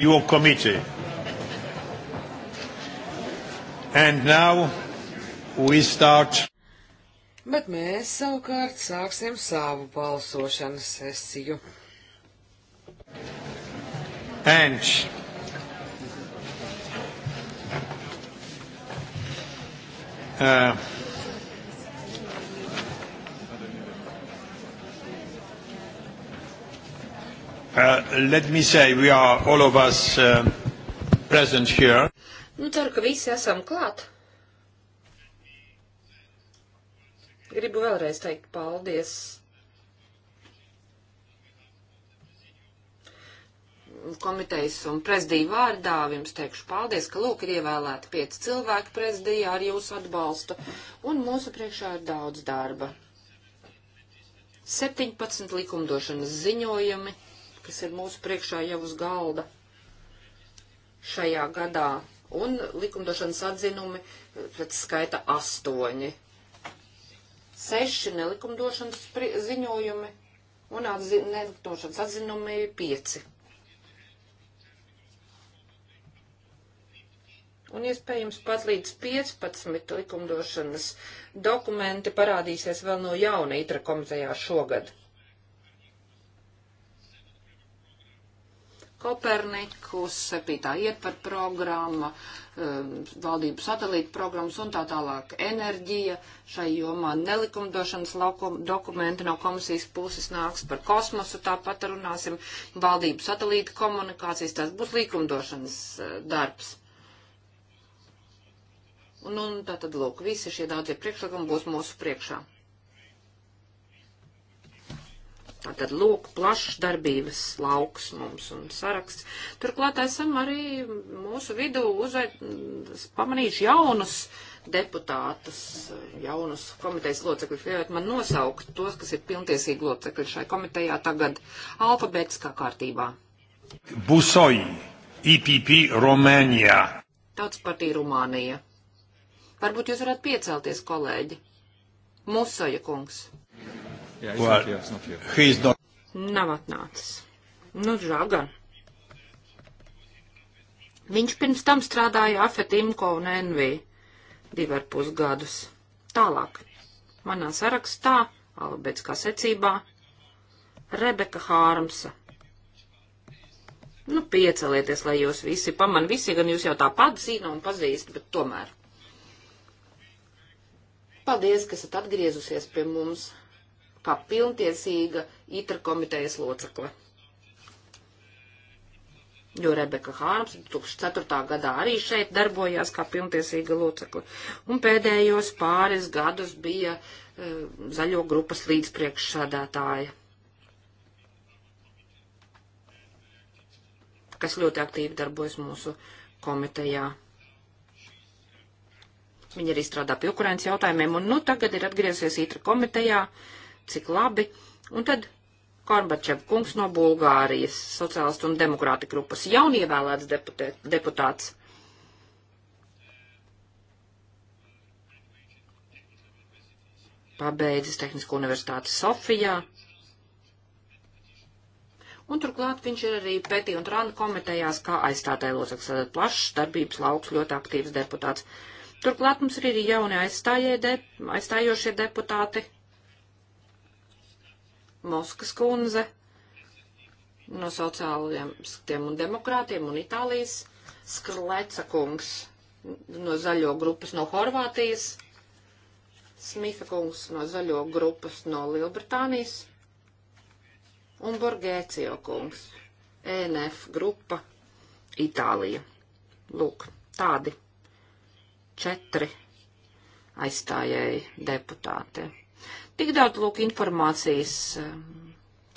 your committee. And now we start. Bet mēs savukārt sāksim savu balsošanas sesiju. And uh, Uh, let me say, we are all of us uh, present here. Nu, ceru, ka visi esam klāt. Gribu vēlreiz teikt paldies komitejas un prezidiju vārdā. Jums teikšu paldies, ka lūk ir ievēlēti pieci cilvēki prezidijā ar jūsu atbalstu. Un mūsu priekšā ir daudz darba. 17 likumdošanas ziņojumi kas ir mūsu priekšā jau uz galda šajā gadā. Un likumdošanas atzinumi eh, pēc skaita astoņi. Seši nelikumdošanas ziņojumi un atzi nelikumdošanas atzinumi pieci. un iespējams pat līdz 15 likumdošanas dokumenti parādīsies vēl no jauna itra komitejā šogad. Kopernikus, pie tā ietver programma, um, valdību satelīta programmas un tā tālāk enerģija. Šai jomā nelikumdošanas laukum, dokumenti no komisijas puses nāks par kosmosu, tāpat runāsim valdību satelīta komunikācijas, tas būs likumdošanas uh, darbs. Un, un tā tad, lūk, visi šie daudzie priekšlikumi būs mūsu priekšā. Tātad, lūk, plašs darbības lauks mums un saraksts. Turklāt esam arī mūsu vidū uzvēt, pamanījuši jaunus deputātus, jaunus komitejas locekļus. Ļaujiet man nosaukt tos, kas ir pilntiesīgi locekļi šai komitejā tagad alfabētiskā kārtībā. Busoji, IPP e Rumānijā. Tautas partija Rumānija. Varbūt jūs varētu piecelties, kolēģi. Musoja kungs. Yeah, he's well, not here. He's not here. He's not... Nav atnācis. Nu, žēl gan. Viņš pirms tam strādāja Afet Imko un NV divi ar pus gadus. Tālāk. Manā sarakstā, alabētiskā secībā, Rebeka Hārmsa. Nu, piecelieties, lai jūs visi paman, visi gan jūs jau tāpat zina un pazīst, bet tomēr. Paldies, ka esat atgriezusies pie mums kā pilntiesīga ITRA komitejas locekle. Jo Rebeka Hārms 2004. gadā arī šeit darbojās kā pilntiesīga locekle. Un pēdējos pāris gadus bija e, zaļo grupas līdzpriekšsādātāja, kas ļoti aktīvi darbojas mūsu komitejā. Viņa arī strādā pie konkurences jautājumiem, un nu tagad ir atgriezies ītra komitejā. Uh, cik labi. Un tad Korbačev kungs no Bulgārijas, sociālistu un demokrāta grupas, jaunievēlēts deputē, deputāts. Pabeidzis Tehnisko universitāti Sofijā. Un turklāt viņš ir arī Pētī un Trāna komitejās kā aizstātāja loceklis, tātad plašs darbības lauks, ļoti aktīvs deputāts. Turklāt mums ir arī jauni aizstājie de, aizstājošie deputāti, Moskas kundze no sociāliem un demokrātiem un Itālijas, Skleca kungs no zaļo grupas no Horvātijas, Smifa kungs no zaļo grupas no Lielbritānijas un Borgēcio kungs, ENF grupa Itālija. Lūk, tādi četri aizstājēji deputāti. Tik daudz lūk informācijas eh,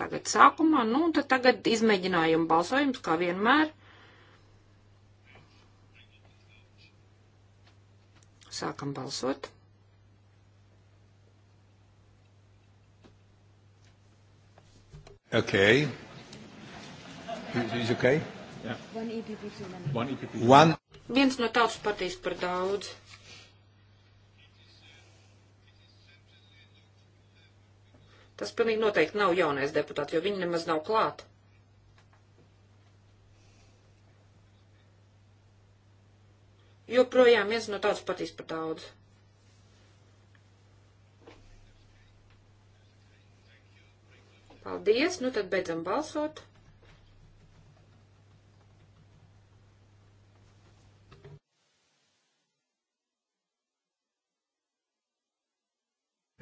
tagad sākumā, nu un tad tagad izmēģinājumu balsojums, kā vienmēr. Sākam balsot. Okay. Is okay? Yeah. One EPP too many. One EPP. One. Viens no tautas partijas par daudz. Tas pilnīgi noteikti nav jaunais deputāts, jo viņi nemaz nav klāt. Joprojām viens no tautas patīs par daudz. Paldies, nu tad beidzam balsot.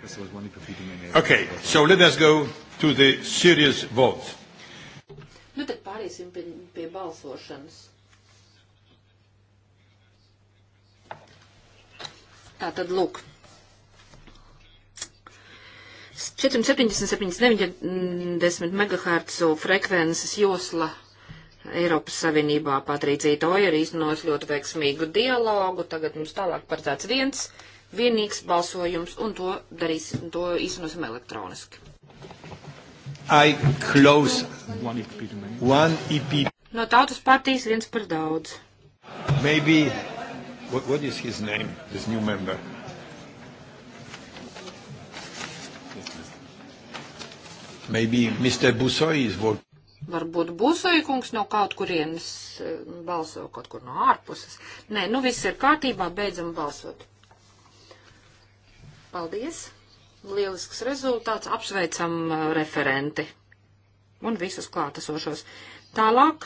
because there was one EPP too many. Okay, so let us go to the serious vote. Nu tad pāriesim pie, pie balsošanas. Tā tad lūk. 477, 90 MHz frekvences josla Eiropas Savienībā Patricija Toja ir iznos ļoti veiksmīgu dialogu. Tagad mums tālāk par tāds viens vienīgs balsojums, un to darīsim, to īstenosim elektroniski. I close one EP. One EP. No tautas partijas viens par daudz. Maybe, what, what is his name, this new member? Maybe Mr. Busoy is working. Varbūt Busoja kungs no kaut kurienes eh, balso, kaut kur no ārpuses. Nē, nu viss ir kārtībā, beidzam balsot. Paldies! Lielisks rezultāts. Apsveicam uh, referenti un visus klātesošos. Tālāk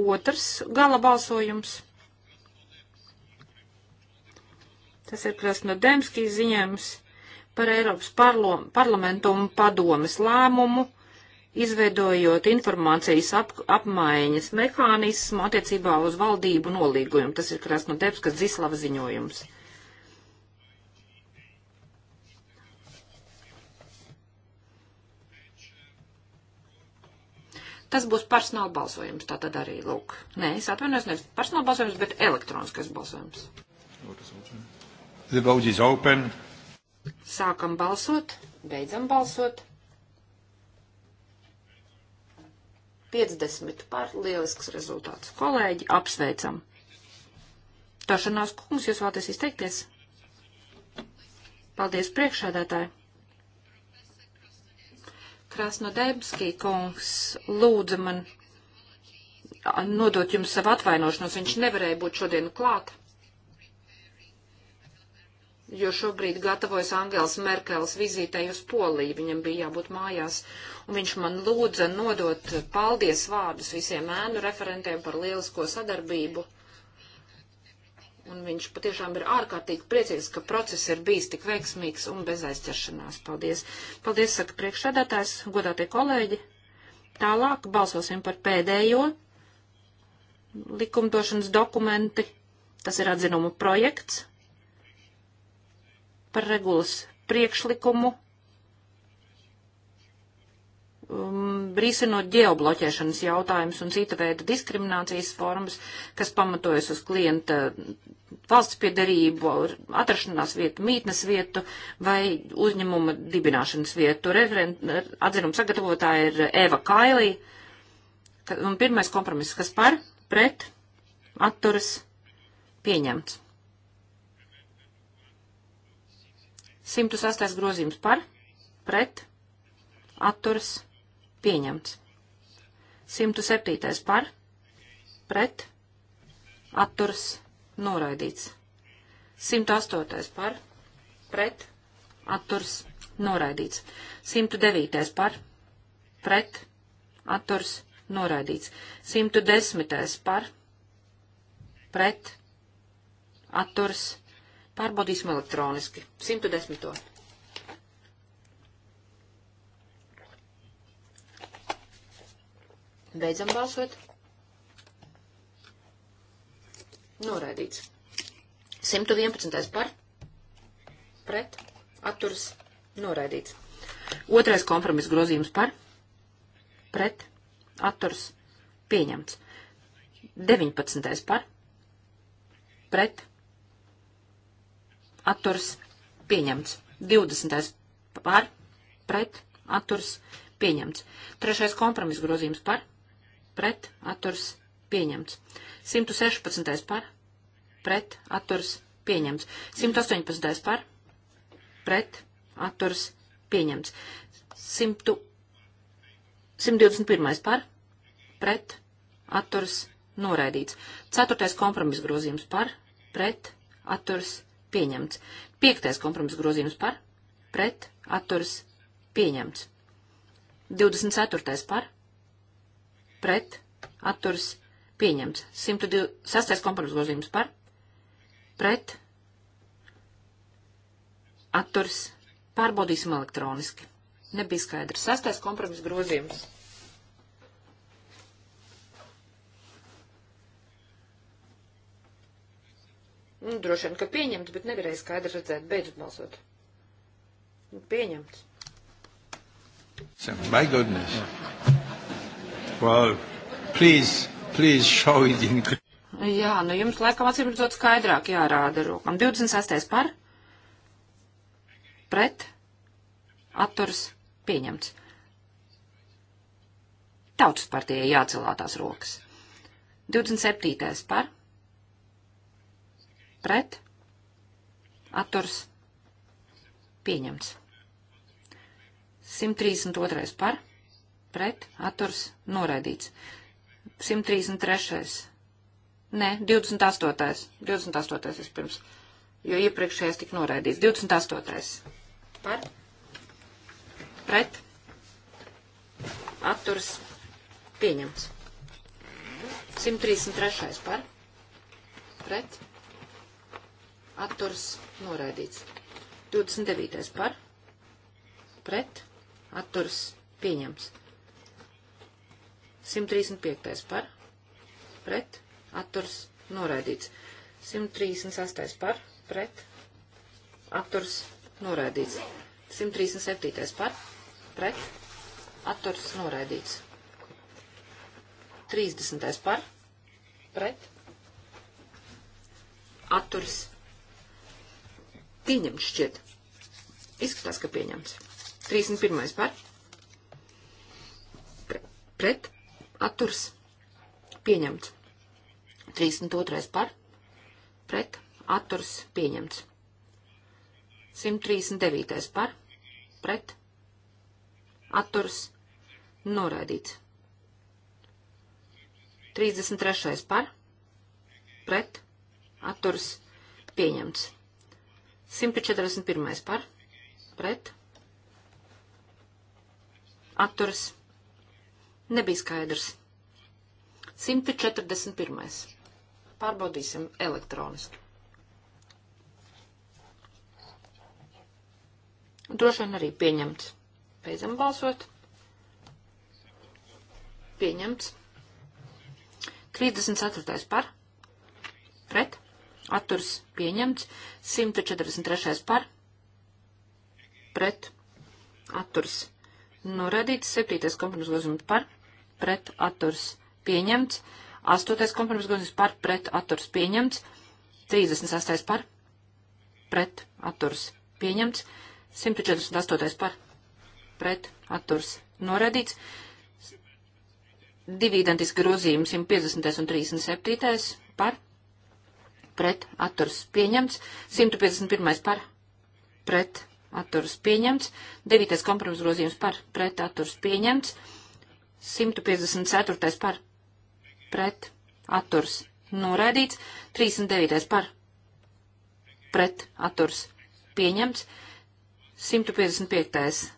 otrs gala balsojums. Tas ir Krasnodemskijas ziņojums par Eiropas parlo, parlamentu un padomes lēmumu, izveidojot informācijas ap, apmaiņas mehānismu attiecībā uz valdību nolīgumu. Tas ir Krasnodemskas Zislava ziņojums. Tas būs personāla balsojums, tā tad arī, lūk. Nē, es atvainojos, nevis personāla balsojums, bet elektroniskais balsojums. The vote is open. Sākam balsot, beidzam balsot. 50 par lielisks rezultāts. Kolēģi, apsveicam. Tašanās kungs, jūs vēlaties izteikties? Paldies priekšādātāji. Krasnodebski kungs lūdza man nodot jums savu atvainošanos. Viņš nevarēja būt šodien klāt, jo šobrīd gatavojas Angels Merkels vizītei uz Poliju. Viņam bija jābūt mājās, un viņš man lūdza nodot paldies vārdus visiem ēnu referentiem par lielisko sadarbību Un viņš patiešām ir ārkārtīgi priecīgs, ka process ir bijis tik veiksmīgs un bez aizķeršanās. Paldies. Paldies, saka priekšsēdētājs, godātie kolēģi. Tālāk balsosim par pēdējo likumdošanas dokumenti. Tas ir atzinuma projekts par regulas priekšlikumu um, risinot ģeobloķēšanas jautājumus un cita veida diskriminācijas formas, kas pamatojas uz klienta valsts piedarību, atrašanās vietu, mītnes vietu vai uzņēmuma dibināšanas vietu. Referent, atzinuma sagatavotāja ir Eva Kailī. Un pirmais kompromiss, kas par, pret, atturas, pieņemts. 108. grozījums par, pret, atturas, pieņemts Pieņemts. 107. par, pret, atturs, noraidīts. 108. par, pret, atturs, noraidīts. 109. par, pret, atturs, noraidīts. 110. par, pret, atturs, pārbaudīsim elektroniski. 110. Beidzam balsot. Noraidīts. 111. par. Pret. Atturas. Noraidīts. Otrais kompromiss grozījums par. Pret. Atturas. Pieņemts. 19. par. Pret. Atturas. Pieņemts. 20. par. Pret. Atturas. Pieņemts. Trešais kompromiss grozījums par pret atturs pieņemts. 116. par pret atturs pieņemts. 118. par pret atturs pieņemts. 100, 121. par pret atturs noraidīts. 4. kompromis grozījums par pret atturs pieņemts. 5. kompromis grozījums par pret atturs pieņemts. 24. par pret, atturas, pieņemts. 106. kompromiss grozījums par, pret, atturas, pārbaudīsim elektroniski. Nebija skaidrs. 6. kompromiss grozījums. Nu, droši vien, ka pieņemts, bet nevarēja skaidri redzēt. Beidzot balsot. Nu, pieņemts. My goodness. Yeah. Well, please, please show it in... Jā, nu jums laikam acīm redzot skaidrāk jārāda rokam. 26. par? Pret? Atturs pieņemts. Tautas partijai jācelātās rokas. 27. par? Pret? Atturs pieņemts. 132. par? pret, atturs, noraidīts. 133. Nē, 28. 28. vispirms, jo iepriekšējais tika noraidīts. 28. Par, pret, atturs, pieņemts. 133. par, pret, atturs, noraidīts. 29. par, pret, atturs, pieņemts. 135. par, pret, atturs, noraidīts. 138. par, pret, atturs, noraidīts. 137. par, pret, atturs, noraidīts. 30. par, pret, atturs, pieņemts šķiet. Izskatās, ka pieņemts. 31. par, pret, atturs pieņemts. 32. par pret atturs pieņemts. 139. par pret atturs noraidīts. 33. par pret atturs pieņemts. 141. par pret atturs pieņemts. Atturs Nebija skaidrs. 141. Pārbaudīsim elektroniski. Droši vien arī pieņemts. Beidzam balsot. Pieņemts. 34. par. Pret. Atturs pieņemts. 143. par. Pret. Atturs pieņemts Noradīts septītais kompromiss grozījums par pret atturs pieņemts. Astotais kompromiss grozījums par pret atturs pieņemts. 36. par pret atturs pieņemts. 148. par pret atturs noradīts. Divi identiski grozījumi 150. un 37. par pret atturs pieņemts. 151. par pret atturas pieņemts. 9. kompromiss grozījums par pret atturas pieņemts. 154. par pret atturas noraidīts. 39. par pret atturas pieņemts. 155.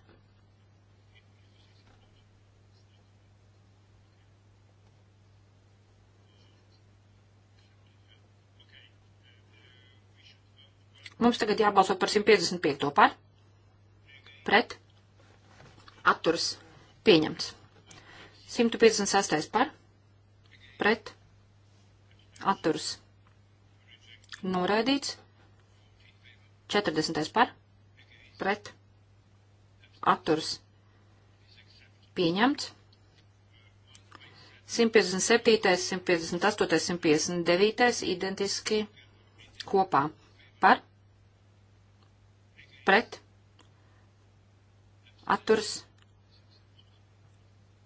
Mums tagad jābalso par 155. par pret atturas pieņemts. 156. par pret atturas noraidīts. 40. par pret atturas pieņemts. 157, 158, 159 identiski kopā par pret atturs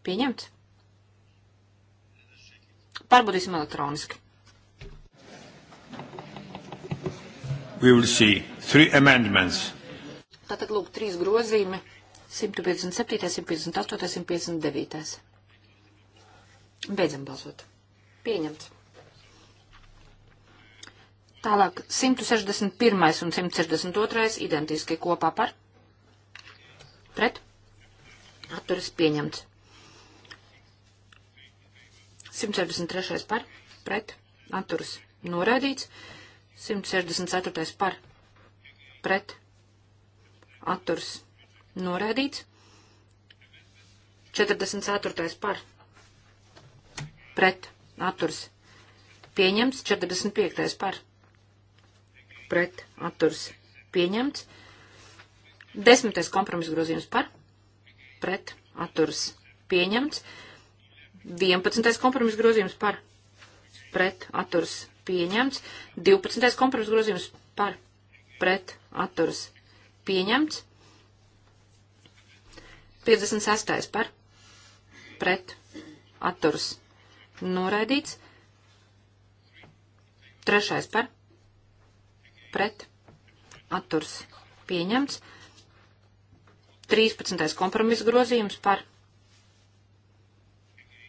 pieņemts. Pārbaudīsim elektroniski. We will see three amendments. Tātad lūk trīs grozījumi 157, 158, 159. Beidzam balsot. Pieņemts. Tālāk 161 un 162 identiski kopā par Pret. Atturas pieņemts. 163. par. Pret. Atturas noraidīts. 164. par. Pret. Atturas noraidīts. 44. par. Pret. Atturas pieņemts. 45. par. Pret. Atturas pieņemts. Desmitais kompromiss grozījums par, pret, atturas pieņemts. Vienpadsmitais kompromiss grozījums par, pret, atturas pieņemts. Divpadsmitais kompromiss grozījums par, pret, atturas pieņemts. 56. par, pret, atturas noraidīts. Trešais par, pret, atturs pieņemts. 13. kompromisa grozījums par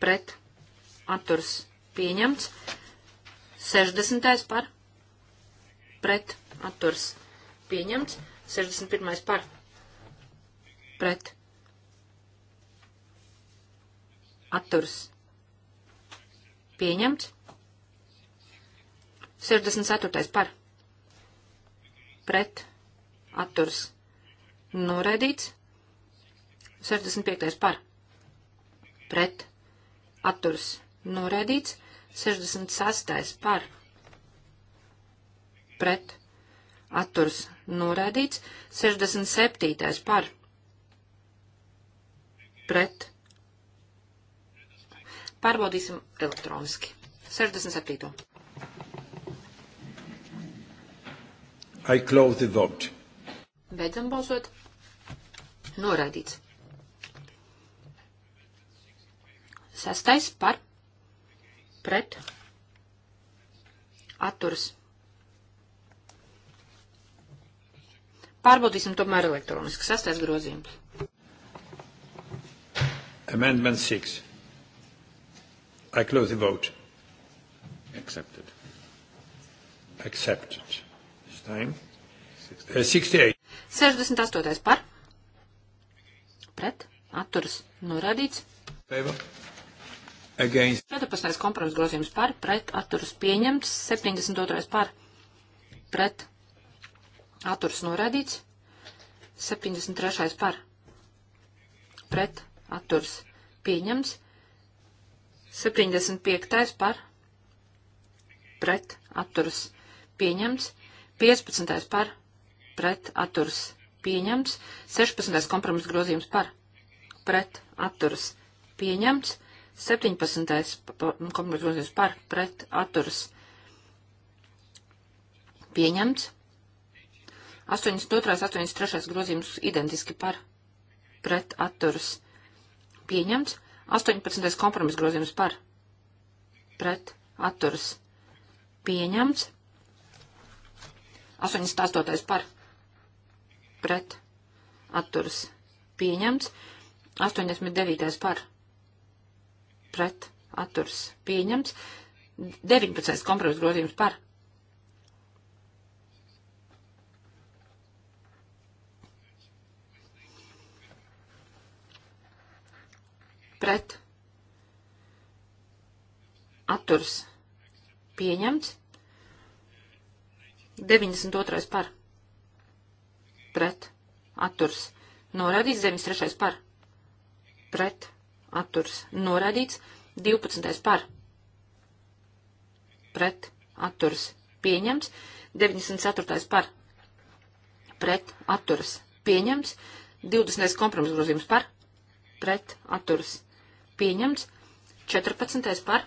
pret atturs pieņemts. 60. par pret atturs pieņemts. 61. par pret atturs pieņemts. 64. par pret atturs noraidīts. 65. par pret atturs noraidīts. 66. par pret atturs noraidīts. 67. par pret. Pārbaudīsim elektroniski. 67. I close the vote. Beidzam balsot. Noraidīts. Sastais par pret atturas. Pārbaudīsim tomēr elektroniski. Sastais grozījums. Amendment 6. I close the vote. Accepted. Accepted. This time. 68. Uh, 68. par. Pret. Atturas. Norādīts. Favor against. 14. kompromiss grozījums par, pret, atturas pieņemts, 72. par, pret, atturas norādīts, 73. par, pret, atturas pieņemts, 75. par, pret, atturas pieņemts, 15. par, pret, atturas pieņemts, 16. kompromiss grozījums par, pret, atturas pieņemts, 17. kompromisa grozījums par pret atturas pieņemts. 82. 83. grozījums identiski par pret atturas pieņemts. 18. kompromisa grozījums par pret atturas pieņemts. 88. par pret atturas pieņemts. 89. par pret atturs pieņemts. 19. kompromiss grozījums par pret atturs pieņemts. 92. par pret atturs noradīts. 93. par pret atturs noraidīts, 12. par pret atturs pieņemts, 94. par pret atturs pieņemts, 20. kompromis grozījums par pret atturs pieņemts, 14. par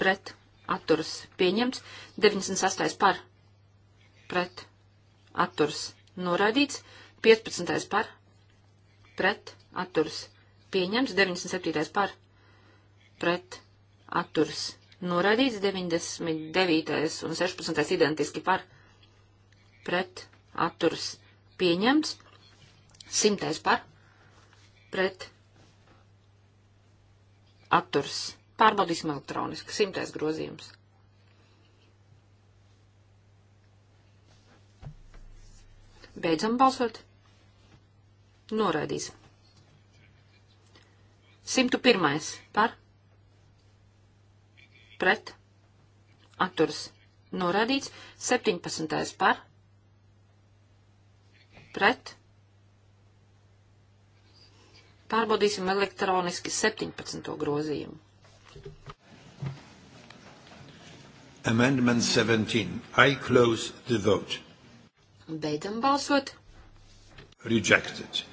pret atturs pieņemts, 98. par pret atturs noraidīts, 15. par pret atturs pieņemts pieņemts, 97. par pret atturas noraidīts, 99. un 16. identiski par pret atturas pieņemts, 100. par pret atturas. Pārbaudīsim elektroniski, 100. grozījums. Beidzam balsot. Noraidīsim. 101. par pret atturas norādīts. 17. par pret. Pārbaudīsim elektroniski 17. grozījumu. Amendment 17. I close the vote. Beidzam balsot. Rejected.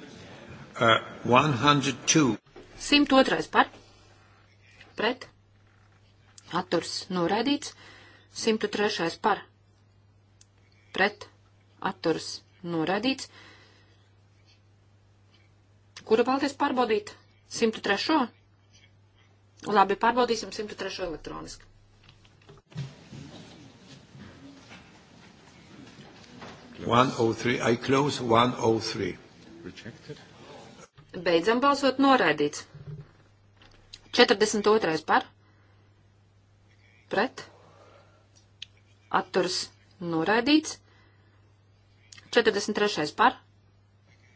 Uh, 102. 102. par pret atturs noraidīts. 103. par pret atturs noraidīts. Kuru vēlties pārbaudīt? 103. Labi, pārbaudīsim 103. elektroniski. One oh three. I close one oh three. Rejected. Beidzam balsot noraidīts. 42. par. Pret. Atturs noraidīts. 43. par.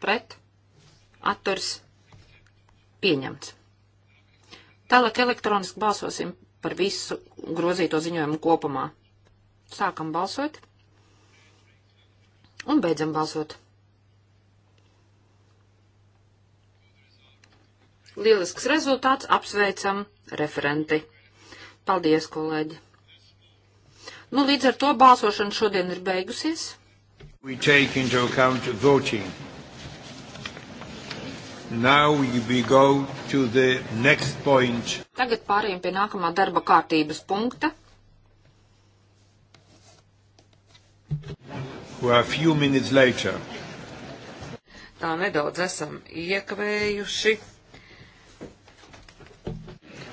Pret. Atturs pieņemts. Tālāk elektroniski balsosim par visu grozīto ziņojumu kopumā. Sākam balsot un beidzam balsot. Lielisks rezultāts, apsveicam referenti. Paldies, kolēģi! Nu, līdz ar to balsošana šodien ir beigusies. Tagad pārējiem pie nākamā darba kārtības punkta. Tā nedaudz esam iekavējuši.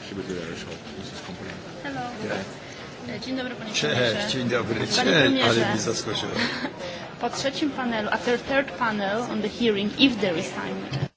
She will be very short. Mrs. Kompolin. Hello. Yeah. Dzień dobry panie premierze. Cześć, dzień dobry. Cześć, ale mnie zaskoczyło. Po trzecim panelu, after third panel on the hearing, if there is time,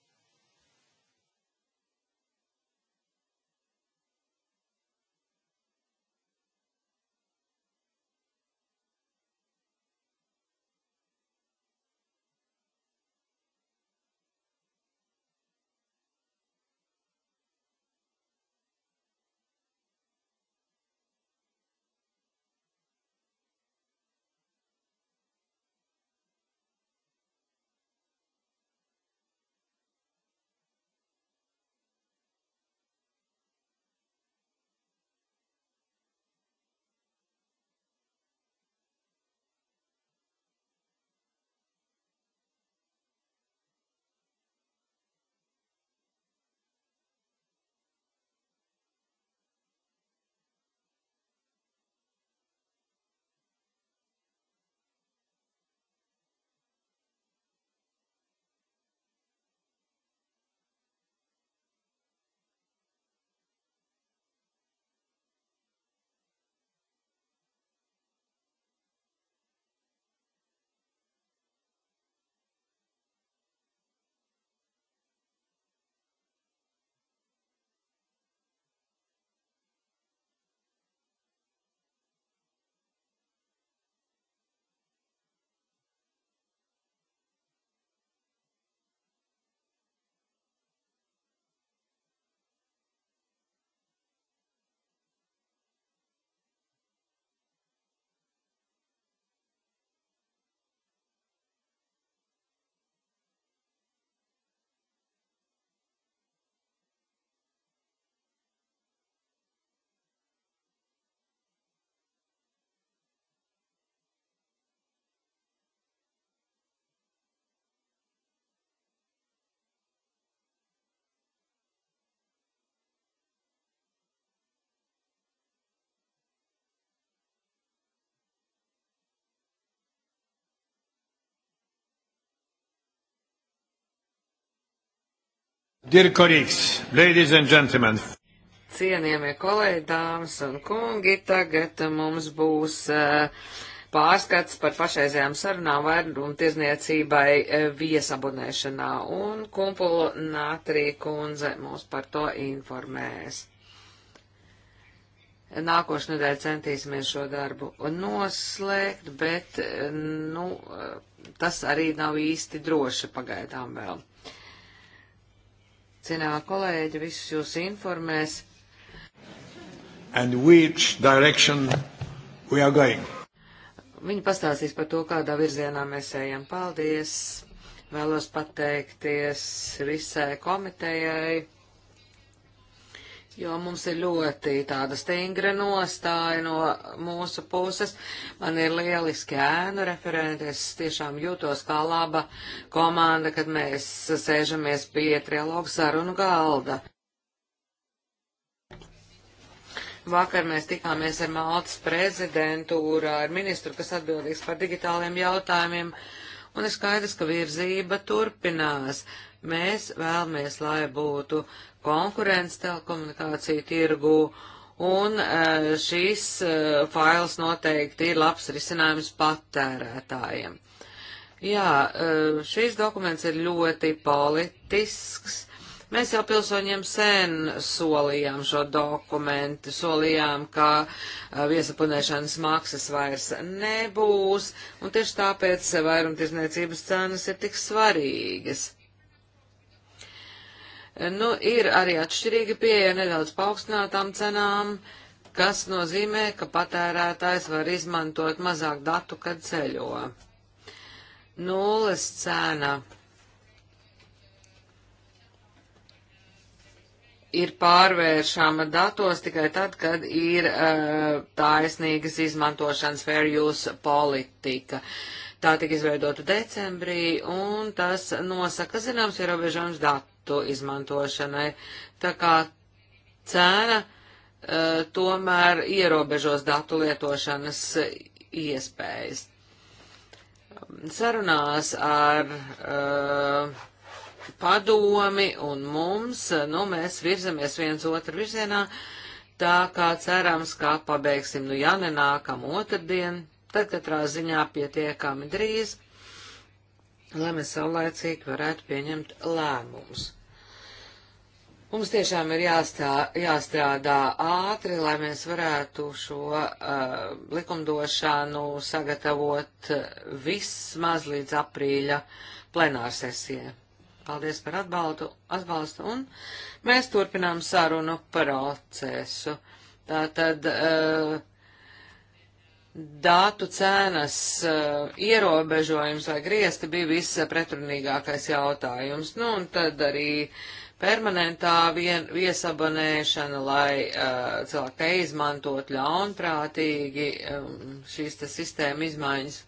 Dear colleagues, ladies and gentlemen. Cienījamie kolēģi, dāmas un kungi, tagad mums būs eh, pārskats par pašreizējām sarunām vērdumu tirzniecībai eh, viesabunēšanā, un kumpula Nātrī kundze mūs par to informēs. Nākošu nedēļu centīsimies šo darbu noslēgt, bet, eh, nu, tas arī nav īsti droši pagaidām vēl cienā kolēģi visus jūs informēs. Viņi pastāstīs par to, kādā virzienā mēs ejam. Paldies! Vēlos pateikties visai komitejai jo mums ir ļoti tāda stingra nostāja no mūsu puses. Man ir lieliski ēnu referenti, es tiešām jūtos kā laba komanda, kad mēs sēžamies pie trialogu sarunu galda. Vakar mēs tikāmies ar Maltas prezidentūru, ar ministru, kas atbildīgs par digitāliem jautājumiem, un ir skaidrs, ka virzība turpinās. Uh, Mēs vēlamies, lai būtu konkurence telekomunikāciju tirgu, un e, šīs e, fails noteikti ir labs risinājums patērētājiem. Jā, e, šīs dokuments ir ļoti politisks. Mēs jau pilsoņiem sen solījām šo dokumentu, solījām, ka viesapunēšanas maksas vairs nebūs, un tieši tāpēc vairumtirdzniecības cenas ir tik svarīgas. Nu, ir arī atšķirīga pieeja nedaudz paaugstinātām cenām, kas nozīmē, ka patērētājs var izmantot mazāk datu, kad ceļo. Nulles cena ir pārvēršama datos tikai tad, kad ir uh, taisnīgas izmantošanas fair use politika. Tā tika izveidota decembrī, un tas nosaka zināms ierobežojums datu datu izmantošanai. Tā kā cēna uh, e, tomēr ierobežos datu lietošanas iespējas. Sarunās ar uh, padomi un mums, nu, mēs virzamies viens otru virzienā, tā kā cerams, ka pabeigsim, nu, ja nenākam otrdien, tad katrā ziņā pietiekami drīz, lai mēs saulēcīgi varētu pieņemt lēmumus. Mums tiešām ir jāstā, jāstrādā ātri, lai mēs varētu šo uh, likumdošanu sagatavot vismaz līdz aprīļa plenārsesijai. Paldies par atbaldu, atbalstu, un mēs turpinām sarunu procesu. Tātad. Uh, datu cenas uh, ierobežojums vai griesti bija viss pretrunīgākais jautājums. Nu, un tad arī permanentā vien, viesabonēšana, lai uh, cilvēki neizmantot ļaunprātīgi um, šīs te sistēma izmaiņas.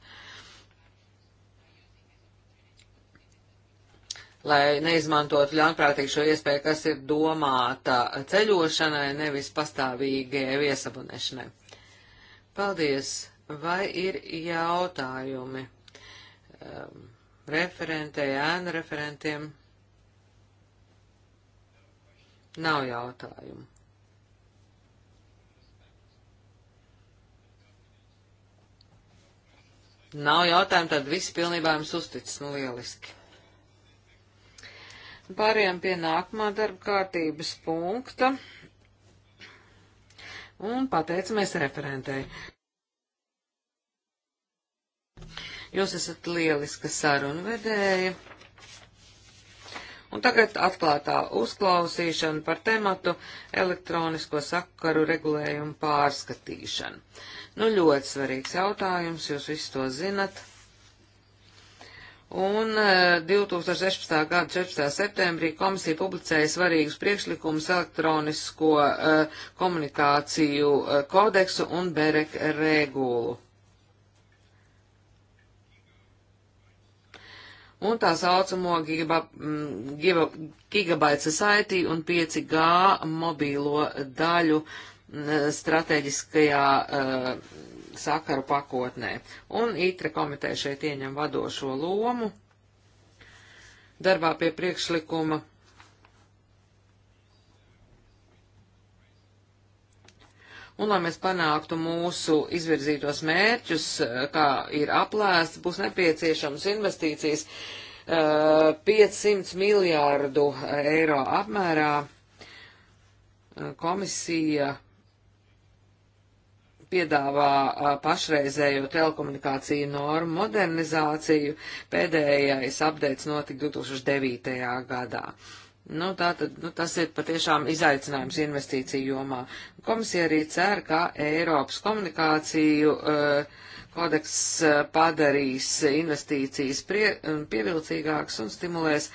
Lai neizmantotu ļaunprātīgi šo iespēju, kas ir domāta ceļošanai, nevis pastāvīgajai viesabunēšanai. Paldies! Vai ir jautājumi um, referentē, ēna referentiem? Nav jautājumu. Nav jautājumu, tad viss pilnībā jums uzticis. Nu, lieliski. Pārējām pie nākamā darba kārtības punkta un pateicamies referentei. Jūs esat lieliska sarunu vedēja. Un tagad atklātā uzklausīšana par tematu elektronisko sakaru regulējumu pārskatīšanu. Nu, ļoti svarīgs jautājums, jūs visi to zinat. Un 2016. E, gada 14. septembrī komisija publicēja svarīgus priekšlikumus elektronisko uh, komunikāciju uh, kodeksu un BEREK regulu. Un tā saucamo gigaba, giga, gigabaita saiti un 5G mobīlo daļu uh, strateģiskajā uh, sakaru pakotnē. Un ITRE komiteja šeit ieņem vadošo lomu darbā pie priekšlikuma. Un, lai mēs panāktu mūsu izvirzītos mērķus, kā ir aplēsts, būs nepieciešams investīcijas 500 eh, miljārdu eiro apmērā. Eh, komisija piedāvā pašreizējo telekomunikāciju normu modernizāciju. Pēdējais apdeits notika 2009. gadā. Nu, tā tad, nu, tas ir patiešām izaicinājums investīciju jomā. Komisija arī cer, ka Eiropas komunikāciju uh, kodeks uh, padarīs investīcijas prie, pievilcīgākas un stimulēs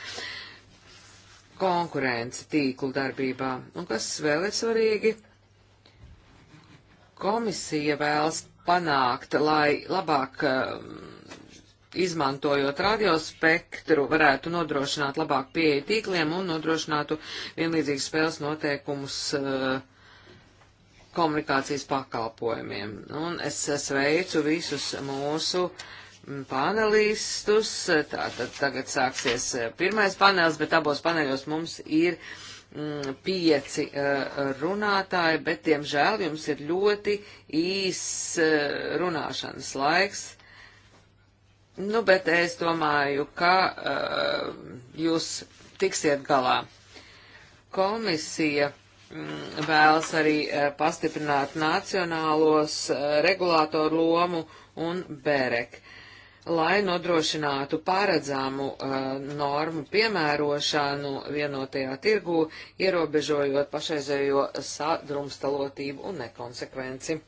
konkurence tīklu darbībā. Un kas vēl ir svarīgi? komisija vēlas panākt, lai labāk eh, izmantojot radiospektru varētu nodrošināt labāku pieeju tīkliem un nodrošinātu vienlīdzīgas spēles noteikumus eh, komunikācijas pakalpojumiem. Un es sveicu visus mūsu mm, panelistus. Tātad tagad sāksies eh, pirmais panelis, bet abos paneļos mums ir uh, Mm, pieci eh, runātāji, bet, diemžēl, jums ir ļoti īs eh, runāšanas laiks. Nu, bet es domāju, ka uh, jūs tiksiet galā. Komisija mm, vēlas arī uh, pastiprināt nacionālos uh, regulātoru lomu un BEREK lai nodrošinātu pāredzamu uh, normu piemērošanu vienotajā tirgū, ierobežojot pašreizējo sadrumstalotību un nekonsekvenci.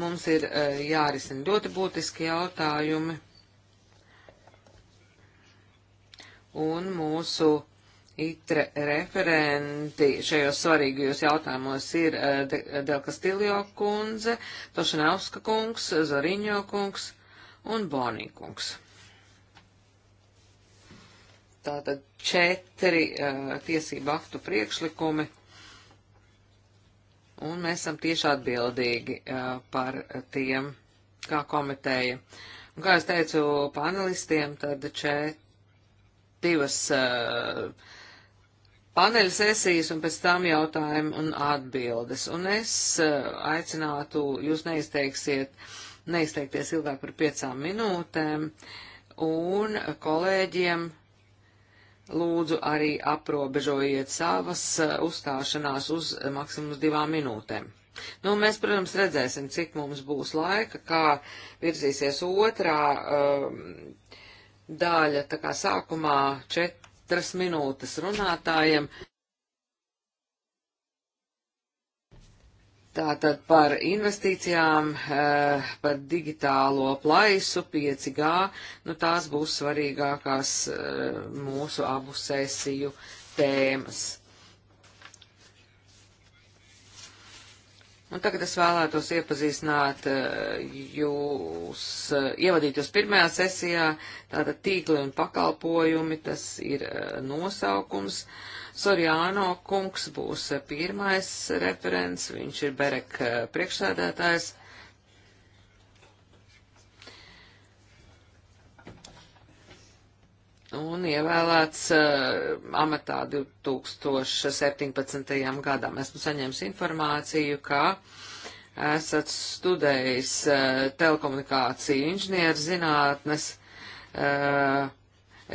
Mums ir uh, jārisina ļoti būtiski jautājumi, un mūsu ITRE referenti šajos svarīgajos jautājumos ir eh, Delka Stiljo kundze, Tošanauska kungs, Zoriņo kungs un Bonī kungs. Tātad četri uh, tiesību aktu priekšlikumi, un mēs esam tieši atbildīgi uh, par tiem, kā komiteja. Un, kā es teicu panelistiem, tad četri divas uh, paneļa sesijas un pēc tam jautājumi un atbildes. Un es eh, aicinātu, jūs neizteiksiet, neizteikties ilgāk par piecām minūtēm un kolēģiem lūdzu arī aprobežojiet savas eh, uzstāšanās uz maksimums divām minūtēm. Nu, mēs, protams, redzēsim, cik mums būs laika, kā virzīsies otrā um, daļa, tā kā sākumā čet, četras minūtes runātājiem. Tātad par investīcijām, eh, par digitālo plaisu 5G, nu tās būs svarīgākās eh, mūsu abu sesiju tēmas. Un tagad es vēlētos iepazīstināt eh, jūs, eh, ievadīt jūs pirmajā sesijā, tātad tīkli un pakalpojumi, tas ir eh, nosaukums. Sorjāno kungs būs pirmais referents, viņš ir Berek priekšsēdētājs. un ievēlēts uh, amatā 2017. gadam. Esmu saņēmis informāciju, ka esat studējis uh, telekomunikāciju inženieru zinātnes, uh, eh,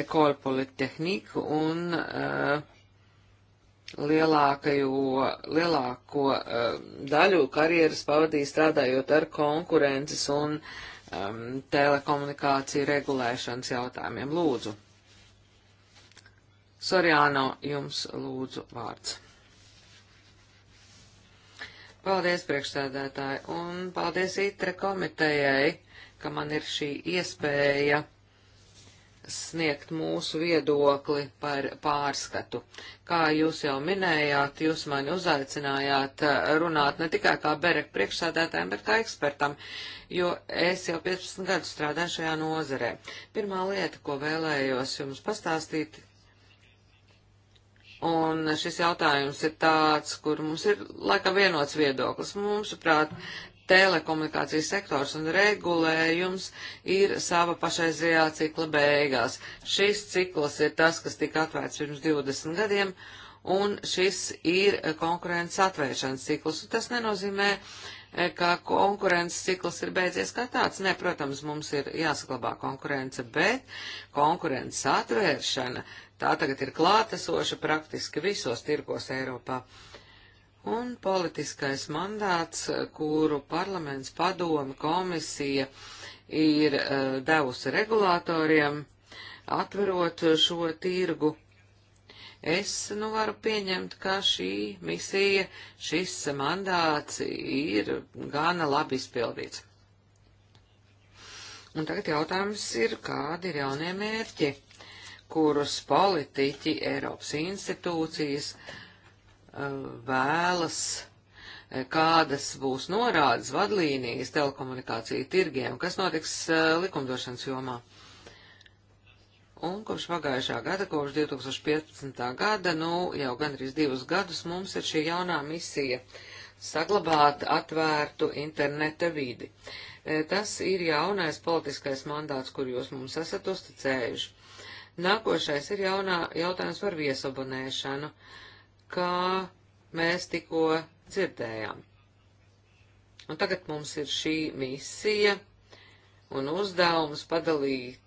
ekolu politehniku un uh, lielākajo, lielāko uh, daļu karjeras pavadīja strādājot ar konkurences un um, telekomunikāciju regulēšanas jautājumiem. Lūdzu! Sorjāno, jums lūdzu vārds. Paldies, priekšsēdētāji, un paldies ITRE komitejai, ka man ir šī iespēja sniegt mūsu viedokli par pārskatu. Kā jūs jau minējāt, jūs mani uzaicinājāt eh, runāt ne tikai kā berek priekšsādātājiem, bet kā ekspertam, jo es jau 15 gadus strādāju šajā nozarē. Pirmā lieta, ko vēlējos jums pastāstīt, Un šis jautājums ir tāds, kur mums ir laikam vienots viedoklis. Mūsuprāt, telekomunikācijas sektors un regulējums ir sava pašreizējā cikla beigās. Šis cikls ir tas, kas tika atvērts pirms 20 gadiem, un šis ir konkurences atvēršanas cikls. Un tas nenozīmē, e, ka konkurences cikls ir beidzies kā tāds. Nē, protams, mums ir jāsaglabā konkurence, bet konkurences atvēršana Tā tagad ir klātesoša praktiski visos tirgos Eiropā. Un politiskais mandāts, kuru parlaments, padomi, komisija ir uh, devusi regulātoriem, atverot šo tirgu, es nu varu pieņemt, ka šī misija, šis mandāts ir gana labi izpildīts. Un tagad jautājums ir, kādi ir jaunie mērķi? kurus politiķi, Eiropas institūcijas eh, vēlas, eh, kādas būs norādes, vadlīnijas telekomunikāciju tirgiem, kas notiks eh, likumdošanas jomā. Un kopš pagājušā gada, kopš 2015. gada, nu jau gandrīz divus gadus mums ir šī jaunā misija saglabāt atvērtu interneta vidi. Tas ir jaunais politiskais mandāts, kur jūs mums esat uzticējuši. Nākošais ir jaunā, jautājums par viesabonēšanu, kā mēs tikko dzirdējām. Un tagad mums ir šī misija un uzdevums padalīt,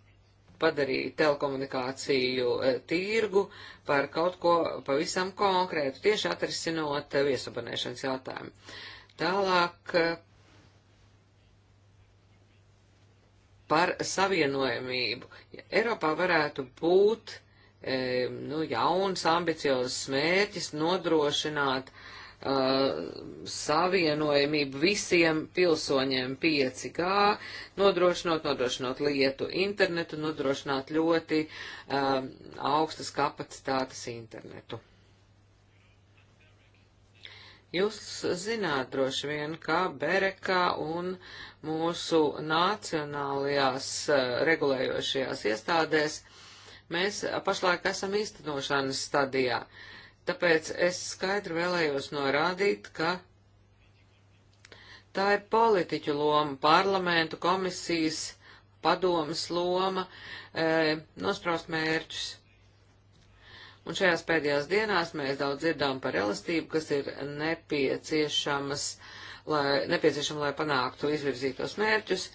padarīt telekomunikāciju e, tirgu par kaut ko pavisam konkrētu, tieši atrisinot e, viesabonēšanas jautājumu. Tālāk e, par savienojamību. Eiropā varētu būt e, nu, jauns, ambiciozs mērķis nodrošināt uh, savienojamību visiem pilsoņiem 5G, nodrošinot, nodrošinot lietu internetu, nodrošināt ļoti um, augstas kapacitātes internetu. Jūs zināt droši vien, ka Berekā un mūsu nacionālajās eh, regulējošajās iestādēs mēs pašlaik esam īstenošanas stadijā. Tāpēc es skaidri vēlējos norādīt, ka tā ir politiķu loma, parlamentu komisijas, padomas loma, e, nospraust mērķus Un šajās pēdējās dienās mēs daudz dzirdām par elastību, kas ir nepieciešamas, lai, nepieciešama, lai panāktu izvirzītos mērķus,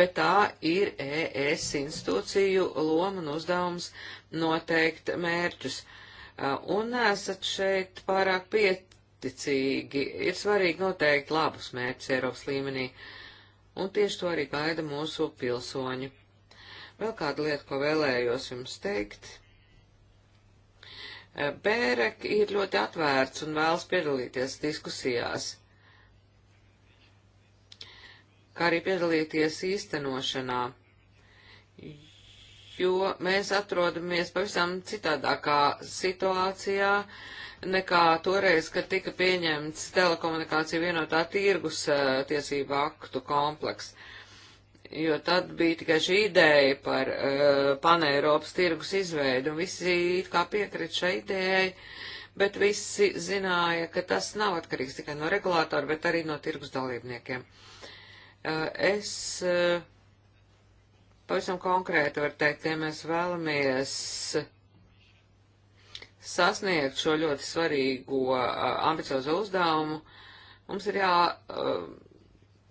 bet tā ir ES institūciju loma un uzdevums noteikt mērķus. Un esat šeit pārāk pieticīgi. Ir svarīgi noteikt labus mērķus Eiropas līmenī. Un tieši to arī gaida mūsu pilsoņi. Vēl kāda lieta, ko vēlējos jums teikt Eh, Bērek ir ļoti atvērts un vēlas piedalīties diskusijās, kā arī piedalīties īstenošanā, jo mēs atrodamies pavisam citādākā situācijā nekā toreiz, kad tika pieņemts telekomunikācija vienotā tirgus eh, tiesību aktu komplekss jo tad bija tikai šī ideja par uh, paneiropas tirgus izveidu, un visi it kā piekrit šai idejai, bet visi zināja, ka tas nav atkarīgs tikai no regulātora, bet arī no tirgus dalībniekiem. Uh, es uh, pavisam konkrēti varu teikt, ja mēs vēlamies sasniegt šo ļoti svarīgo uh, ambiciozo uzdevumu, mums ir jā. Uh,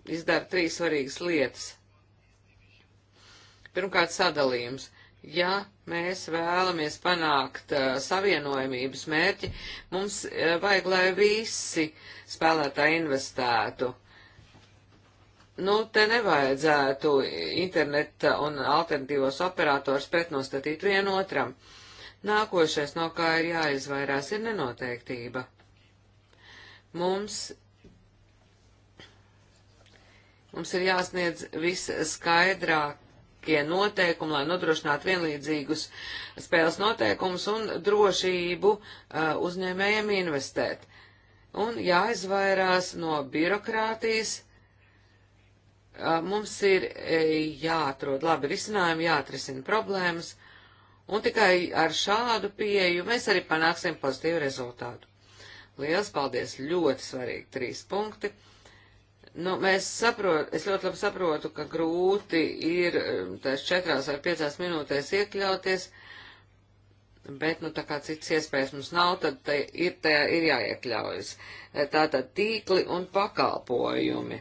izdara trīs svarīgas lietas. Pirmkārt, sadalījums. Ja mēs vēlamies panākt uh, eh, savienojumības mērķi, mums uh, vajag, lai visi spēlētāji investētu. Nu, te nevajadzētu interneta un alternatīvos operators pretnostatīt vienotram. Nākošais, no kā ir jāizvairās, ir nenoteiktība. Mums mums ir jāsniedz viss skaidrāk starptautiskie noteikumi, lai nodrošinātu vienlīdzīgus spēles noteikumus un drošību uh, uzņēmējiem investēt. Un jāizvairās no birokrātijas. Uh, mums ir eh, jāatrod labi risinājumi, jāatrisina problēmas, un tikai ar šādu pieeju mēs arī panāksim pozitīvu rezultātu. Lielas paldies! Ļoti svarīgi trīs punkti. Nu, mēs saprot, es ļoti labi saprotu, ka grūti ir um, tās četrās vai piecās minūtēs iekļauties, bet, nu, tā kā cits iespējas mums nav, tad te ir, te ir jāiekļaujas. Tātad tīkli un pakalpojumi.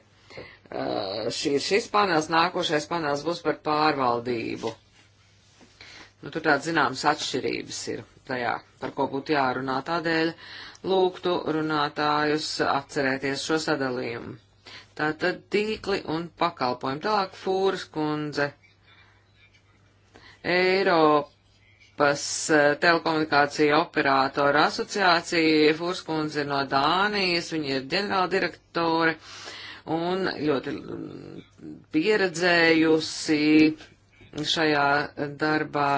Uh, šī, šis panels, nākošais panels būs par pārvaldību. Nu, tur tāds zināms atšķirības ir tajā, par ko būtu jārunā tādēļ. Lūgtu runātājus atcerēties šo sadalījumu. Tātad tīkli un pakalpojumi. Tālāk Fūras kundze. Eiropas eh, telekomunikācija operātora asociācija. Fūras kundze ir no Dānijas, viņa ir ģenerāldirektore un ļoti mm, pieredzējusi šajā darbā.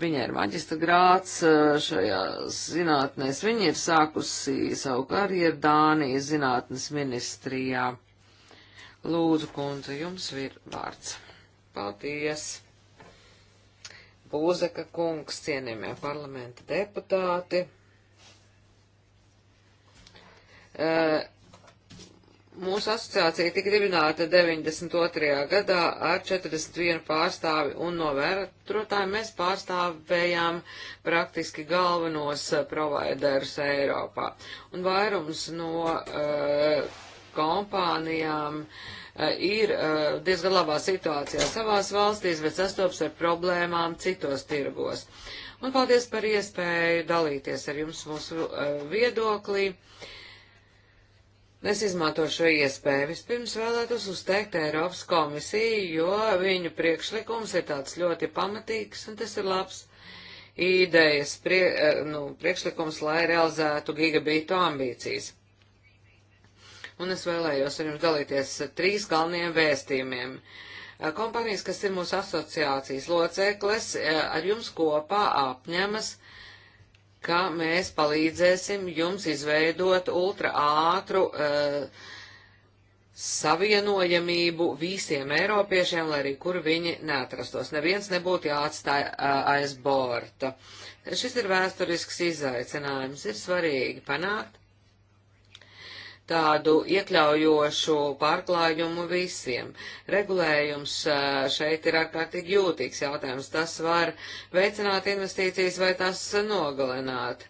Viņa ir maģistra grāts eh, šajā zinātnēs. Viņa ir sākusi savu karjeru Dānijas zinātnes ministrijā. Lūdzu, kundze, jums ir vārds. Paldies. Būzeka kungs, cienījamie parlamenta deputāti. Uh, Mūsu asociācija tika dibināta 92. gadā ar 41 pārstāvi un novērotājiem mēs pārstāvējām praktiski galvenos eh, providerus Eiropā. Un vairums no uh, kompānijām uh, ir uh, diezgan labā situācijā savās valstīs, bet sastops ar problēmām citos tirgos. Un paldies par iespēju dalīties ar jums mūsu uh, viedoklī. Uh, Es izmantošu šo iespēju. Vispirms vēlētos uzteikt Eiropas komisiju, jo viņu priekšlikums ir tāds ļoti pamatīgs, un tas ir labs idejas prie, e, nu, priekšlikums, lai realizētu gigabītu ambīcijas. Un es vēlējos ar jums dalīties trīs galveniem vēstījumiem. E, kompānijas, kas ir mūsu asociācijas locekles, e, ar jums kopā apņemas uh, ka mēs palīdzēsim jums izveidot ultra ātru uh, savienojamību visiem eiropiešiem, lai arī kur viņi neatrastos. Neviens nebūtu jāatstāj eh, aiz borta. Šis ir vēsturisks izaicinājums. Ir svarīgi panākt, tādu iekļaujošu pārklājumu visiem. Regulējums šeit ir ārkārtīgi jūtīgs jautājums. Tas var veicināt investīcijas vai tas nogalināt.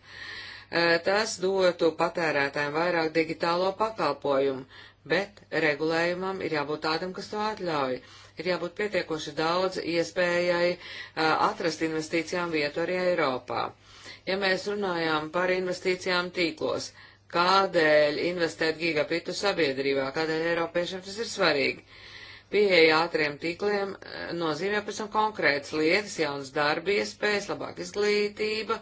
Tas dotu patērētājiem vairāk digitālo pakalpojumu, bet regulējumam ir jābūt tādam, kas to atļauj. Ir jābūt pietiekoši daudz iespējai atrast investīcijām vietu arī Eiropā. Ja mēs runājām par investīcijām tīklos, uh, Kādēļ investēt gigabitu sabiedrībā? Kādēļ Eiropiešiem tas ir svarīgi? Pieeja ātriem tīkliem eh, nozīmē pēc tam konkrētas lietas, jaunas darba iespējas, labāk izglītība,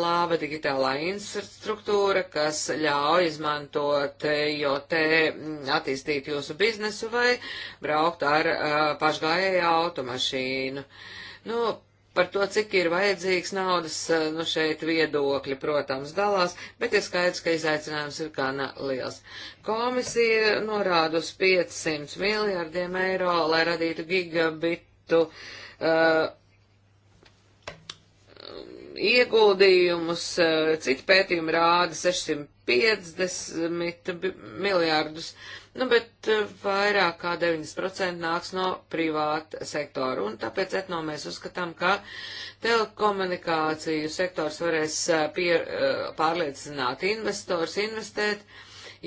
laba digitālā infrastruktūra, kas ļauj izmantot IoT, e mm, attīstīt jūsu biznesu vai braukt ar uh, pašgājēju automašīnu. Nu, par to, cik ir vajadzīgs naudas, eh, nu šeit viedokļi, protams, dalās, bet ir skaidrs, ka izaicinājums ir kā liels. Komisija norāda uz 500 miljārdiem eiro, lai radītu gigabitu uh, ieguldījumus, eh, citi pētījumi rāda 650 miljārdus, nu, bet eh, vairāk kā 90% nāks no privāta sektora. Un tāpēc etno mēs uzskatām, ka telekomunikāciju sektors varēs eh, pie, pārliecināt investors investēt,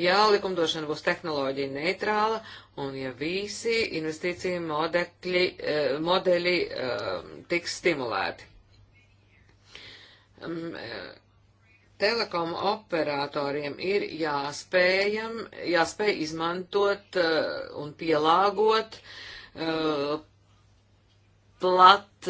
ja likumdošana būs tehnoloģija neitrāla un ja visi investīcija modekļi, modeļi tiks stimulēti. Mm, eh, telekom operatoriem ir jāspējam, jāspēj izmantot eh, un pielāgot eh, plat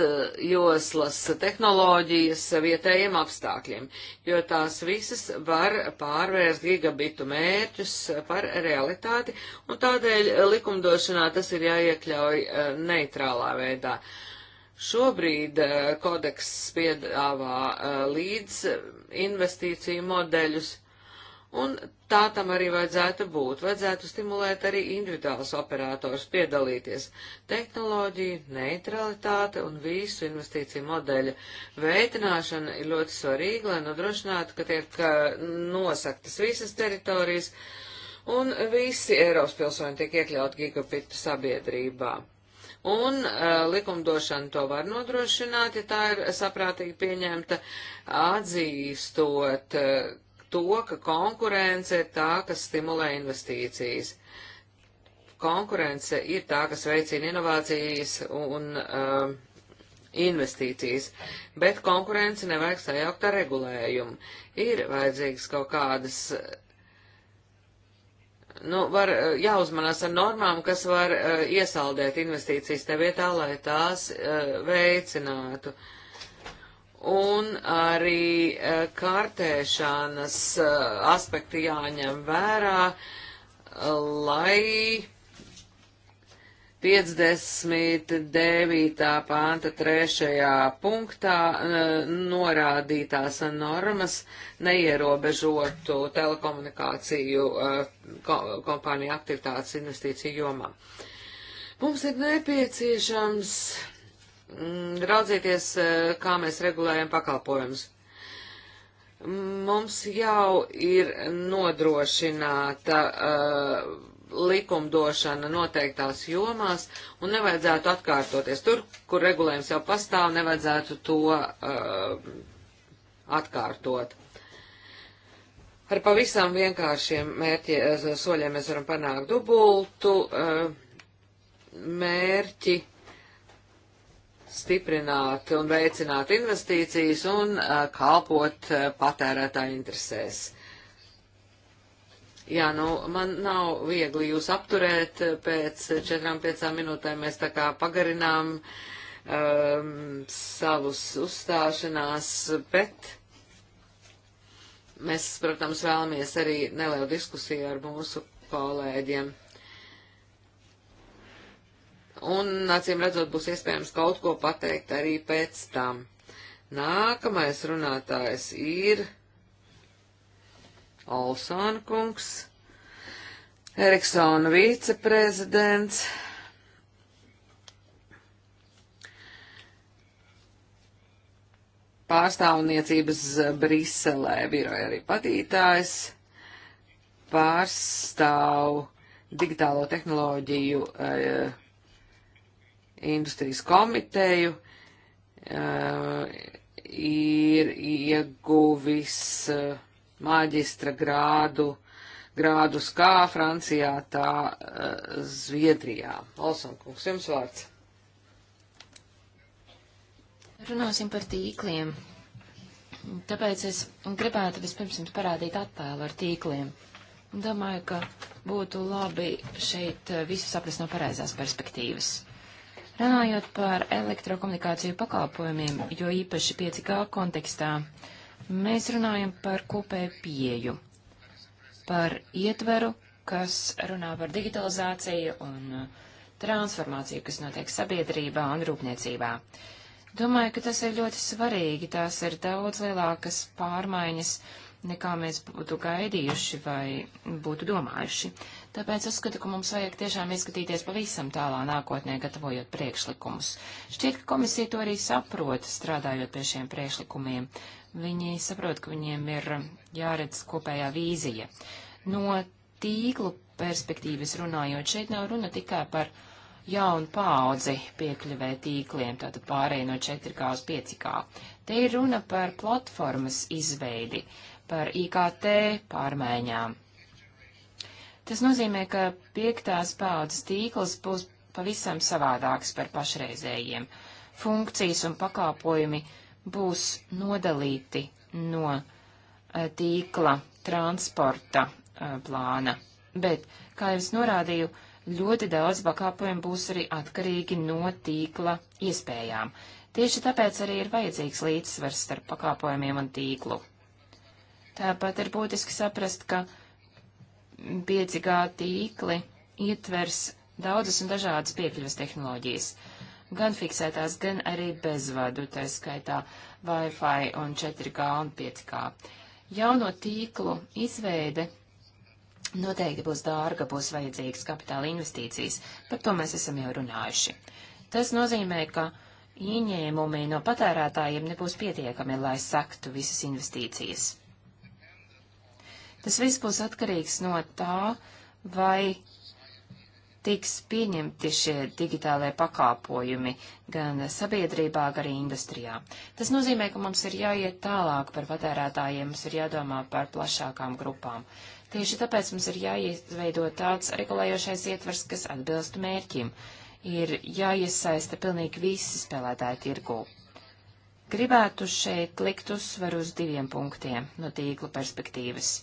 joslas tehnoloģijas vietējiem apstākļiem, jo tās visas var pārvērst gigabitu mērķus par realitāti, un tādēļ likumdošanā tas ir jāiekļauj neitrālā veidā. Uh, Šobrīd eh, kodeks piedāvā eh, līdz eh, investīciju modeļus, un tā tam arī vajadzētu būt. Vajadzētu stimulēt arī individuālus operators piedalīties. Tehnoloģija, neutralitāte un visu investīciju modeļa veicināšana ir ļoti svarīga, lai nodrošinātu, ka tiek nosaktas visas teritorijas un visi Eiropas pilsoņi tiek iekļauti gigabita sabiedrībā un uh, likumdošana to var nodrošināt, ja tā ir saprātīgi pieņemta, atzīstot uh, to, ka konkurence ir tā, kas stimulē investīcijas. Konkurence ir tā, kas veicina inovācijas un uh, investīcijas, bet konkurenci nevajag sajaukt ar regulējumu. Ir vajadzīgas kaut kādas uh, nu, var eh, jāuzmanās ar normām, kas var uh, iesaldēt investīcijas te vietā, lai tās uh, veicinātu. Un arī uh, kārtēšanas aspekti jāņem vērā, lai 59. pānta 3. punktā e, norādītās normas neierobežotu telekomunikāciju e, kompāniju aktivitātes investīciju jomā. Mums ir nepieciešams mm, raudzīties, e, kā mēs regulējam pakalpojumus. Mums jau ir nodrošināta uh, likumdošana noteiktās jomās un nevajadzētu atkārtoties. Tur, kur regulējums jau pastāv, nevajadzētu to uh, atkārtot. Ar pavisam vienkāršiem mērķi, uh, soļiem mēs varam panākt dubultu uh, mērķi stiprināt un veicināt investīcijas un uh, kalpot uh, patērētāju interesēs. Uh, Jā, nu, man nav viegli jūs apturēt, pēc četrām, piecām minūtēm mēs tā kā pagarinām um, savus uzstāšanās, bet mēs, protams, vēlamies arī nelielu diskusiju ar mūsu kolēģiem. Un, acīm redzot, būs iespējams kaut ko pateikt arī pēc tam. Nākamais runātājs ir. Olsona kungs, Eriksona viceprezidents. pārstāvniecības Briselē biroja arī patītājs, pārstāv digitālo tehnoloģiju e, industrijas komiteju, e, ir ieguvis. E, maģistra grādu, grādus kā Francijā, tā uh, Zviedrijā. Olsonkungs, jums vārds. Runāsim par tīkliem. Tāpēc es gribētu vispirms jums parādīt attēlu ar tīkliem. Domāju, ka būtu labi šeit e, visu saprast no pareizās perspektīvas. Runājot par elektrokomunikāciju pakalpojumiem, jo īpaši 5G kontekstā, uh, Mēs runājam par kopēju pieju, par ietveru, kas runā par digitalizāciju un uh, transformāciju, kas notiek sabiedrībā un rūpniecībā. Domāju, ka tas ir ļoti svarīgi, tās ir daudz lielākas pārmaiņas, nekā mēs būtu gaidījuši vai būtu domājuši. Tāpēc uzskatu, ka mums vajag tiešām izskatīties pavisam tālā nākotnē, gatavojot priekšlikumus. Šķiet, ka komisija to arī saprot, strādājot pie šiem priekšlikumiem, Viņi saprot, ka viņiem ir jāredz kopējā vīzija. No tīklu perspektīvas runājot, šeit nav runa tikai par jaunu paudzi piekļuvē tīkliem, tātad pārēj no 4K uz 5K. Te ir runa par platformas izveidi, par IKT pārmaiņām. Tas nozīmē, ka piektās paudzes tīkls būs pavisam savādāks par pašreizējiem. Funkcijas un pakāpojumi būs nodalīti no eh, tīkla transporta eh, plāna. Bet, kā jau es norādīju, ļoti daudz pakāpojumu būs arī atkarīgi no tīkla iespējām. Tieši tāpēc arī ir vajadzīgs līdzsvars starp pakāpojumiem un tīklu. Tāpat ir būtiski saprast, ka 5G tīkli ietvers daudzas un dažādas piekļuvas tehnoloģijas gan fiksētās, gan arī bezvadu, tā skaitā Wi-Fi un 4G un 5G. Jauno tīklu izveide noteikti būs dārga, būs vajadzīgas kapitāla investīcijas, par to mēs esam jau runājuši. Tas nozīmē, ka ieņēmumi no patērētājiem nebūs pietiekami, lai sektu visas investīcijas. Tas viss būs atkarīgs no tā, vai tiks pieņemti šie digitālie pakāpojumi gan sabiedrībā, gan arī industrijā. Tas nozīmē, ka mums ir jāiet tālāk par patērētājiem, mums ir jādomā par plašākām grupām. Tieši tāpēc mums ir jāizveido tāds regulējošais ietvers, kas atbilst mērķim. Ir jāiesaista pilnīgi visi spēlētāji tirgū. Gribētu šeit likt uzsvaru uz diviem punktiem no tīkla perspektīvas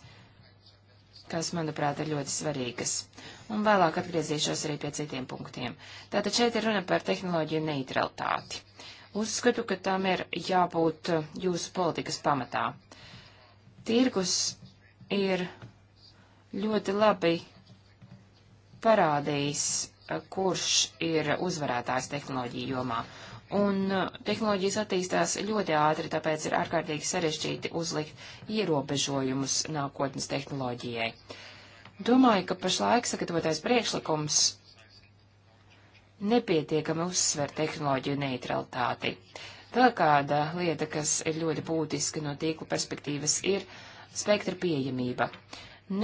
kas, manuprāt, ir ļoti svarīgas. Un vēlāk atgriezīšos arī pie citiem punktiem. Tātad šeit ir runa par tehnoloģiju neutralitāti. Uzskatu, ka tam ir jābūt uh, jūsu politikas pamatā. Tirgus ir ļoti labi parādījis, uh, kurš ir uzvarētājs tehnoloģiju jomā. Un uh, tehnoloģijas attīstās ļoti ātri, tāpēc ir ārkārtīgi sarežģīti uzlikt ierobežojumus nākotnes tehnoloģijai. Domāju, ka pašlaik sagatavotais priekšlikums nepietiekami uzsver tehnoloģiju neutralitāti. Vēl kāda lieta, kas ir ļoti būtiska no tīkla perspektīvas, ir spektra pieejamība.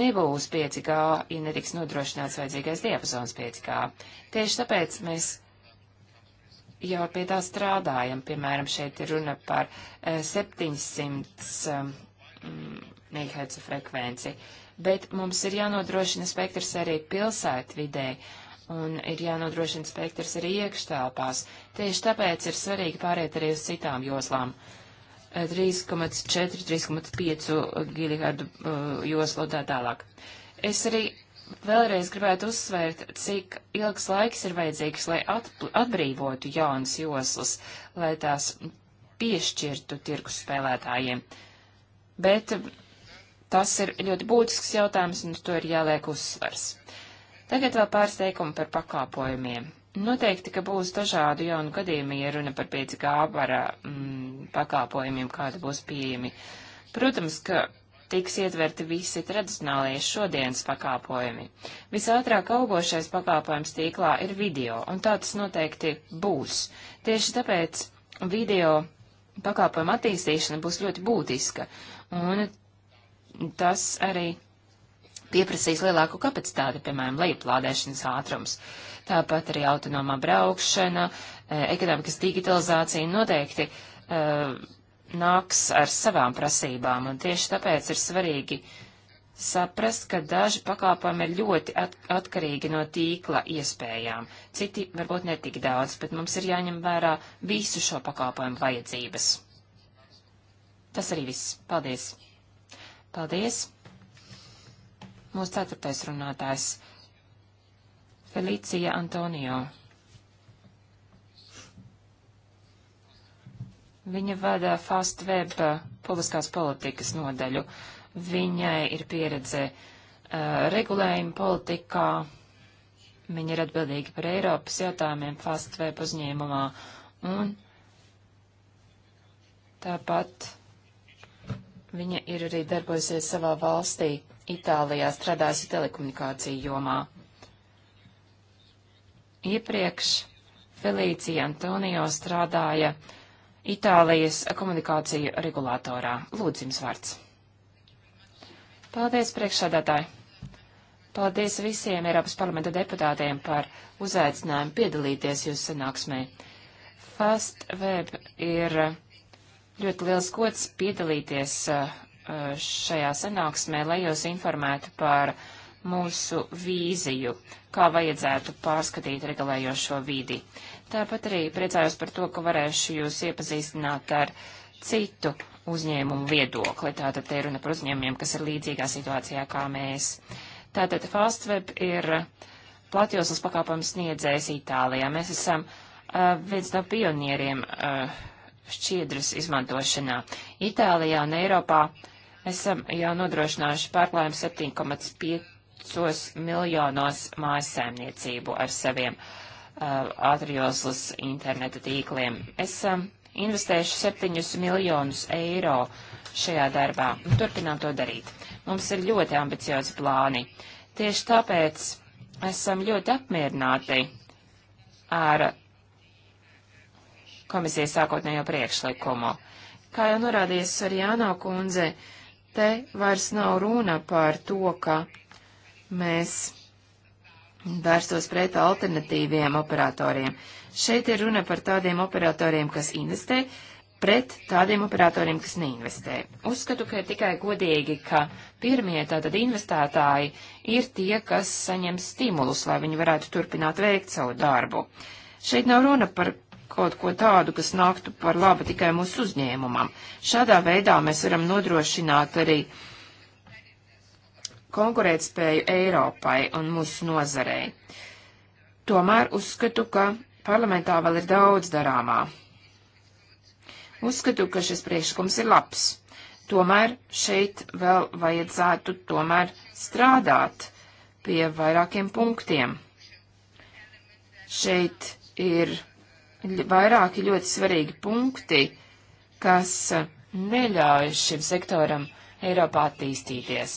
Nebūs 5G, ja netiks nodrošināts vajadzīgais diapazons 5G. Tieši tāpēc mēs jau pie tā strādājam. Piemēram, šeit ir runa par 700 eh, ehm, MHz frekvenci, bet mums ir jānodrošina spektrs arī pilsētvidē. Un ir jānodrošina spektrs arī iekštelpās. Tieši tāpēc ir svarīgi pāriet arī uz citām joslām. 3,4, eh, 3,5 gigahertu uh, joslu tā tālāk. Es arī Vēlreiz gribētu uzsvērt, cik ilgs laiks ir vajadzīgs, lai atbrīvotu jaunas joslas, lai tās piešķirtu tirgus spēlētājiem. Bet tas ir ļoti būtisks jautājums, un uz to ir jāliek uzsvars. Tagad vēl pāris teikumi par pakāpojumiem. Noteikti, ka būs dažādu jaunu gadījumu, ja runa par 5G par mm, pakāpojumiem, kāda būs pieejami. Protams, ka tiks ietverti visi tradicionālie šodienas pakāpojumi. Visātrāk augošais pakāpojums tīklā ir video, un tā tas noteikti būs. Tieši tāpēc video pakāpojuma attīstīšana būs ļoti būtiska, un tas arī pieprasīs lielāku kapacitāti, piemēram, lejuplādēšanas ātrums. Tāpat arī autonomā braukšana, e, ekonomikas digitalizācija noteikti. Uh, nāks ar savām prasībām, un tieši tāpēc ir svarīgi saprast, ka daži pakāpojumi ir ļoti at atkarīgi no tīkla iespējām, citi varbūt netik daudz, bet mums ir jāņem vērā visu šo pakāpojumu vajadzības. Tas arī viss. Paldies! Paldies! Mūsu ceturtais runātājs Felicija Antonio. Viņa vada Fast Web uh, publiskās politikas nodaļu. Viņai ir pieredze uh, regulējuma politikā. Viņa ir atbildīga par Eiropas jautājumiem Fast Web uzņēmumā. Un tāpat viņa ir arī darbojusies savā valstī, Itālijā, strādājusi telekomunikāciju jomā. Iepriekš Felicija Antonio strādāja uh, Itālijas komunikāciju regulātorā. Lūdzu, jums vārds. Paldies, priekšsādātāji! Paldies visiem Eiropas parlamenta deputātiem par uzaicinājumu piedalīties jūsu sanāksmē. Fast Web ir ļoti liels gods piedalīties uh, uh, šajā sanāksmē, lai jūs informētu par mūsu vīziju, kā vajadzētu pārskatīt regulējošo vidi. Tāpat arī priecājos par to, ka varēšu jūs iepazīstināt ar citu uzņēmumu viedokli. Tātad te runa par uzņēmumiem, kas ir līdzīgā situācijā kā mēs. Tātad FastWeb ir platjoslas pakāpojums sniedzējs Itālijā. Mēs esam uh, viens no pionieriem uh, šķiedras izmantošanā. Itālijā un Eiropā esam jau nodrošinājuši pārklājumu 7,5 miljonos mājasēmniecību ar saviem uh, ātrjoslas uh, interneta tīkliem. Es um, investēšu 7 miljonus eiro šajā darbā un turpinām to darīt. Mums ir ļoti ambiciozi plāni. Tieši tāpēc esam ļoti apmierināti ar komisijas sākotnējo priekšlikumu. Kā jau norādījis arī Jāno kundze, te vairs nav runa par to, ka mēs vērstos pret alternatīviem operatoriem. Šeit ir runa par tādiem operatoriem, kas investē, pret tādiem operatoriem, kas neinvestē. Uzskatu, ka ir tikai godīgi, ka pirmie tātad investētāji ir tie, kas saņem stimulus, lai viņi varētu turpināt veikt savu darbu. Šeit nav runa par kaut ko tādu, kas nāktu par labu tikai mūsu uzņēmumam. Šādā veidā mēs varam nodrošināt arī uh, konkurētspēju Eiropai un mūsu nozarei. Tomēr uzskatu, ka parlamentā vēl ir daudz darāmā. Uzskatu, ka šis priekšlikums ir labs. Tomēr šeit vēl vajadzētu tomēr strādāt pie vairākiem punktiem. Šeit ir vairāki ļoti svarīgi punkti, kas neļauj šim sektoram Eiropā attīstīties.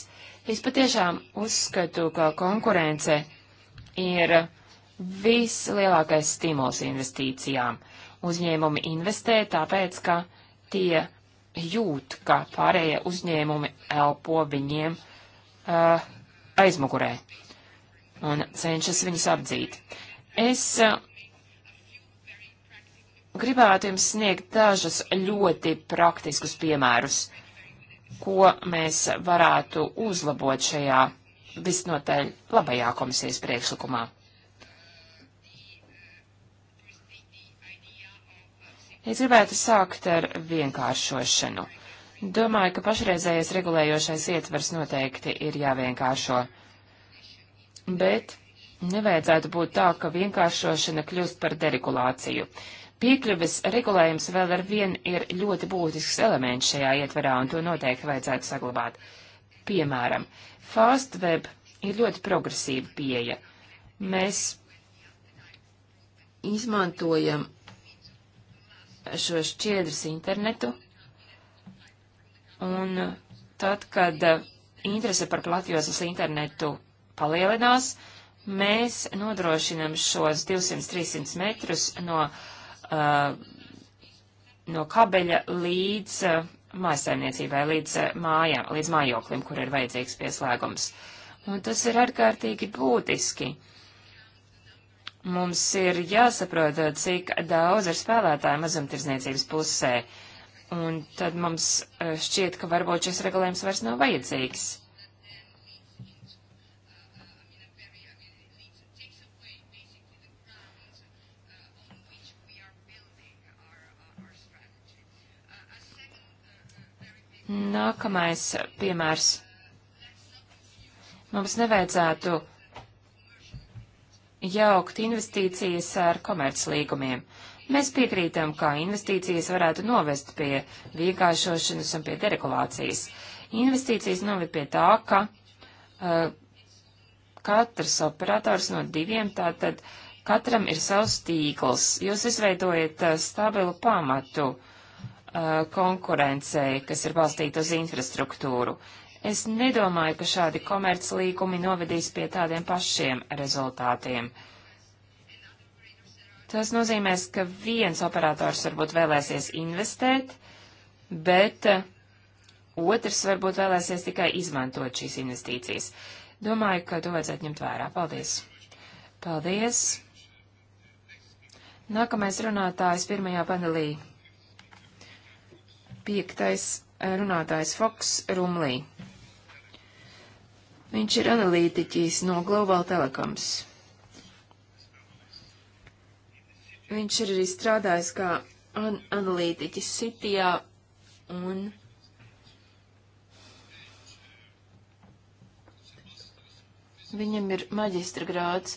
Es patiešām uzskatu, ka konkurence ir vislielākais stimuls investīcijām. Uzņēmumi investē tāpēc, ka tie jūt, ka pārējie uzņēmumi elpo viņiem uh, aizmugurē un cenšas viņus apdzīt. Es uh, gribētu jums sniegt dažus ļoti praktiskus piemērus ko mēs varētu uzlabot šajā visnotaļ labajā komisijas priekšlikumā. Es gribētu sākt ar vienkāršošanu. Domāju, ka pašreizējais regulējošais ietvers noteikti ir jāvienkāršo. Bet nevajadzētu būt tā, ka vienkāršošana kļūst par deregulāciju. Uh, Piekļuves regulējums vēl ar vien ir ļoti būtisks elements šajā ietverā, un to noteikti vajadzētu saglabāt. Piemēram, FastWeb ir ļoti progresīva pieeja. Mēs izmantojam šo šķiedras internetu, un tad, kad interese par platjoslas internetu palielinās, mēs nodrošinam šos 200-300 metrus no uh, Uh, no kabeļa līdz uh, mājasaimniecībai, līdz uh, mājām, līdz mājoklim, kur ir vajadzīgs pieslēgums. Un tas ir ārkārtīgi būtiski. Mums ir jāsaprot, cik daudz ir spēlētāju mazumtirdzniecības pusē, un tad mums šķiet, ka varbūt šis regulējums vairs nav vajadzīgs. Nākamais piemērs. Mums nevajadzētu jaukt investīcijas ar komerclīgumiem. Mēs piekrītam, ka investīcijas varētu novest pie vienkāršošanas un pie deregulācijas. Investīcijas noved pie tā, ka uh, katrs operators no diviem, tātad katram ir savs tīkls. Jūs izveidojat uh, stabilu pamatu uh, Uh, konkurencei, kas ir balstīta uz infrastruktūru. Es nedomāju, ka šādi komerclīkumi novedīs pie tādiem pašiem rezultātiem. Tas nozīmēs, ka viens operators varbūt vēlēsies investēt, bet uh, otrs varbūt vēlēsies tikai izmantot šīs investīcijas. Domāju, ka to vajadzētu ņemt vērā. Paldies! Paldies! Nākamais runātājs pirmajā panelī Piektais eh, runātājs Foks Rumlī. Viņš ir analītiķis no Global Telecoms. Viņš ir arī strādājis kā an analītiķis Sitijā un viņam ir maģistra grāds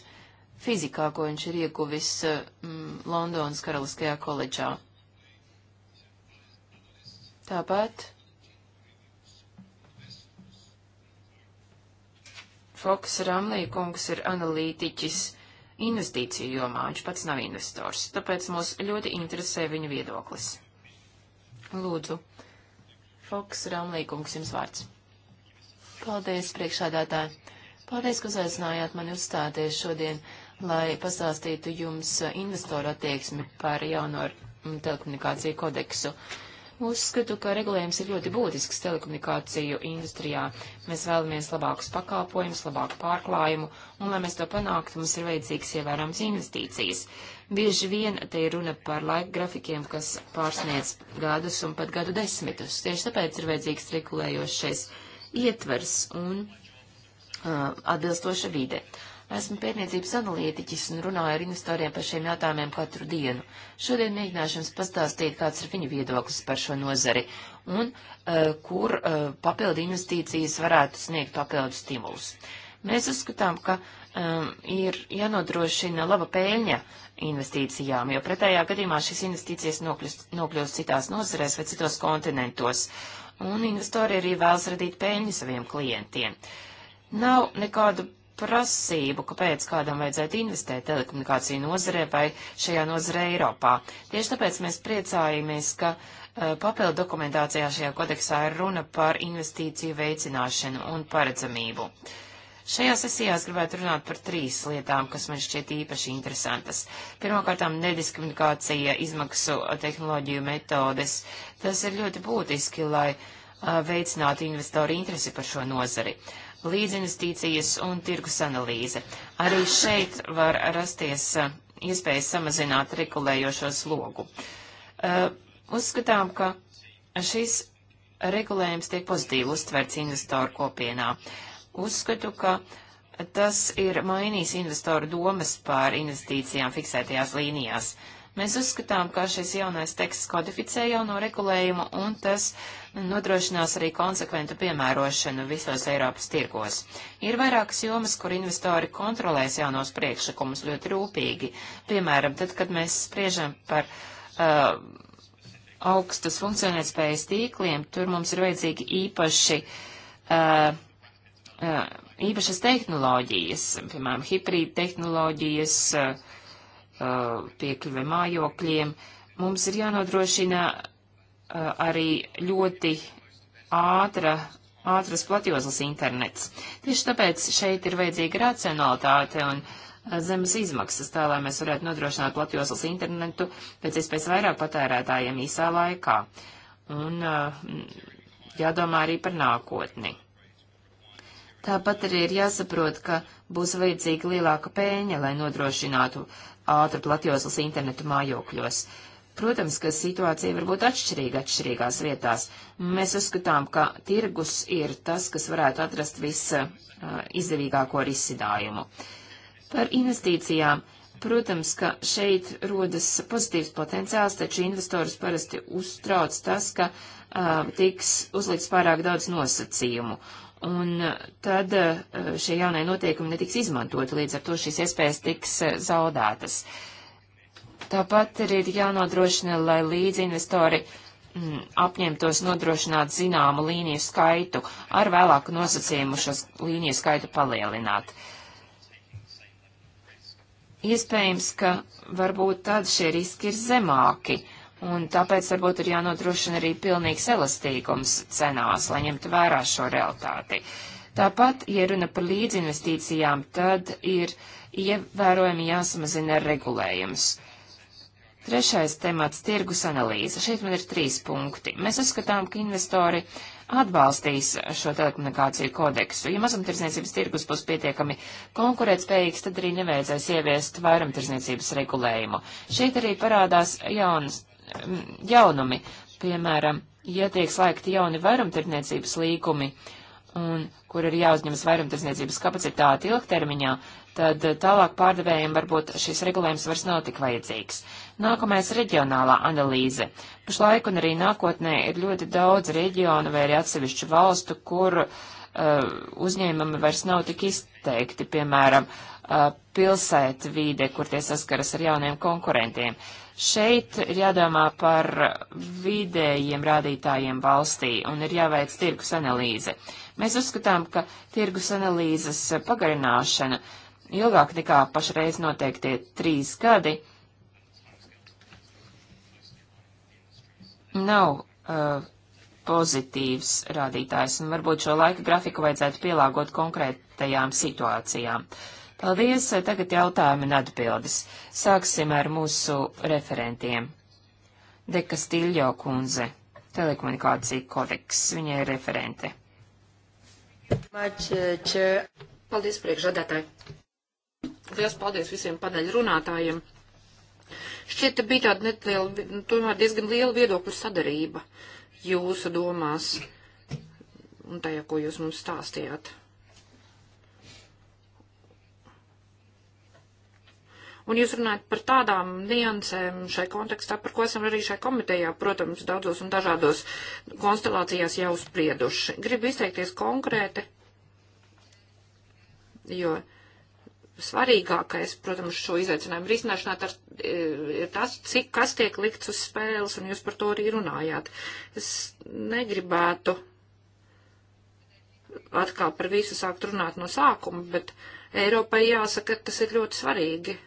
fizikā, ko viņš ir ieguvis mm, Londonas Karaliskajā koledžā. Tāpat Foks Ramlīkungs ir analītiķis investīciju jomā, viņš pats nav investors, tāpēc mūs ļoti interesē viņa viedoklis. Lūdzu, Foks Ramlīkungs, jums vārds. Paldies, priekšādātāji. Paldies, ka uzaicinājāt mani uzstāties šodien, lai pastāstītu jums investoru attieksmi par jauno telekomunikāciju kodeksu. Uh, Uzskatu, ka regulējums ir ļoti būtisks telekomunikāciju industrijā. Mēs vēlamies labākus pakalpojumus, labāku pārklājumu, un, lai mēs to panāktu, mums ir vajadzīgs ievērams investīcijas. Bieži vien te ir runa par laika grafikiem, kas pārsniec gadus un pat gadu desmitus. Tieši tāpēc ir vajadzīgs regulējošais ietvers un uh, atbilstoša vide. Uh, Esmu pētniecības analītiķis un runāju ar investoriem par šiem jautājumiem katru dienu. Šodien mēģināšu jums pastāstīt, kāds ir viņu viedoklis par šo nozari un uh, kur uh, papildu investīcijas varētu sniegt papildu stimulus. Mēs uzskatām, ka um, ir jānodrošina laba pēļņa investīcijām, jo pretējā gadījumā šīs investīcijas nokļūst, nokļūst citās nozarēs vai citos kontinentos, un investori arī vēlas radīt pēļņu saviem klientiem. Nav nekādu prasību, kāpēc kādam vajadzētu investēt telekomunikāciju nozarē vai šajā nozarē Eiropā. Tieši tāpēc mēs priecājamies, ka uh, papildu dokumentācijā šajā kodeksā ir runa par investīciju veicināšanu un paredzamību. Šajā sesijā es gribētu runāt par trīs lietām, kas man šķiet īpaši interesantas. Pirmkārtām, nediskriminācija izmaksu eh, tehnoloģiju metodes. Tas ir ļoti būtiski, lai uh, veicinātu investoru interesi par šo nozari. Uh, līdzinvestīcijas un tirgus analīze. Arī šeit var rasties eh, iespējas samazināt regulējošo slogu. Eh, uzskatām, ka šis regulējums tiek pozitīvi uztverts investoru kopienā. Uzskatu, ka tas ir mainījis investoru domas par investīcijām fiksētajās līnijās. Uh, Mēs uzskatām, ka šis jaunais teksts kodificē jauno regulējumu un tas nodrošinās arī konsekventu piemērošanu visos Eiropas tirgos. Ir vairākas jomas, kur investori kontrolēs jaunos priekšlikumus ļoti rūpīgi. Piemēram, tad, kad mēs spriežam par. Uh, augstas funkcionētspējas tīkliem, tur mums ir vajadzīgi īpaši uh, uh īpašas tehnoloģijas, piemēram, hibrīda tehnoloģijas, uh, uh, piekļuve mājokļiem. Mums ir jānodrošina uh, arī ļoti ātra, ātras platjozlas internets. Tieši tāpēc šeit ir vajadzīga racionalitāte un uh, zemes izmaksas, tā lai mēs varētu nodrošināt platjoslas internetu pēc iespējas vairāk patērētājiem īsā laikā. Un uh, jādomā arī par nākotni. Tāpat arī ir jāsaprot, ka būs vajadzīga lielāka pēļņa, lai nodrošinātu ātru platjoslas internetu mājokļos. Protams, ka situācija var būt atšķirīga atšķirīgās vietās. Mēs uzskatām, ka tirgus ir tas, kas varētu atrast visizdevīgāko risinājumu. Par investīcijām. Protams, ka šeit rodas pozitīvs potenciāls, taču investorus parasti uztrauc tas, ka uh, tiks uzlikts pārāk daudz nosacījumu un uh, tad uh, šie jaunie noteikumi netiks izmantoti, līdz ar to šīs iespējas tiks uh, zaudētas. Tāpat arī ir jānodrošina, lai līdzinvestori mm, apņemtos nodrošināt zināmu līniju skaitu, ar vēlāku nosacījumu šo līniju skaitu palielināt. Iespējams, ka varbūt tad šie riski ir zemāki. Uh, un tāpēc varbūt ir jānodrošina arī pilnīgs elastīgums cenās, lai ņemtu vērā šo realitāti. Tāpat, ja runa par līdzinvestīcijām, tad ir ievērojami jāsamazina regulējums. Trešais temats - tirgus analīze. Šeit man ir trīs punkti. Mēs uzskatām, ka investori atbalstīs šo telekomunikāciju kodeksu. Ja mazumtirdzniecības tirgus būs pietiekami konkurētspējīgs, tad arī nevajadzēs ieviest vairumtirdzniecības regulējumu. Šeit arī parādās jauns jaunumi. Piemēram, ja tiek slēgti jauni vairumtirdzniecības līgumi, un kur ir jāuzņemas vairumtirdzniecības kapacitāte ilgtermiņā, tad tālāk pārdevējiem varbūt šis regulējums vairs nav tik vajadzīgs. Nākamais - reģionālā analīze. Pašlaik un arī nākotnē ir ļoti daudz reģionu vai arī atsevišķu valstu, kur uh, uzņēmumi vairs nav tik izteikti, piemēram, uh, pilsētvīde, kur tie saskaras ar jauniem konkurentiem. Uh, Šeit ir jādomā par vidējiem rādītājiem valstī un ir jāveic tirgus analīze. Mēs uzskatām, ka tirgus analīzes pagarināšana ilgāk nekā pašreiz noteiktie trīs gadi nav uh, pozitīvs rādītājs, un varbūt šo laika grafiku vajadzētu pielāgot konkrētajām situācijām. Uh, Paldies, tagad jautājumi un atbildes. Sāksim ar mūsu referentiem. Deka Stīļo kundze, telekomunikācija kodeks, viņa ir referente. Paldies, priekšādātāji. Liels paldies visiem paneļu runātājiem. Šķiet, bija tāda neliela, tomēr diezgan liela viedokļu sadarība jūsu domās un tajā, ko jūs mums stāstījāt. Un jūs runājat par tādām niansēm šai kontekstā, par ko esam arī šai komitejā, protams, daudzos un dažādos konstelācijās jau sprieduši. Gribu izteikties konkrēti, jo svarīgākais, protams, šo izaicinājumu risināšanā tar, e, ir tas, cik kas tiek likts uz spēles, un jūs par to arī runājāt. Es negribētu atkal par visu sākt runāt no sākuma, bet Eiropai jāsaka, tas ir ļoti svarīgi.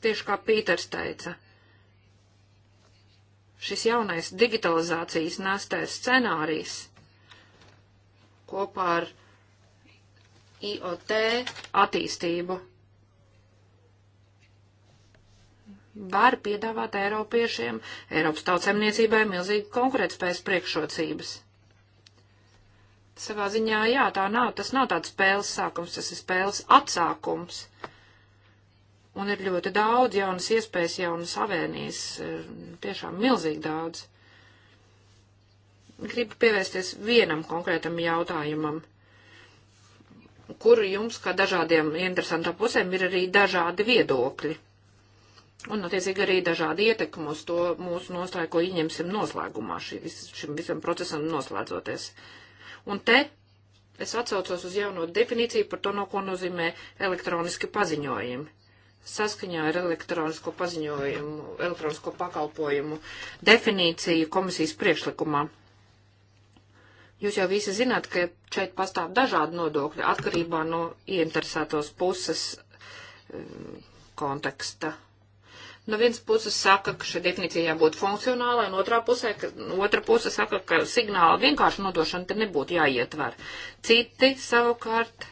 Tieši kā Pīters teica, šis jaunais digitalizācijas nestais scenārijs kopā ar IoT attīstību var piedāvāt Eiropiešiem, Eiropas tautsemniecībai milzīgi konkurētspējas priekšrocības. Savā ziņā, jā, tā nav, tas nav tāds spēles sākums, tas ir spēles atsākums. Un ir ļoti daudz jaunas iespējas, jaunas avēnijas, eh, tiešām milzīgi daudz. Gribu pievērsties vienam konkrētam jautājumam, kur jums, kā dažādiem interesantām pusēm, ir arī dažādi viedokļi. Un, attiecīgi, arī dažādi ietekmi uz to mūsu nostāju, ko ieņemsim noslēgumā, šī, vis, šim visam procesam noslēdzoties. Un te es atsaucos uz jauno definīciju par to, no ko nozīmē elektroniski paziņojumi saskaņā ar elektronisko paziņojumu, elektronisko pakalpojumu definīciju komisijas priekšlikumā. Jūs jau visi zināt, ka šeit pastāv dažādi nodokļi atkarībā no ieinteresētos puses um, konteksta. No vienas puses saka, ka šai definīcijai jābūt funkcionālai, un otrā pusē, ka, otra puse saka, ka signāla vienkārši nodošana te nebūtu jāietver. Citi savukārt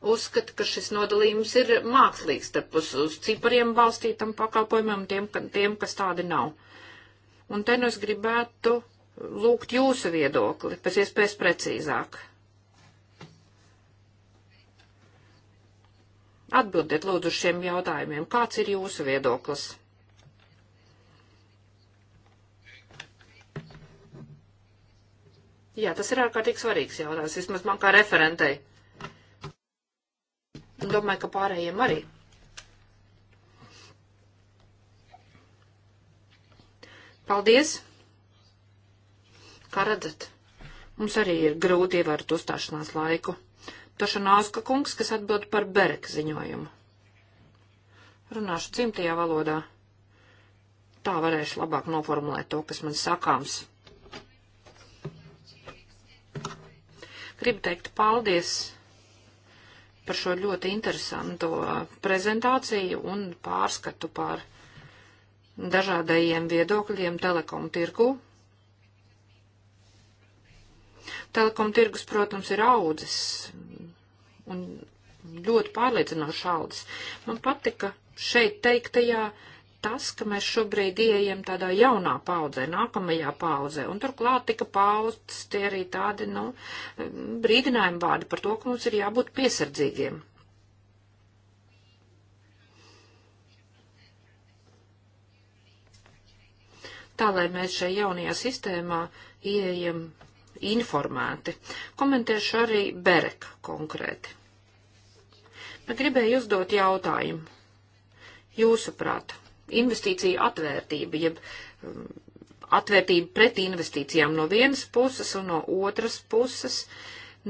uzskata, ka šis nodalījums ir mākslīgs starp uz, uz cipariem balstītam pakalpojumam, tiem, ka, tiem, kas tādi nav. Un te nu es gribētu lūgt jūsu viedokli, pēc iespējas precīzāk. Atbildiet lūdzu šiem jautājumiem. Kāds ir jūsu viedoklis? Jā, tas ir ārkārtīgi svarīgs jautājums, vismaz man kā referentei. Un domāju, ka pārējiem arī. Paldies! Kā redzat, mums arī ir grūti ievērot uzstāšanās laiku. Tošanāska kungs, kas atbild par Bereka ziņojumu. Runāšu dzimtajā valodā. Tā varēšu labāk noformulēt to, kas man sakāms. Gribu teikt paldies par šo ļoti interesanto prezentāciju un pārskatu par dažādajiem viedokļiem telekom tirgu. Telekom tirgus, protams, ir audzis un ļoti pārliecinoši audzis. Man patika šeit teiktajā. Ja tas, ka mēs šobrīd ieejam tādā jaunā paudzē, nākamajā paudzē, un turklāt tika paudzes tie arī tādi, nu, brīdinājumi vārdi par to, ka mums ir jābūt piesardzīgiem. Tā, lai mēs šajā jaunajā sistēmā ieejam informēti. Komentēšu arī Berek konkrēti. Bet gribēju uzdot jautājumu. Jūsuprāt, investīciju atvērtība, jeb um, atvērtība pret investīcijām no vienas puses un no otras puses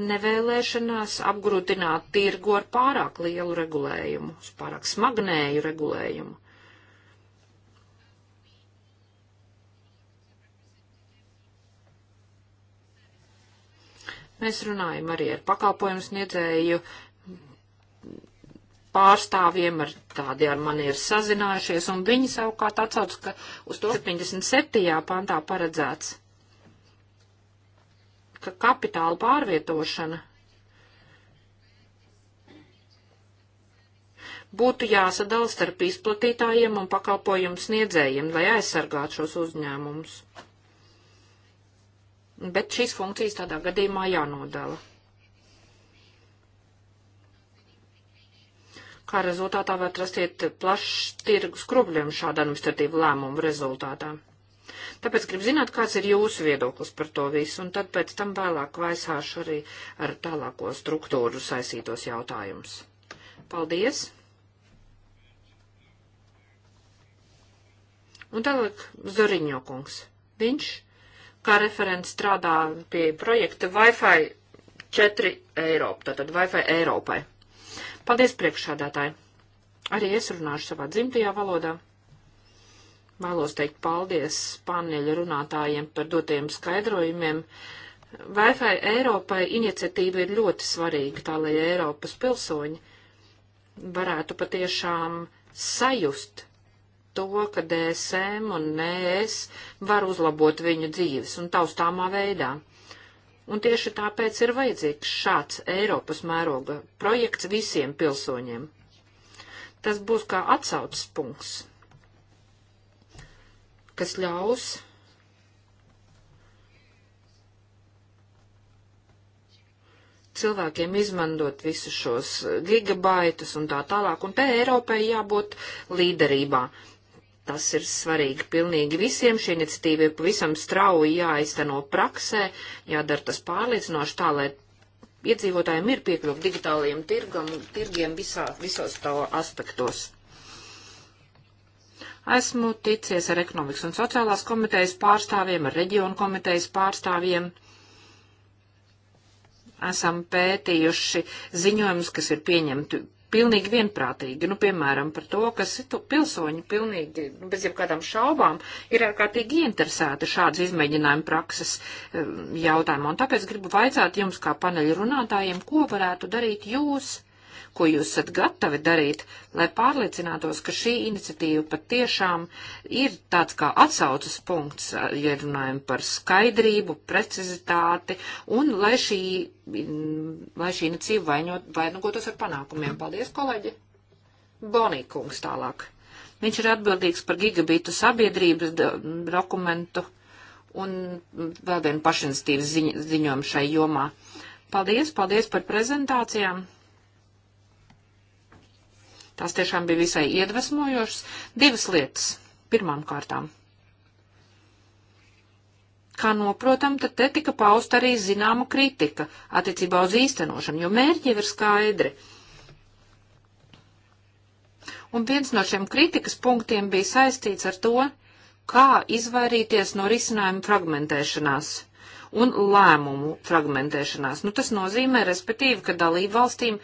nevēlēšanās apgrūtināt tirgu ar pārāk lielu regulējumu, uz pārāk smagnēju regulējumu. Mēs runājam arī ar pakalpojumu sniedzēju pārstāvjiem, ar tādi ar mani ir sazinājušies, un viņi savukārt atsauc, ka uz to 77. pantā paredzēts, ka kapitāla pārvietošana būtu jāsadala starp izplatītājiem un pakalpojumu sniedzējiem, lai aizsargātu šos uzņēmumus. Bet šīs funkcijas tādā gadījumā jānodala. kā rezultātā var rastiet plašs tirgus krubļiem šāda administratīva lēmuma rezultātā. Tāpēc gribu zināt, kāds ir jūsu viedoklis par to visu, un tad pēc tam vēlāk vaisāšu arī ar tālāko struktūru saistītos jautājumus. Paldies! Un tālāk Zoriņo kungs. Viņš, kā referents, strādā pie projekta Wi-Fi 4 Eiropa, tātad Wi-Fi Eiropai. Paldies priekšādātāji! Arī es runāšu savā dzimtajā valodā. Vēlos teikt paldies spāņu runātājiem par dotajiem skaidrojumiem. Wi-Fi Eiropai iniciatīva ir ļoti svarīga, tā lai Eiropas pilsoņi varētu patiešām sajust to, ka DSM un NS e var uzlabot viņu dzīves un taustāmā veidā. Un tieši tāpēc ir vajadzīgs šāds Eiropas mēroga projekts visiem pilsoņiem. Tas būs kā atsaucas punkts, kas ļaus cilvēkiem izmantot visus šos gigabaitus un tā tālāk, un te Eiropai jābūt līderībā. Tas ir svarīgi pilnīgi visiem. Šī iniciatīva ir pavisam strauji jāizteno praksē, jādara tas pārliecinoši tā, lai iedzīvotājiem ir piekļuvi digitālajiem tirgam, tirgiem visā, visos to aspektos. Esmu ticies ar ekonomikas un sociālās komitejas pārstāvjiem, ar reģionu komitejas pārstāvjiem esam pētījuši ziņojumus, kas ir pieņemti pilnīgi vienprātīgi, nu, piemēram, par to, ka situ, pilsoņi pilnīgi, nu, bez jebkādām šaubām, ir ārkārtīgi interesēti šādas izmēģinājuma prakses eh, jautājumā. Un tāpēc gribu vaicāt jums, kā paneļa runātājiem, ko varētu darīt jūs, ko jūs esat gatavi darīt, lai pārliecinātos, ka šī iniciatīva patiešām ir tāds kā atsaucas punkts, ja runājam par skaidrību, precizitāti, un lai šī, mm, lai šī iniciatīva vainagotos ar panākumiem. Paldies, kolēģi! Bonīkungs tālāk. Viņš ir atbildīgs par gigabītu sabiedrības dokumentu un vēl vienu pašinstīvas ziņojumu šai jomā. Paldies, paldies par prezentācijām. Tās tiešām bija visai iedvesmojošas. Divas lietas. Pirmām kārtām. Kā noprotam, tad te tika pausta arī zināma kritika attiecībā uz īstenošanu, jo mērķi jau ir skaidri. Un viens no šiem kritikas punktiem bija saistīts ar to, kā izvairīties no risinājuma fragmentēšanās un lēmumu fragmentēšanās. Nu, tas nozīmē, respektīvi, ka dalību valstīm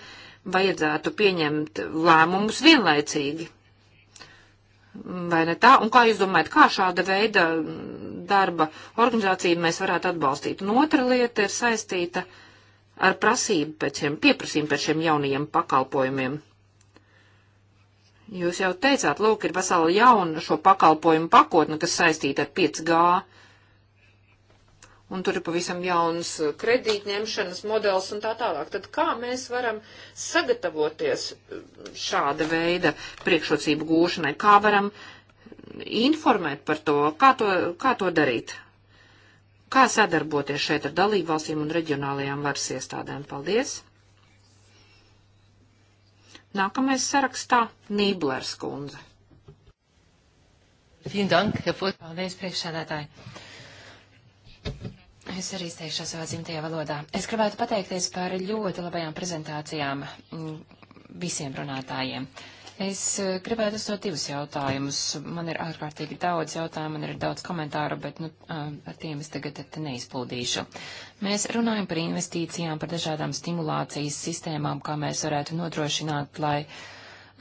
vajadzētu pieņemt lēmumus vienlaicīgi. Vai ne tā? Un kā jūs domājat, kā šāda veida darba organizāciju mēs varētu atbalstīt? Un otra lieta ir saistīta ar prasību pēc šiem, pieprasījumu pēc šiem jaunajiem pakalpojumiem. Jūs jau teicāt, lūk, ir vesela jauna šo pakalpojumu pakotne, kas saistīta ar 5G un tur ir pavisam jauns uh, kredītņemšanas modelis un tā tālāk. Tad kā mēs varam sagatavoties uh, šāda veida priekšrocību gūšanai? Kā varam informēt par to? Kā to, kā to darīt? Kā sadarboties šeit ar dalībvalstīm un reģionālajām varas iestādēm? Paldies! Nākamais sarakstā Nīblers kundze. Vielen Dank, Herr Vorsitzender, priekšsēdētāji. Es arī izteikšu savā dzimtajā valodā. Es gribētu pateikties par ļoti labajām prezentācijām mm, visiem runātājiem. Es eh, gribētu uzdot divus jautājumus. Man ir ārkārtīgi daudz jautājumu, man ir daudz komentāru, bet nu, ar tiem es tagad neizplūdīšu. Mēs runājam par investīcijām, par dažādām stimulācijas sistēmām, kā mēs varētu nodrošināt, lai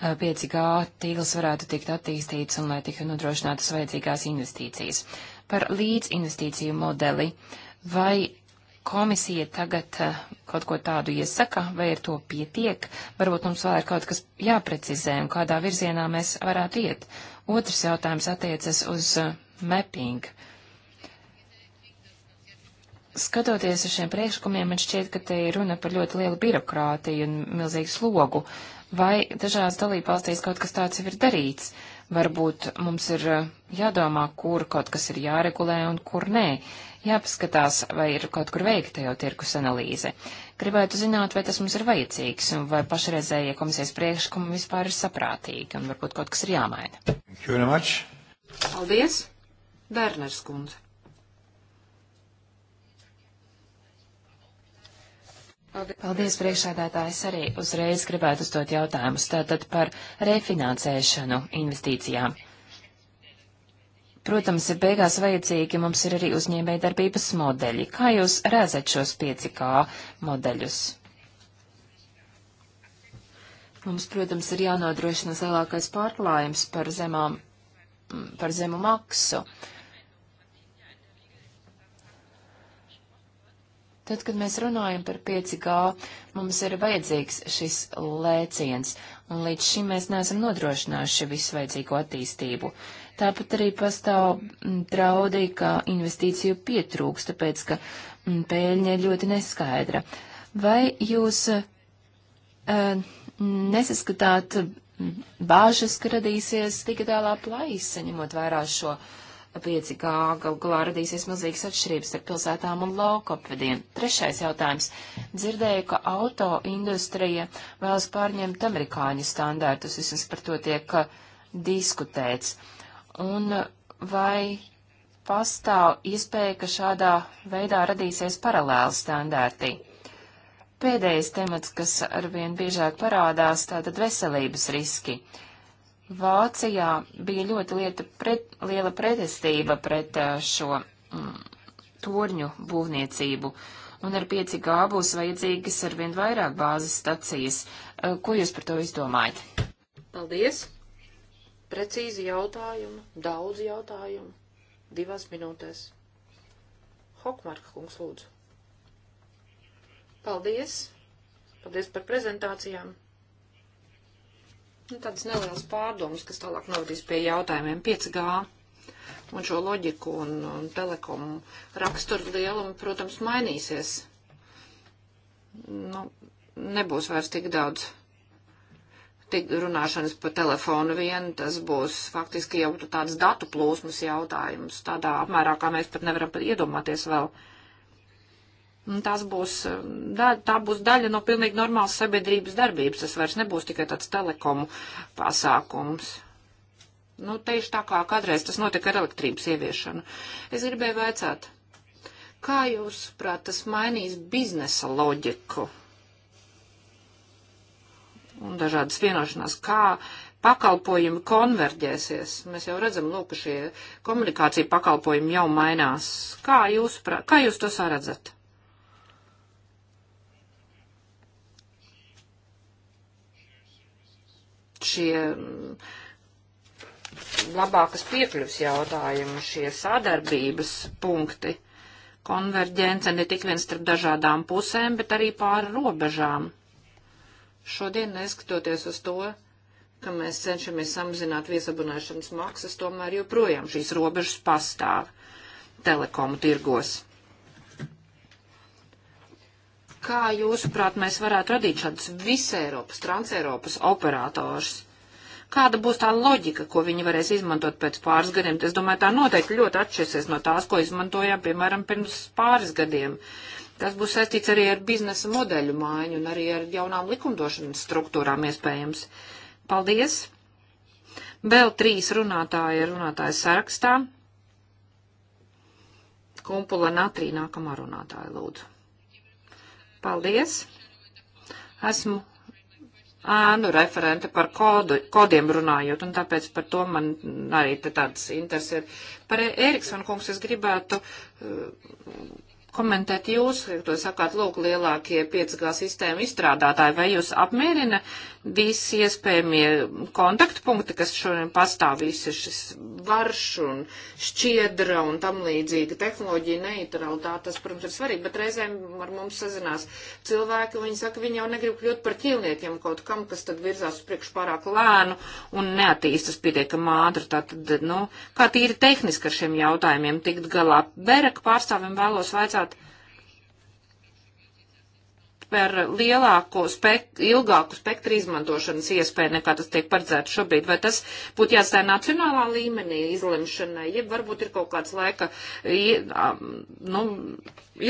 5G tīkls varētu tikt attīstīts un lai tiktu nodrošinātas vajadzīgās investīcijas. Par līdzinvestīciju modeli. Uh, Vai komisija tagad eh, kaut ko tādu iesaka, vai ar to pietiek? Varbūt mums vēl ir kaut kas jāprecizē un kādā virzienā mēs varētu iet. Otrs jautājums attiecas uz eh, mapping. Skatoties uz šiem priekšlikumiem, man šķiet, ka te ir runa par ļoti lielu birokrātiju un milzīgu slogu. Vai dažās dalībvalstīs kaut kas tāds jau ir darīts? Uh, Varbūt mums ir eh, jādomā, kur kaut kas ir jāregulē un kur nē. Jāpaskatās, vai ir kaut kur veikta jau tirkus analīze. Gribētu zināt, vai tas mums ir vajadzīgs un vai pašreizējie komisijas priekšlikumi vispār ir saprātīgi un varbūt kaut kas ir jāmaina. Paldies! Berners kundze. Paldies, Paldies priekšādātājs arī uzreiz gribētu uzdot jautājumus tātad par refinansēšanu investīcijām. Protams, ir beigās vajadzīgi mums ir arī uzņēmēja darbības modeļi. Kā jūs redzat šos 5K modeļus? Mums, protams, ir jānodrošina lielākais pārklājums par zemām, par zemu maksu. Uh, Tad, kad mēs runājam par 5G, mums ir vajadzīgs šis lēciens, un līdz šim mēs neesam nodrošinājuši visu vajadzīgo attīstību. Tāpat arī pastāv mm, draudi, ka investīciju pietrūks, tāpēc, ka mm, pēļņa ir ļoti neskaidra. Vai jūs e, nesaskatāt mm, bāžas, ka radīsies digitālā plaisa, ņemot vērā šo uh, 5G galu galā radīsies milzīgas atšķirības starp pilsētām un lauku apvediem. Trešais jautājums. Dzirdēju, ka auto industrija vēlas pārņemt amerikāņu standārtus, vismaz par to tiek uh, diskutēts. Un uh, vai pastāv iespēja, ka šādā veidā radīsies paralēli standārti? Pēdējais temats, kas arvien biežāk parādās, tātad veselības riski. Uh, Vācijā bija ļoti lieta pret, liela pretestība pret šo mm, torņu būvniecību, un ar 5G būs vajadzīgas ar vien vairāk bāzes stacijas. Ko jūs par to izdomājat? Paldies! Precīzi jautājumu, daudz jautājumu, divās minūtēs. Hokmarka kungs lūdzu. Paldies! Paldies par prezentācijām! Nu, tādas nelielas pārdomas, kas tālāk novadīs pie jautājumiem 5G un šo loģiku un, un telekomu raksturu lielumu, protams, mainīsies. Nu, nebūs vairs tik daudz tik runāšanas pa telefonu vien, tas būs faktiski jau tāds datu plūsmas jautājums, tādā apmērā, kā mēs pat nevaram pat iedomāties vēl. Uh, Tās būs, eh, tā būs daļa no pilnīgi normālas sabiedrības darbības. Tas vairs nebūs tikai tāds telekomu pasākums. Nu, tieši tā kā kādreiz tas notika ar elektrības ieviešanu. Es gribēju vaicāt, kā jūs, prāt, tas mainīs biznesa loģiku? Un dažādas vienošanās, kā pakalpojumi konverģēsies. Mēs jau redzam, lūk, šie komunikācija pakalpojumi jau mainās. Kā jūs, prāt, kā jūs to saredzat? šie mm, labākas piekļuvs jautājumi, šie sadarbības punkti, konverģence ne tik vien starp dažādām pusēm, bet arī pāri robežām. Šodien, neskatoties uz to, ka mēs cenšamies samazināt viesabunēšanas maksas, tomēr joprojām šīs robežas pastāv telekomu tirgos. Kā jūsuprāt mēs varētu radīt šādus visēropas, transeiropas operators? Kāda būs tā loģika, ko viņi varēs izmantot pēc pāris gadiem? Es domāju, tā noteikti ļoti atšķirsies no tās, ko izmantojām, piemēram, pirms pāris gadiem. Tas būs saistīts arī ar biznesa modeļu maiņu un arī ar jaunām likumdošanas struktūrām iespējams. Paldies! Vēl trīs runātāji ir runātāju sarakstā. Kumpula Natrī nākamā runātāja lūdzu. Paldies! Esmu ēnu referente par kodu, kodiem runājot, un tāpēc par to man arī tāds interesi ir. Par Eriksonu kungs es gribētu uh, komentēt jūs, ja to sakāt, lūk, lielākie 5G sistēmu izstrādātāji, vai jūs apmierina visi iespējamie kontaktpunkti, kas šodien pastāv visi šis varš un šķiedra un tam līdzīga tehnoloģija neutralitāte, tas, protams, ir svarīgi, bet reizēm ar mums sazinās cilvēki, viņi saka, viņi jau negrib kļūt par ķīlniekiem kaut kam, kas tad virzās uz priekšu pārāk lēnu un neattīstas pietiekam ātri, tātad, nu, kā tīri tehniski ar šiem jautājumiem tikt galā. Berek pārstāvim vēlos vaicāt, par lielāko, spekt, ilgāku spektru izmantošanas iespēju nekā tas tiek paredzēts šobrīd. Vai tas būtu jāstāja nacionālā līmenī izlemšanai, ja varbūt ir kaut kāds laika, nu,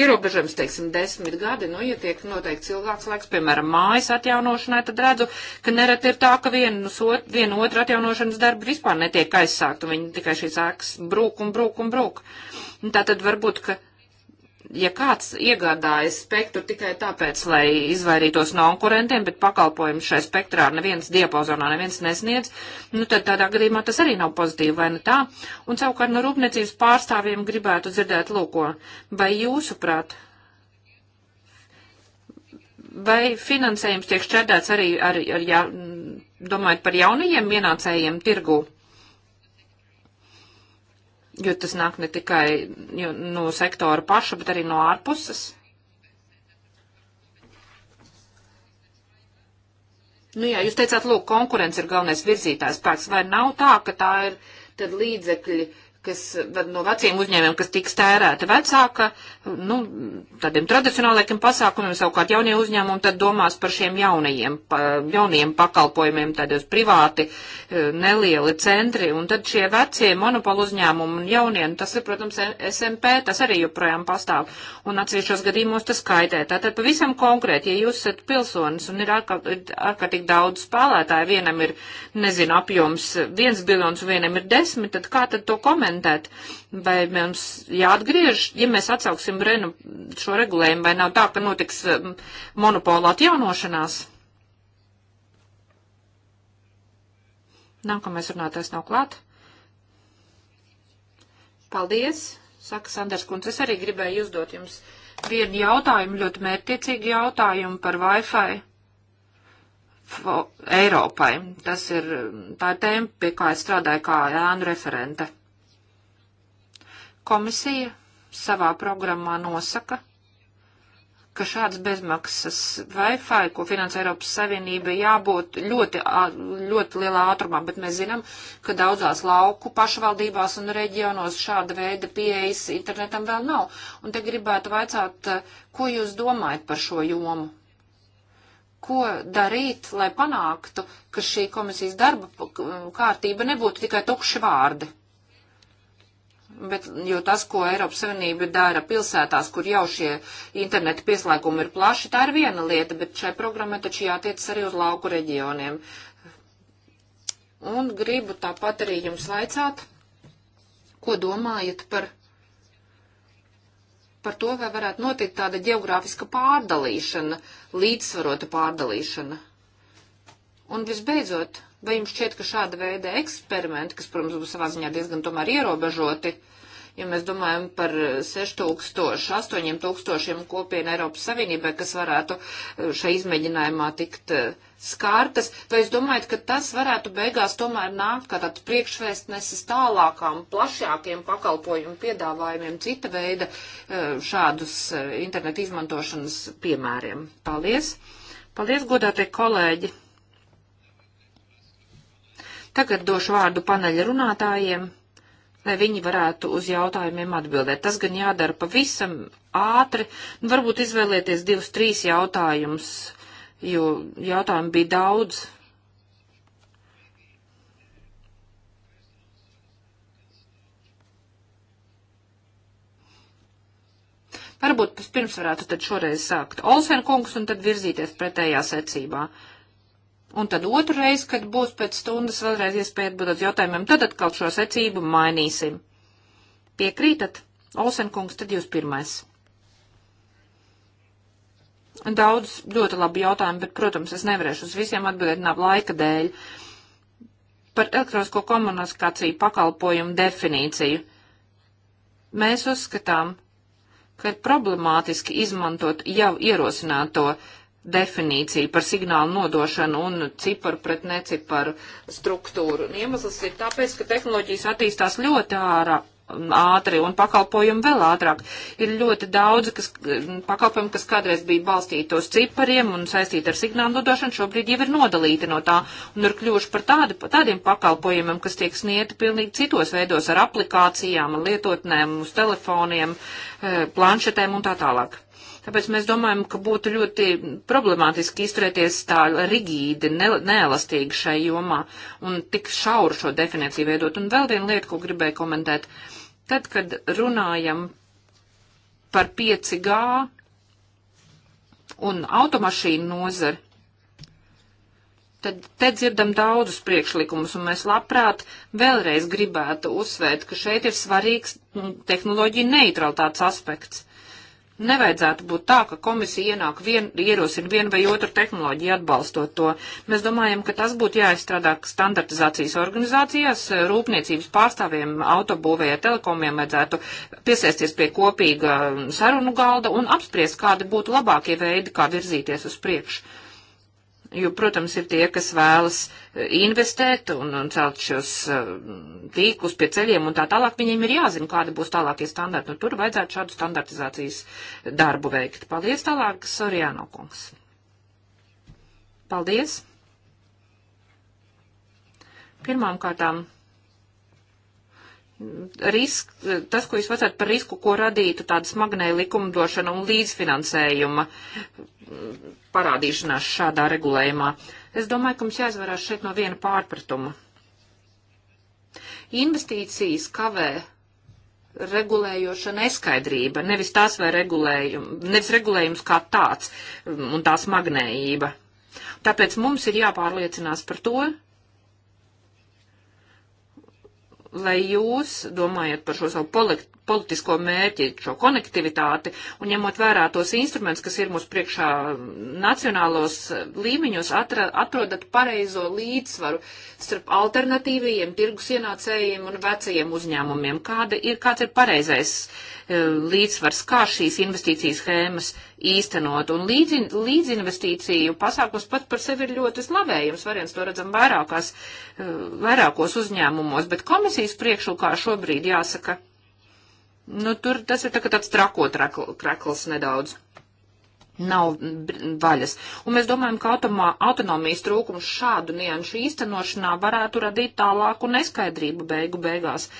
ierobežams, teiksim, desmit gadi, nu, ja tiek noteikts ilgāks laiks, piemēram, mājas atjaunošanai, tad redzu, ka nereti ir tā, ka vienu, sot, vienu otru atjaunošanas darbu vispār netiek aizsākt, un viņi tikai šīs ēkas brūk un brūk un brūk. Un tā tad varbūt, ka ja kāds iegādājas spektru tikai tāpēc, lai izvairītos no konkurentiem, bet pakalpojumu šai spektrā neviens diapazonā neviens nesniedz, nu tad tādā gadījumā tas arī nav pozitīvi, vai ne nu tā? Un savukārt no rūpniecības pārstāvjiem gribētu dzirdēt lūko, vai jūsuprāt, vai finansējums tiek šķērdēts arī ar, ar, ja, domājot par jaunajiem ienācējiem tirgū? jo tas nāk ne tikai no sektora paša, bet arī no ārpuses. Nu jā, jūs teicāt, lūk, konkurence ir galvenais virzītājs spēks, vai nav tā, ka tā ir tad līdzekļi, uh, kas no veciem uzņēmiem, kas tiks tērēta vecāka, nu, tādiem tradicionālākiem pasākumiem, savukārt jaunie uzņēmumi tad domās par šiem jaunajiem, pa, jaunajiem pakalpojumiem, tādos privāti e, nelieli centri, un tad šie vecie monopolu uzņēmumi un jaunie, un nu, tas ir, protams, SMP, tas arī joprojām pastāv, un atsevišķos gadījumos tas kaitē. Tātad pavisam konkrēti, ja jūs esat pilsonis un ir ārkārtīgi daudz spēlētāju, vienam ir, nezinu, apjoms viens biljons, vienam ir desmit, tad kā tad to komentēt? argumentēt, vai mums jāatgriež, ja mēs atsauksim Brenu šo regulējumu, vai nav tā, ka notiks um, monopola atjaunošanās? Nākamais runātājs nav klāt. Paldies, saka Sanders Kunds. Es arī gribēju uzdot jums vienu jautājumu, ļoti mērķiecīgu jautājumu par Wi-Fi. Eiropai. Tas ir tā tēma, pie kā es strādāju kā ēnu referente. Komisija savā programmā nosaka, ka šāds bezmaksas Wi-Fi, ko finansē Eiropas Savienība, jābūt ļoti, ļoti lielā ātrumā, bet mēs zinām, ka daudzās lauku pašvaldībās un reģionos šāda veida pieejas internetam vēl nav. Un te gribētu vaicāt, ko jūs domājat par šo jomu? Ko darīt, lai panāktu, ka šī komisijas darba kārtība nebūtu tikai tukši vārdi? Bet, jo tas, ko Eiropas Savienība dara pilsētās, kur jau šie interneta pieslēgumi ir plaši, tā ir viena lieta, bet šai programmai taču jātiec arī uz lauku reģioniem. Un gribu tāpat arī jums vaicāt, ko domājat par, par to, vai varētu notikt tāda geogrāfiska pārdalīšana, līdzsvarota pārdalīšana. Un visbeidzot, Vai jums šķiet, ka šāda veida eksperimenti, kas, protams, būs savā ziņā diezgan tomēr ierobežoti, ja mēs domājam par 6000, 8000 kopienu Eiropas Savienībai, kas varētu eh, šai izmēģinājumā tikt eh, skārtas, vai jūs domājat, ka tas varētu beigās tomēr nākt kā tāds priekšvēstnesis tālākām, plašākiem pakalpojumu piedāvājumiem, cita veida eh, šādus internetu izmantošanas piemēriem? Paldies! Paldies, godātie kolēģi! Tagad došu vārdu paneļa runātājiem, lai viņi varētu uz jautājumiem atbildēt. Tas gan jādara pavisam ātri. Nu, varbūt izvēlieties divus, trīs jautājumus, jo jautājumu bija daudz. Varbūt pirms varētu tad šoreiz sākt Olsen kungs un tad virzīties pretējā secībā. Uh, Un tad otru reizi, kad būs pēc stundas vēlreiz iespēja atbildēt jautājumiem, tad atkal šo secību mainīsim. Piekrītat? Olsenkungs, tad jūs pirmais. Daudz ļoti labi jautājumi, bet, protams, es nevarēšu uz visiem atbildēt nav laika dēļ. Par elektronisko komunikāciju pakalpojumu definīciju. Mēs uzskatām, ka ir problemātiski izmantot jau ierosināto uh, definīciju par signālu nodošanu un ciparu pret neciparu struktūru. Un iemesls ir tāpēc, ka tehnoloģijas attīstās ļoti ārā ātri un pakalpojumi vēl ātrāk. Ir ļoti daudz kas, pakalpojumi, kas kādreiz bija balstīti uz cipariem un saistīti ar signālu dodošanu, šobrīd jau ir nodalīti no tā un ir kļuvuši par tādi, tādiem pakalpojumiem, kas tiek sniegti pilnīgi citos veidos ar aplikācijām, lietotnēm, uz telefoniem, eh, planšetēm un tā tālāk. Tāpēc mēs domājam, ka būtu ļoti problemātiski izturēties tā rigīdi, ne, neelastīgi šai jomā un tik šauru šo definīciju veidot. Un vēl viena lieta, ko gribēju komentēt. Tad, kad runājam par 5G un automašīnu nozari, tad te dzirdam daudzus priekšlikumus, un mēs labprāt vēlreiz gribētu uzsvērt, ka šeit ir svarīgs mm, tehnoloģija neutralitātes aspekts. Nevajadzētu būt tā, ka komisija ienāk vien, ierosina vienu vai otru tehnoloģiju atbalstot to. Mēs domājam, ka tas būtu jāizstrādā standartizācijas organizācijās, rūpniecības pārstāvjiem, autobūvēja telekomiem vajadzētu piesēsties pie kopīga sarunu galda un apspriest, kādi būtu labākie veidi, kā virzīties uz priekšu. Jo, protams, ir tie, kas vēlas e, investēt un, un celt šos e, tīklus pie ceļiem un tā tālāk. Viņiem ir jāzina, kādi būs tālākie standarti. Nu, tur vajadzētu šādu standartizācijas darbu veikt. Paldies tālāk, Soriano kungs. Paldies. Pirmām kārtām risk, tas, ko jūs vecāt par risku, ko radītu tādas magnēja likumdošana un līdzfinansējuma parādīšanās šādā regulējumā. Es domāju, ka mums jāizvarās šeit no viena pārpratuma. Investīcijas kavē regulējoša neskaidrība, nevis tās vai regulējums, nevis regulējums kā tāds mm, un tās magnējība. Tāpēc mums ir jāpārliecinās par to, lai jūs domājat par šo savu politi politisko mērķi, šo konektivitāti un ņemot vērā tos instrumentus, kas ir mūsu priekšā nacionālos līmeņos, atra, atrodat pareizo līdzsvaru starp alternatīvajiem tirgus ienācējiem un vecajiem uzņēmumiem. Kāda ir, kāds ir pareizais uh, līdzsvars, kā šīs investīcijas hēmas uh, īstenot. Un līdzi, līdzinvestīciju pasākums pat par sevi ir ļoti slavējams. Variants to redzam vairākās, eh, vairākos uzņēmumos, bet komisijas priekšlikā šobrīd jāsaka, nu tur tas ir tā, tāds trakot krekls nedaudz. Nav vaļas. Un mēs domājam, ka automā, autonomijas trūkums šādu nianšu īstenošanā varētu radīt tālāku neskaidrību beigu beigās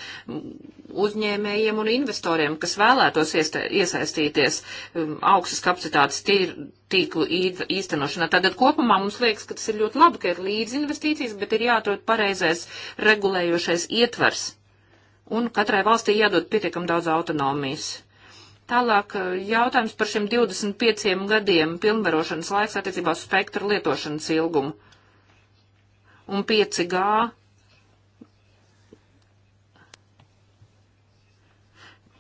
uzņēmējiem un investoriem, kas vēlētos iesaistīties um, augstas kapacitātes tīklu īstenošanā. Tātad kopumā mums liekas, ka tas ir ļoti labi, ka ir līdz investīcijas, bet ir jāatrod pareizais regulējošais ietvers. Un katrai valstī jādod pietiekam daudz autonomijas. Tālāk uh, jautājums par šiem 25 gadiem pilnvarošanas laiks attiecībā uz spektru lietošanas ilgumu. Un 5G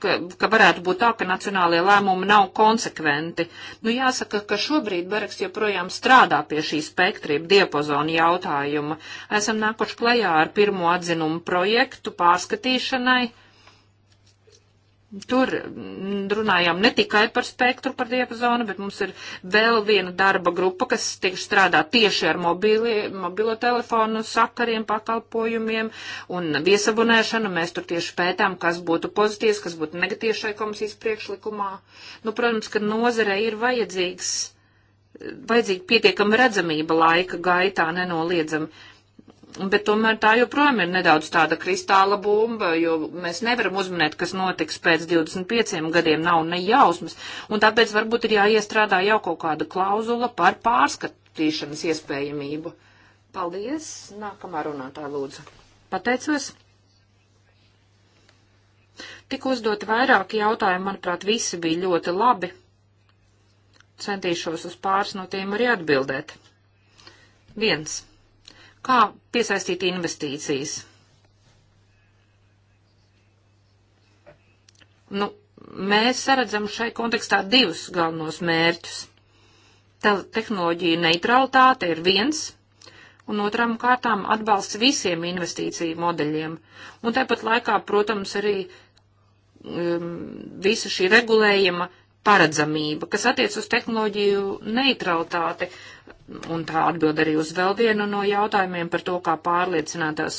ka, ka varētu būt tā, ka nacionālie lēmumi nav konsekventi. Nu, jāsaka, ka šobrīd Bereks joprojām strādā pie šī spektrība diapazona jautājuma. Esam nākuši klajā ar pirmo atzinumu projektu pārskatīšanai Tur mm, runājām ne tikai par spektru, par diapazonu, bet mums ir vēl viena darba grupa, kas tieši strādā tieši ar mobili, mobilo telefonu sakariem, pakalpojumiem un viesabunēšanu. Mēs tur tieši pētām, kas būtu pozitīvs, kas būtu negatīvs šai komisijas priekšlikumā. Nu, protams, ka nozarē ir vajadzīgs, vajadzīga pietiekama redzamība laika gaitā nenoliedzami Bet tomēr tā joprojām ir nedaudz tāda kristāla bumba, jo mēs nevaram uzminēt, kas notiks pēc 25 gadiem, nav ne jausmas. Un tāpēc varbūt ir jāiestrādā jau kaut kāda klauzula par pārskatīšanas iespējamību. Paldies! Nākamā runātāja lūdzu. Pateicos! Tik uzdot vairāki jautājumi, manuprāt, visi bija ļoti labi. Centīšos uz pāris no tiem arī atbildēt. Viens kā piesaistīt investīcijas. Nu, mēs saredzam šai kontekstā divus galvenos mērķus. Te tehnoloģija neutralitāte ir viens, un otram kārtām atbalsts visiem investīciju modeļiem. Un tāpat laikā, protams, arī um, visa šī regulējuma paredzamība, kas attiec uz tehnoloģiju neutralitāti. Un tā atbild arī uz vēl vienu no jautājumiem par to, kā pārliecinātās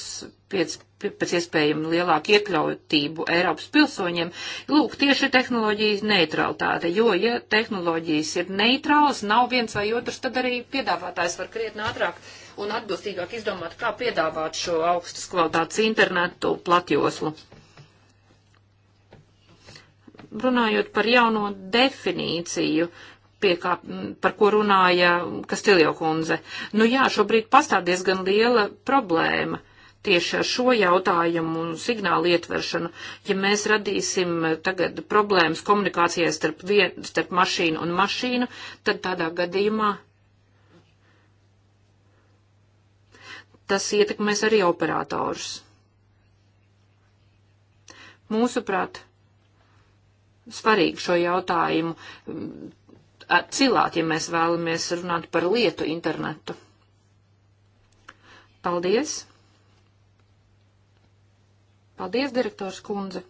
piec, pēc iespējami lielāku iekļautību Eiropas pilsoņiem. Lūk, tieši tehnoloģijas neutralitāte, jo, ja tehnoloģijas ir neitrāls, nav viens vai otrs, tad arī piedāvātājs var krietni ātrāk un atbilstīgāk izdomāt, kā piedāvāt šo augstas kvalitātes internetu platjoslu runājot par jauno definīciju, pie kā, par ko runāja Kastiljo kundze. Nu jā, šobrīd pastāv diezgan liela problēma tieši ar šo jautājumu un signālu ietveršanu. Ja mēs radīsim tagad problēmas komunikācijai starp, vien, starp mašīnu un mašīnu, tad tādā gadījumā tas ietekmēs arī operators. Mūsuprāt, svarīgi šo jautājumu mm, cilāt, ja mēs vēlamies runāt par lietu internetu. Paldies! Paldies, direktors kundze!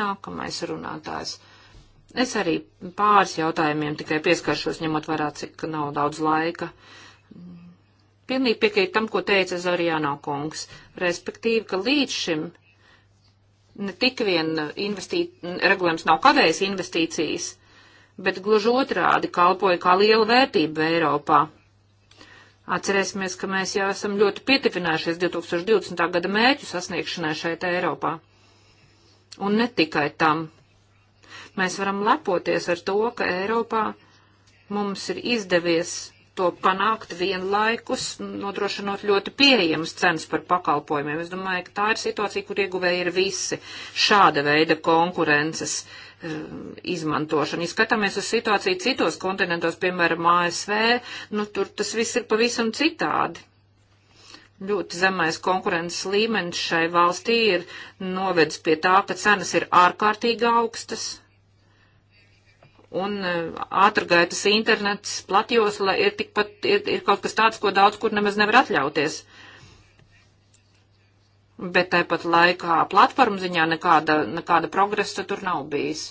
Nākamais runātājs. Es arī pāris jautājumiem tikai pieskaršos, ņemot vērā, cik nav daudz laika. Pilnīgi piekrīt tam, ko teica Zorijāno kungs, respektīvi, ka līdz šim ne tik vien investīt, regulējums nav kavējis investīcijas, bet gluži otrādi kalpoja kā liela vērtība Eiropā. Atcerēsimies, ka mēs jau esam ļoti pietuvinājušies 2020. gada mērķu sasniegšanai šeit Eiropā. Un ne tikai tam. Mēs varam lepoties ar to, ka Eiropā mums ir izdevies to panākt vienlaikus, nodrošinot ļoti pieejamas cenas par pakalpojumiem. Es domāju, ka tā ir situācija, kur ieguvēji ir visi šāda veida konkurences eh, izmantošana. Ja skatāmies uz situāciju citos kontinentos, piemēram, ASV, nu tur tas viss ir pavisam citādi. Ļoti zemais konkurences līmenis šai valstī ir novedis pie tā, ka cenas ir ārkārtīgi augstas un eh, ātrgaitas internets, platjosla ir tikpat, ir, ir kaut kas tāds, ko daudz kur nemaz nevar atļauties. Bet tāpat laikā platformu ziņā nekāda, nekāda progresa tur nav bijis.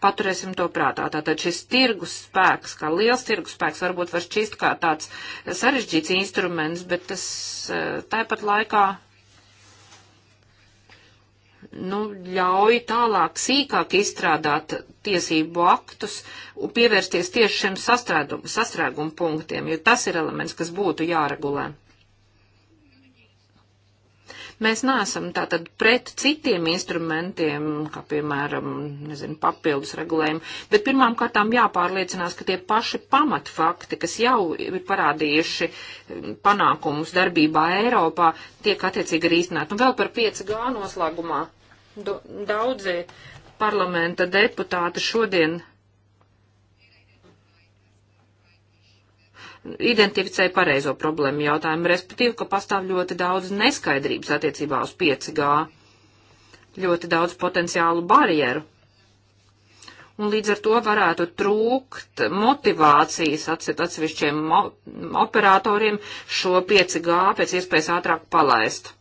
Paturēsim to prātā. Tātad šis tirgus spēks, kā liels tirgus spēks, varbūt var šķist kā tāds sarežģīts instruments, bet tas eh, tāpat laikā nu, ļauj tālāk sīkāk izstrādāt tiesību aktus un pievērsties tieši šiem sastrēgumu punktiem, jo tas ir elements, kas būtu jāregulē. Mēs neesam tātad pret citiem instrumentiem, kā piemēram, nezinu, papildus regulējumu, bet pirmām kārtām jāpārliecinās, ka tie paši pamatfakti, kas jau ir parādījuši panākumus darbībā Eiropā, tiek attiecīgi arī iznāt. Un vēl par 5G noslēgumā do, daudzi parlamenta deputāti šodien identificēja pareizo problēmu jautājumu, respektīvi, ka pastāv ļoti daudz neskaidrības attiecībā uz 5G, ļoti daudz potenciālu barjeru. Un līdz ar to varētu trūkt motivācijas atsevišķiem operatoriem šo 5G pēc iespējas ātrāk palaist.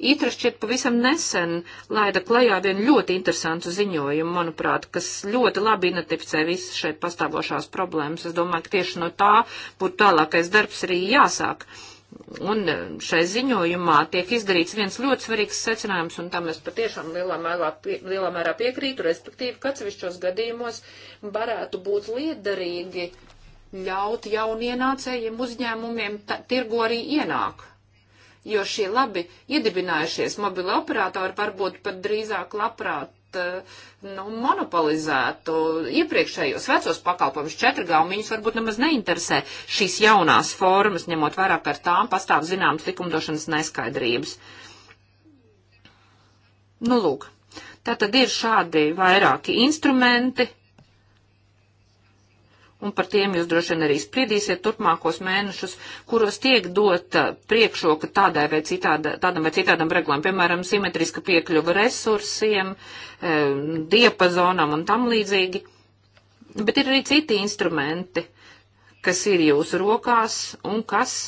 Itra šķiet pavisam nesen laida klajā vienu ļoti interesantu ziņojumu, manuprāt, kas ļoti labi identificē visas šeit pastāvošās problēmas. Es domāju, ka tieši no tā būtu tālākais darbs arī jāsāk. Un e, šai ziņojumā tiek izdarīts viens ļoti svarīgs secinājums, un tam es patiešām lielā mērā, pie, lielā mērā piekrītu, respektīvi, ka atsevišķos gadījumos varētu būt liederīgi ļaut jaunienācējiem uzņēmumiem ta, tirgu arī ienāk jo šie labi iedibinājušies mobila operatori varbūt pat drīzāk labprāt eh, nu, monopolizētu iepriekšējos vecos pakalpojumus 4G, un viņus varbūt nemaz neinteresē šīs jaunās formas, ņemot vairāk ar tām pastāv zināmas likumdošanas neskaidrības. Nu, lūk. Tā tad ir šādi vairāki instrumenti, un par tiem jūs droši vien arī spriedīsiet turpmākos mēnešus, kuros tiek dota priekšroka tādai vai citāda, tādam vai citādam regulējumam, piemēram, simetriska piekļuva resursiem, eh, diapazonam un tam līdzīgi. Bet ir arī citi instrumenti, kas ir jūsu rokās un kas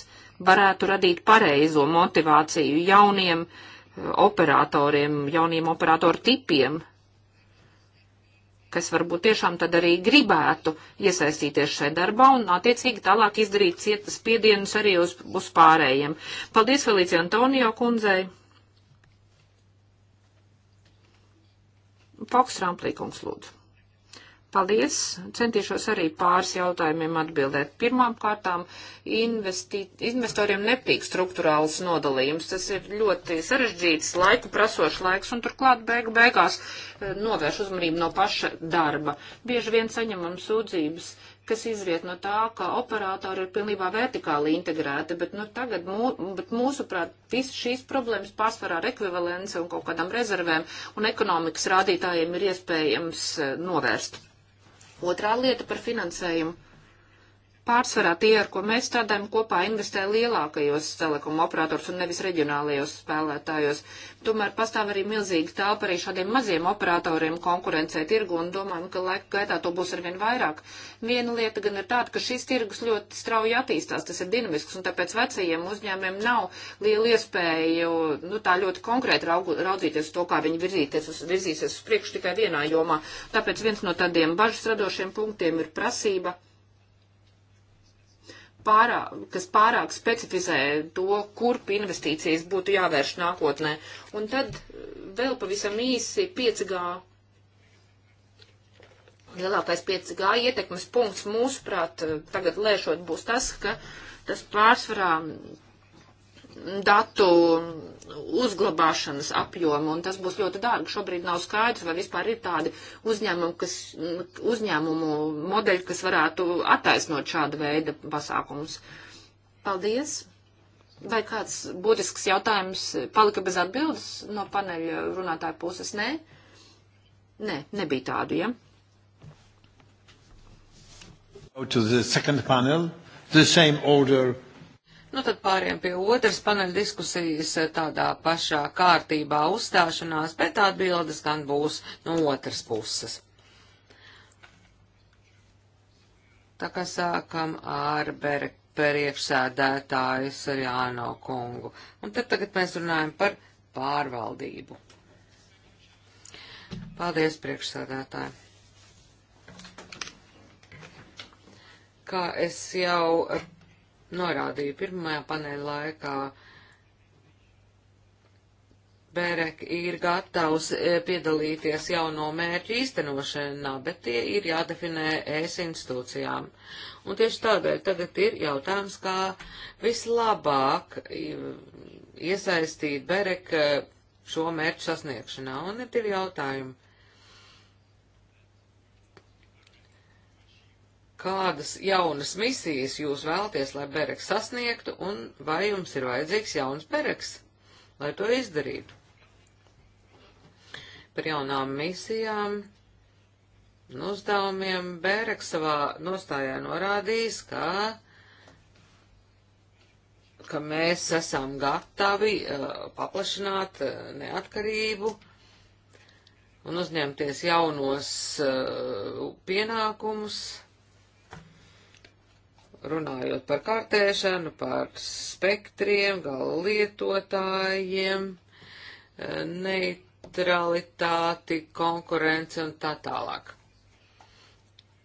varētu radīt pareizo motivāciju jauniem eh, operatoriem, jauniem operatoru tipiem, kas varbūt tiešām tad arī gribētu iesaistīties šai darbā un attiecīgi tālāk izdarīt cietas piedienus arī uz, uz pārējiem. Paldies Felicija Antonio kundzei. Foks Ramplīkungs lūdzu. Paldies! Centīšos arī pāris jautājumiem atbildēt. Pirmām kārtām investoriem netīk struktūrāls nodalījums. Tas ir ļoti sarežģīts, laiku prasošs laiks, un turklāt beigu beigās eh, novērš uzmanību no paša darba. Bieži vien saņemam sūdzības, kas izriet no tā, ka operātori ir pilnībā vertikāli integrēti, bet, nu, tagad, mū, bet mūsuprāt, visas šīs problēmas pārsvarā ar ekvivalenci un kaut kādām rezervēm un ekonomikas rādītājiem ir iespējams eh, novērst. Otrā lieta par finansējumu. Pārsvarā tie, ar ko mēs strādājam kopā, investē lielākajos telekomu operators un nevis reģionālajos spēlētājos. Tomēr pastāv arī milzīga telpa arī šādiem maziem operatoriem konkurencē tirgu un domājam, ka laika gaitā to būs arvien vairāk. Viena lieta gan ir tāda, ka šis tirgus ļoti strauji attīstās, tas ir dinamisks un tāpēc vecajiem uzņēmiem nav liela iespēja nu, tā ļoti konkrēti raugu, raudzīties to, kā viņi virzīties, uz, virzīsies uz priekšu tikai vienā jomā. Tāpēc viens no tādiem bažas radošiem punktiem ir prasība pārāk, kas pārāk specifizē to, kurp investīcijas būtu jāvērš nākotnē. Un tad eh, vēl pavisam īsi 5G. Lielākais 5G ietekmes punkts mūsuprāt eh, tagad lēšot būs tas, ka tas pārsvarā datu uzglabāšanas apjomu, un tas būs ļoti dārgi. Šobrīd nav skaidrs, vai vispār ir tādi uzņēmumi, kas, uzņēmumu modeļi, kas varētu attaisnot šāda veida pasākumus. Paldies! Vai kāds būtisks jautājums palika bez atbildes no paneļa runātāja puses? Nē? Nē, nebija tādu, ja? Go to the second panel, the same order Nu, tad pāriem pie otras paneļa diskusijas eh, tādā pašā kārtībā uzstāšanās, bet atbildes gan būs no otras puses. Tā kā sākam ar Berek priekšsēdētāju Sarjāno kungu. Un tad tagad mēs runājam par pārvaldību. Paldies, priekšsēdētāji. Kā es jau norādīju pirmajā paneļa laikā, Bērek ir gatavs e, piedalīties jauno mērķu īstenošanā, bet tie ir jādefinē ES institūcijām. Un tieši tādēļ tagad ir jautājums, kā vislabāk iesaistīt Bērek e, šo mērķu sasniegšanā. Un ir divi jautājumi. kādas jaunas misijas jūs vēlaties, lai Bereks sasniegtu, un vai jums ir vajadzīgs jauns Bereks, lai to izdarītu. Par jaunām misijām un uzdevumiem Bereks savā nostājā norādījis, ka ka mēs esam gatavi uh, paplašināt uh, neatkarību un uzņemties jaunos uh, pienākumus, runājot par kartēšanu, par spektriem, gala lietotājiem, eh, neutralitāti, konkurenci un tā tālāk.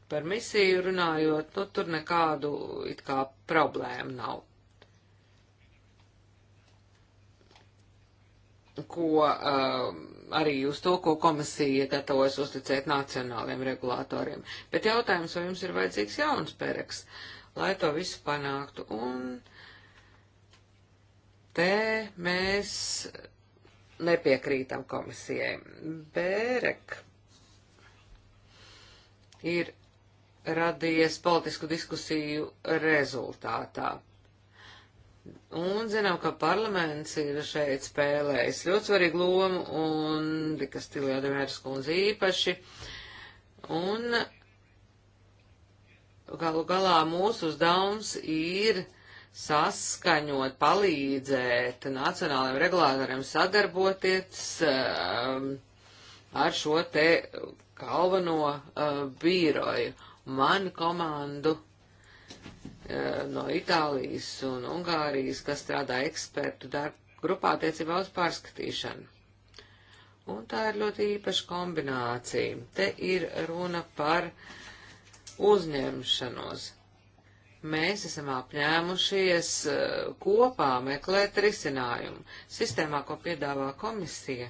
Par misiju runājot, nu tur nekādu it kā problēmu nav. Ko uh, arī uz to, ko komisija gatavojas uzticēt nacionāliem regulātoriem. Bet jautājums, vai jums ir vajadzīgs jauns pereks? Uh, lai to visu panāktu. Un te mēs nepiekrītam komisijai. Bērek ir radījies politisku diskusiju rezultātā. Un zinām, ka parlaments ir šeit spēlējis ļoti svarīgu lomu, un Dika Stilija Demērs kundze īpaši. Un galu galā mūsu uzdevums ir saskaņot, palīdzēt nacionālajiem regulātoriem sadarboties um, ar šo te galveno uh, bīroju. Manu komandu uh, no Itālijas un Ungārijas, kas strādā ekspertu darbu grupā attiecībā uz pārskatīšanu. Un tā ir ļoti īpaša kombinācija. Te ir runa par uh, uzņemšanos. Mēs esam apņēmušies eh, kopā meklēt risinājumu sistēmā, ko piedāvā komisija.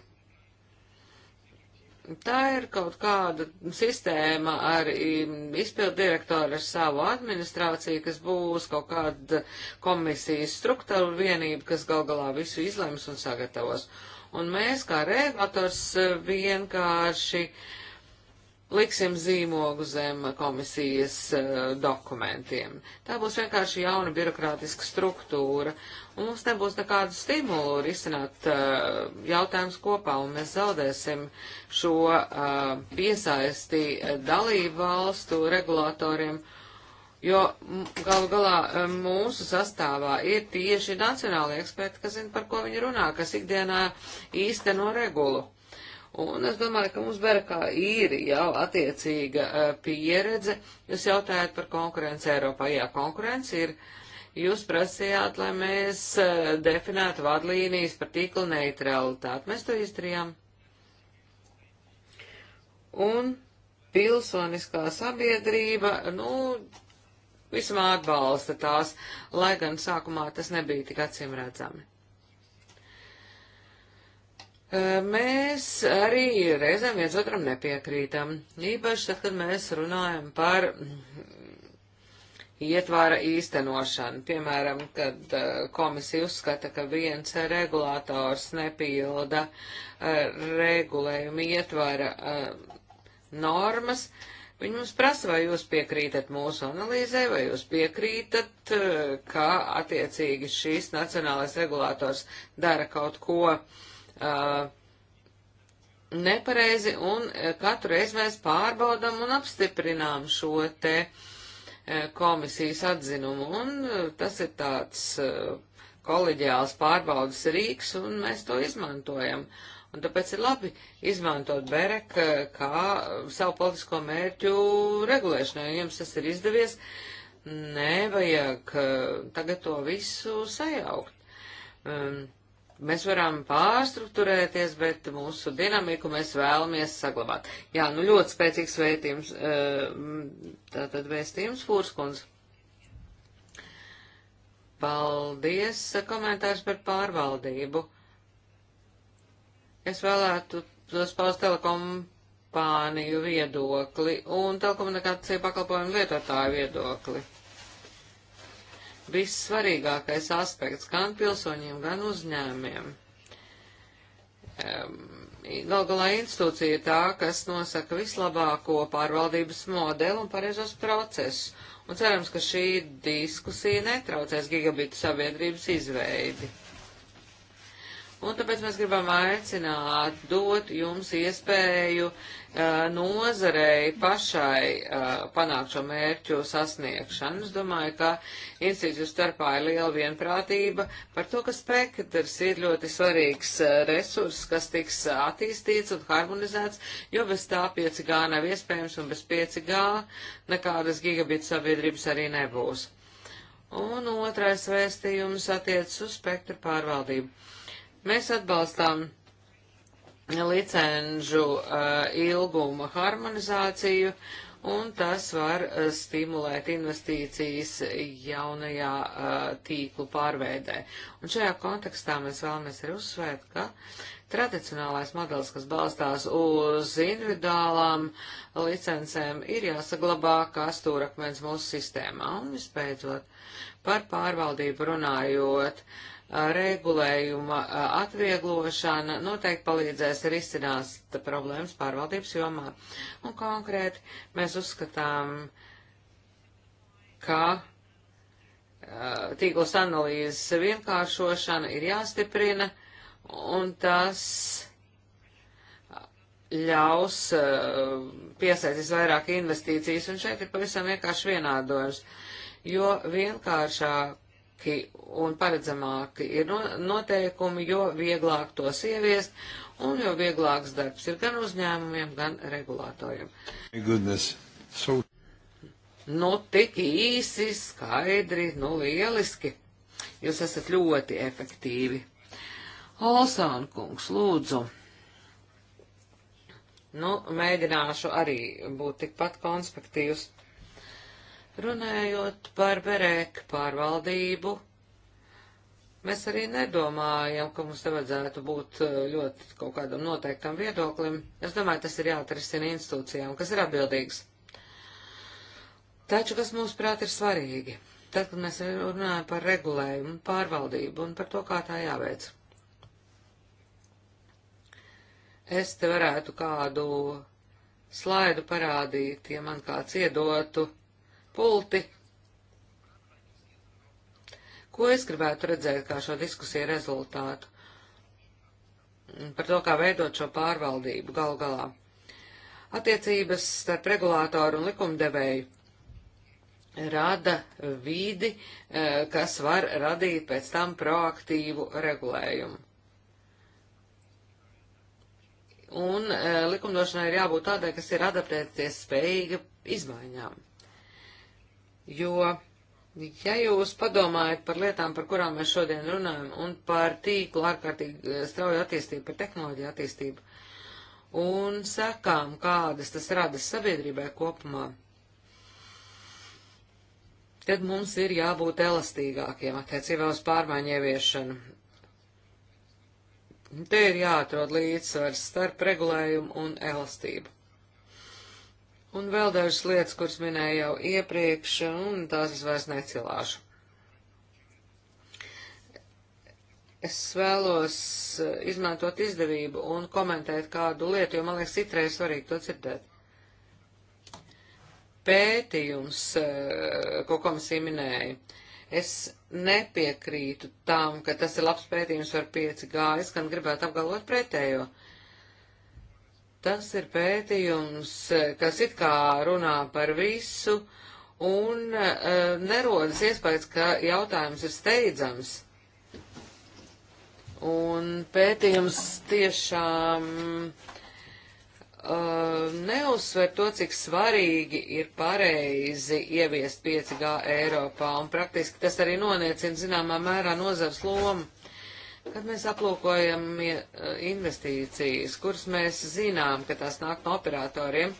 Tā ir kaut kāda sistēma ar mm, izpildu direktoru ar savu administrāciju, kas būs kaut kāda komisijas struktūra vienība, kas gal galā visu izlems un sagatavos. Un mēs kā regulators vienkārši uh, liksim zīmogu zem komisijas uh, dokumentiem. Tā būs vienkārši jauna birokrātiska struktūra, un mums nebūs nekādu stimulu risināt uh, jautājumus kopā, un mēs zaudēsim šo uh, piesaisti dalību valstu regulatoriem, jo galu galā mūsu sastāvā ir tieši nacionāli eksperti, kas zina, par ko viņi runā, kas ikdienā īsteno regulu. Un es domāju, ka mums Berekā ir jau attiecīga uh, pieredze. Jūs jautājat par konkurenci Eiropā. Jā, konkurence ir. Jūs prasījāt, lai mēs uh, definētu vadlīnijas par tīkla neutralitāti. Mēs to izdarījām. Un pilsoniskā sabiedrība, nu, vismā atbalsta tās, lai gan sākumā tas nebija tik acīm redzami. Mēs arī reizēm viens otram nepiekrītam, īpaši tad, kad mēs runājam par ietvāra īstenošanu. Piemēram, kad komisija uzskata, ka viens regulators nepilda regulējuma ietvara normas, viņi mums prasa, vai jūs piekrītat mūsu analīzē, vai jūs piekrītat, ka attiecīgi šīs nacionālais regulators dara kaut ko uh, nepareizi, un uh, katru reizi mēs pārbaudam un apstiprinām šo te uh, komisijas atzinumu, un uh, tas ir tāds koleģiāls pārbaudas rīks, un mēs to izmantojam. Un tāpēc ir labi izmantot Berek kā savu politisko mērķu regulēšanai, ja jums tas ir izdevies, nevajag tagad to visu sajaukt. Um, Mēs varam pārstruktūrēties, bet mūsu dinamiku mēs vēlamies saglabāt. Jā, nu ļoti spēcīgs vēstījums, eh, tātad vēstījums Fūrskunds. Paldies, komentārs par pārvaldību. Es vēlētu tos paust telekompāniju viedokli un telekomunikācija pakalpojumu lietotāju viedokli vissvarīgākais aspekts gan pilsoņiem, gan uzņēmiem. Gal galā institūcija ir tā, kas nosaka vislabāko pārvaldības modeli un pareizos procesus, un cerams, ka šī diskusija netraucēs gigabitu sabiedrības izveidi. Un tāpēc mēs gribam aicināt, dot jums iespēju uh, nozarei pašai uh, panākt šo mērķu sasniegšanu. Es domāju, ka institūciju starpā ir liela vienprātība par to, ka spektrs ir ļoti svarīgs uh, resurs, kas tiks attīstīts un harmonizēts, jo bez tā 5G nav iespējams un bez 5G nekādas gigabit sabiedrības arī nebūs. Un otrais vēstījums attiec uz spektru pārvaldību. Mēs atbalstām licenžu uh, ilguma harmonizāciju, un tas var uh, stimulēt investīcijas jaunajā uh, tīklu pārveidē. Un šajā kontekstā mēs vēlamies arī uzsvērt, ka tradicionālais modelis, kas balstās uz individuālām licencēm, ir jāsaglabā kā stūrakmens mūsu sistēmā. Un, vispēcot, par pārvaldību runājot, uh, regulējuma atvieglošana noteikti palīdzēs risināt problēmas pārvaldības jomā. Un konkrēti mēs uzskatām, ka tīklus analīzes vienkāršošana ir jāstiprina, un tas ļaus piesaistīt vairāk investīcijas, un šeit ir pavisam vienkārši vienādojums, jo vienkāršāk labāki un paredzamāki ir noteikumi, jo vieglāk tos ieviest un jo vieglāks darbs ir gan uzņēmumiem, gan regulātoriem. So... Nu, tik īsi, skaidri, nu, lieliski. Jūs esat ļoti efektīvi. Olsāna kungs, lūdzu. Nu, mēģināšu arī būt tikpat konspektīvs. Runājot par Berēku pārvaldību, mēs arī nedomājam, ka mums te vajadzētu būt eh, ļoti kaut kādam noteiktam viedoklim. Es domāju, tas ir jāatrisina institūcijām, kas ir atbildīgs. Taču, kas mums prāt ir svarīgi, tad, kad mēs runājam par regulējumu, pārvaldību un par to, kā tā jāveic. Es te varētu kādu slaidu parādīt, ja man kāds iedotu pulti. Ko es gribētu redzēt kā šo diskusiju rezultātu? Par to, kā veidot šo pārvaldību gal galā. Attiecības starp regulātoru un likumdevēju rada vidi, eh, kas var radīt pēc tam proaktīvu regulējumu. Un eh, likumdošanai ir jābūt tādai, kas ir adaptēties spējīga izmaiņām jo, ja jūs padomājat par lietām, par kurām mēs šodien runājam, un par tīklu ārkārtīgi eh, strauju attīstību, par tehnoloģiju attīstību, un sekām, kādas tas rada sabiedrībai kopumā, tad mums ir jābūt elastīgākiem attiecībā uz pārmaiņu ieviešanu. Te ir jāatrod līdzsvars starp regulējumu un elastību. Un vēl dažas lietas, kuras minēju jau iepriekš, un tās es vairs necilāšu. Es vēlos eh, izmantot izdevību un komentēt kādu lietu, jo man liekas citreiz svarīgi to dzirdēt pētījums, eh, ko komisija minēja, es nepiekrītu tam, ka tas ir labs pētījums par 5G, es gan gribētu apgalvot pretējo. Tas ir pētījums, kas it kā runā par visu, un uh, nerodas iespējas, ka jautājums ir steidzams. Un pētījums tiešām uh, neuzsver to, cik svarīgi ir pareizi ieviest 5G Eiropā, un praktiski tas arī noniecina zināmā mērā nozars lomu. Kad mēs aplūkojam investīcijas, kuras mēs zinām, ka tās nāk no operatoriem,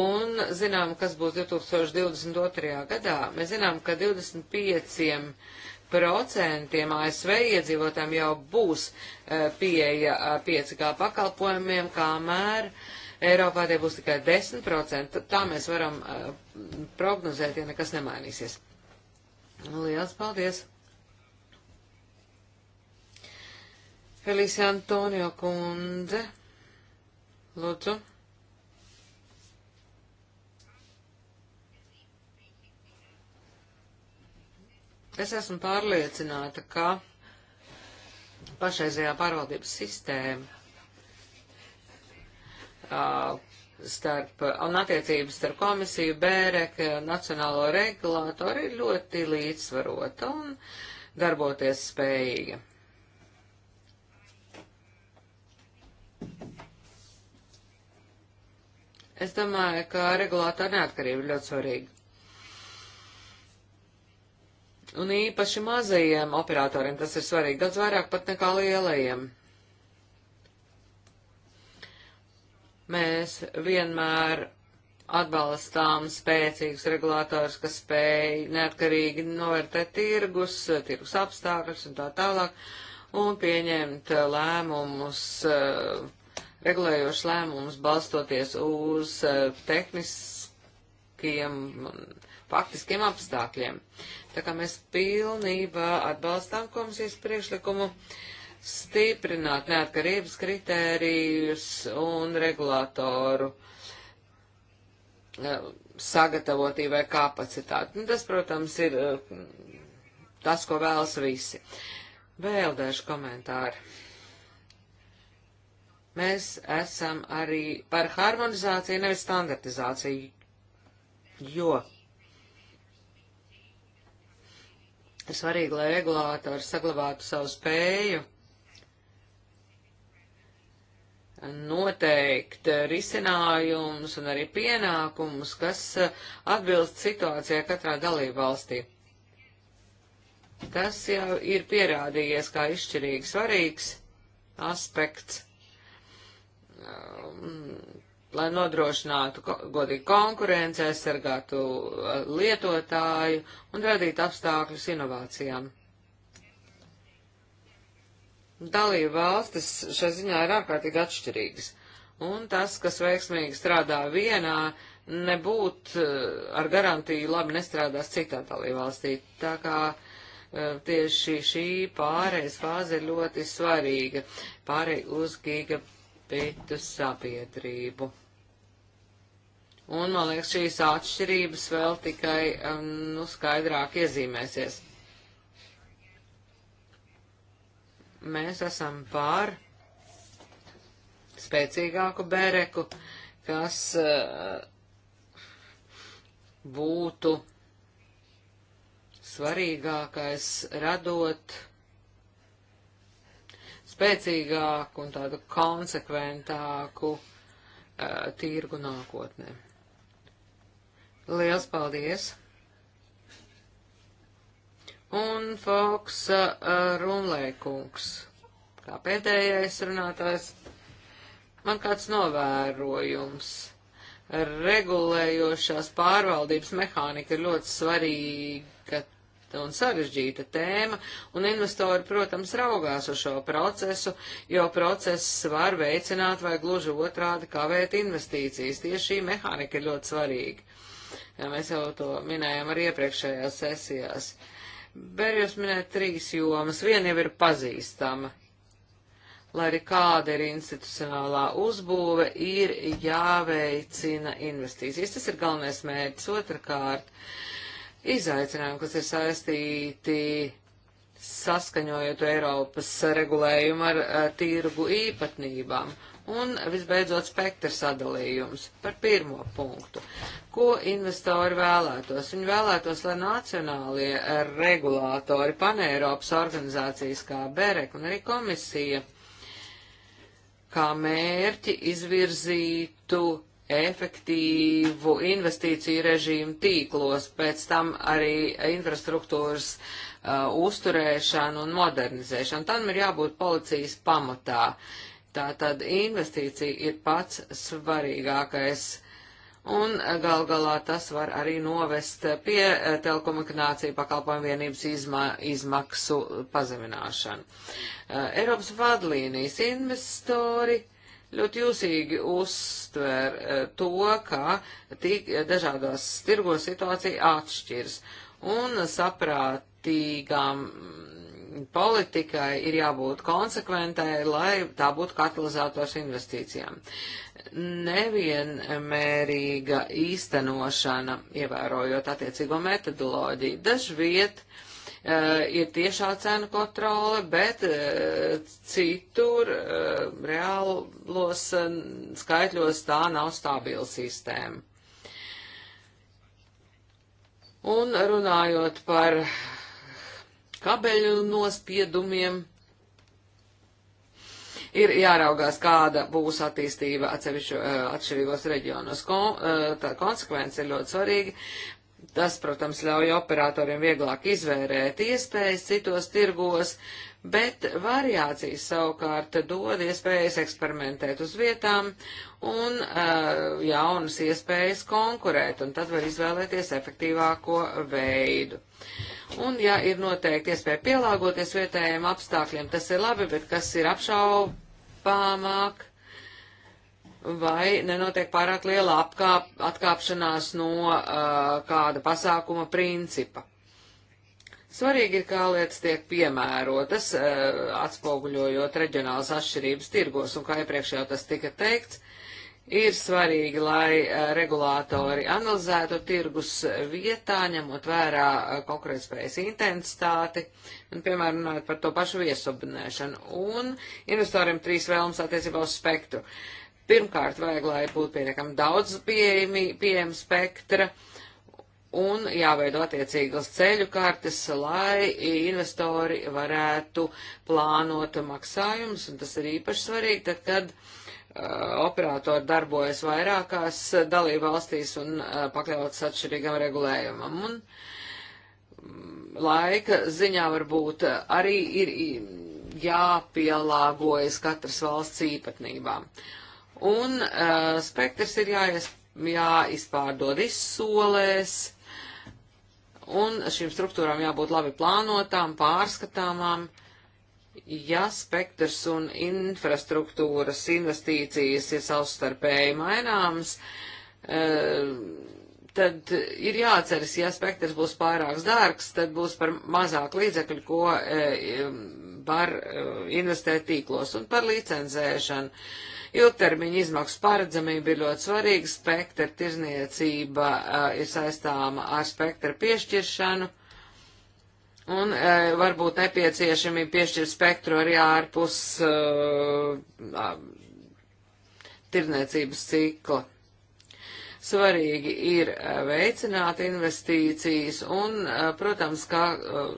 un zinām, kas būs 2022. gadā, mēs zinām, ka 25% ASV iedzīvotājiem jau būs e, pieeja 5G e, pakalpojumiem, kamēr Eiropā tie būs tikai 10%. Tā mēs varam e, prognozēt, ja nekas nemainīsies. Lielas paldies! Felice Antonio kundze, lūdzu. Es esmu pārliecināta, ka pašreizējā pārvaldības sistēma starp, un attiecības starp komisiju, BEREK, nacionālo regulātoru ir ļoti līdzsvarota un darboties spējīga. Es domāju, ka regulātora neatkarība ir ļoti svarīga. Un īpaši mazajiem operatoriem tas ir svarīgi, daudz vairāk pat nekā lielajiem. Mēs vienmēr atbalstām spēcīgus regulātors, kas spēj neatkarīgi novērtēt tirgus, tirgus apstākļus un tā tālāk. Uh, un pieņemt lēmumus, eh, regulējošus lēmumus balstoties uz eh, tehniskiem faktiskiem apstākļiem. Tā kā mēs pilnībā atbalstām komisijas priekšlikumu stiprināt neatkarības kritērijus un regulātoru eh, sagatavotību vai kapacitāti. Nu, tas, protams, ir tas, ko vēlas visi. Uh, Vēl daži komentāri. Mēs esam arī par harmonizāciju, nevis standartizāciju, jo svarīgi, lai regulātori saglabātu savu spēju noteikt risinājumus un arī pienākumus, kas atbilst situācijai katrā dalību valstī. Tas jau ir pierādījies kā izšķirīgi svarīgs aspekts, um, lai nodrošinātu ko, godīgu konkurenci, aizsargātu uh, lietotāju un radītu apstākļus inovācijām. Dalība valstis šai ziņā ir ārkārtīgi atšķirīgas, un tas, kas veiksmīgi strādā vienā, nebūt uh, ar garantiju labi nestrādās citā dalība valstī. Tā kā uh, Eh, tieši šī pārējais fāze ir ļoti svarīga, pārēj uz gigabitu sabiedrību. Un, man liekas, šīs atšķirības vēl tikai, eh, nu, skaidrāk iezīmēsies. Mēs esam pār spēcīgāku bēreku, kas uh, būtu svarīgākais radot spēcīgāku un tādu konsekventāku uh, tirgu nākotnē. Liels paldies! Un Foks uh, eh, Runlēkungs, kā pēdējais runātājs, man kāds novērojums regulējošās pārvaldības mehānika ir ļoti svarīga komplicēta un sarežģīta tēma, un investori, protams, raugās uz šo procesu, jo process var veicināt vai gluži otrādi kavēt investīcijas. Tieši šī mehānika ir ļoti svarīga. Ja mēs jau to minējām arī iepriekšējās sesijās. Berjos minēja trīs jomas. Viena jau ir pazīstama, lai arī kāda ir institucionālā uzbūve, ir jāveicina investīcijas. Tas ir galvenais mērķis. Otrakārt, izaicinājumi, kas ir saistīti saskaņojot Eiropas regulējumu ar, ar tirgu īpatnībām. Un visbeidzot spektra sadalījums par pirmo punktu. Ko investori vēlētos? Viņi vēlētos, lai nacionālie regulātori, paneiropas organizācijas kā BEREK un arī komisija, kā mērķi izvirzītu efektīvu investīciju režīmu tīklos, pēc tam arī infrastruktūras uh, uzturēšanu un modernizēšanu. Tam ir jābūt policijas pamatā. Tātad investīcija ir pats svarīgākais. Un uh, gal galā tas var arī novest pie uh, telekomunikāciju pakalpojumu vienības izma, izmaksu pazemināšanu. Uh, Eiropas vadlīnijas investori ļoti jūsīgi uztver eh, to, ka tik dažādās tirgos situācija atšķiras. Un saprātīgām politikai ir jābūt konsekventai, lai tā būtu katalizators investīcijām. Nevienmērīga īstenošana, ievērojot attiecīgo metodoloģiju, dažviet uh, Eh, ir tiešā cenu kontrole, bet eh, citur eh, reālos skaitļos tā nav stabila sistēma. Un runājot par kabeļu nospiedumiem, ir jāraugās, kāda būs attīstība atsevišķu atšķirīgos reģionos. Kon, tā konsekvence ir ļoti svarīga, Tas, protams, ļauj operatoriem vieglāk izvērēt iespējas citos tirgos, bet variācijas savukārt dod iespējas eksperimentēt uz vietām un uh, jaunas iespējas konkurēt, un tad var izvēlēties efektīvāko veidu. Un, ja ir noteikti iespēja pielāgoties vietējiem apstākļiem, tas ir labi, bet kas ir apšaubāmāk? vai nenotiek pārāk liela apkāp, atkāpšanās no uh, kāda pasākuma principa. Svarīgi ir, kā lietas tiek piemērotas, uh, atspoguļojot reģionālas atšķirības tirgos, un kā iepriekš jau tas tika teikts, ir svarīgi, lai uh, regulātori analizētu tirgus vietā, ņemot vērā uh, konkurētspējas intensitāti, un, piemēram, runājot par to pašu viesubinēšanu, un investoriem trīs vēlums attiecībā uz spektru. Uh, Pirmkārt, vajag, lai būtu pietiekami daudz pieejami, pieejama spektra un jāveido attiecīgas ceļu kartes, lai investori varētu plānot maksājumus, un tas ir īpaši svarīgi, tad, kad uh, operatori darbojas vairākās dalību valstīs un uh, pakļautas atšķirīgam regulējumam. Un mm, laika ziņā varbūt arī ir jāpielāgojas katras valsts īpatnībām. Uh, un uh, spektrs ir jāies, jāizpārdod izsolēs, un šīm struktūrām jābūt labi plānotām, pārskatāmām. Ja spektrs un infrastruktūras investīcijas ir savstarpēji maināmas, uh, eh, tad ir jāatceras, ja spektrs būs pārāk dārgs, tad būs par mazāk līdzekļu, ko e, var investēt tīklos un par licencēšanu. Ilgtermiņa izmaksu paredzamība ir ļoti svarīga, spektra tirzniecība eh, ir saistāma ar spektra piešķiršanu. Un e, varbūt nepieciešami piešķirt spektru arī ārpus e, eh, tirniecības cikla. Svarīgi ir veicināt investīcijas un, protams, kā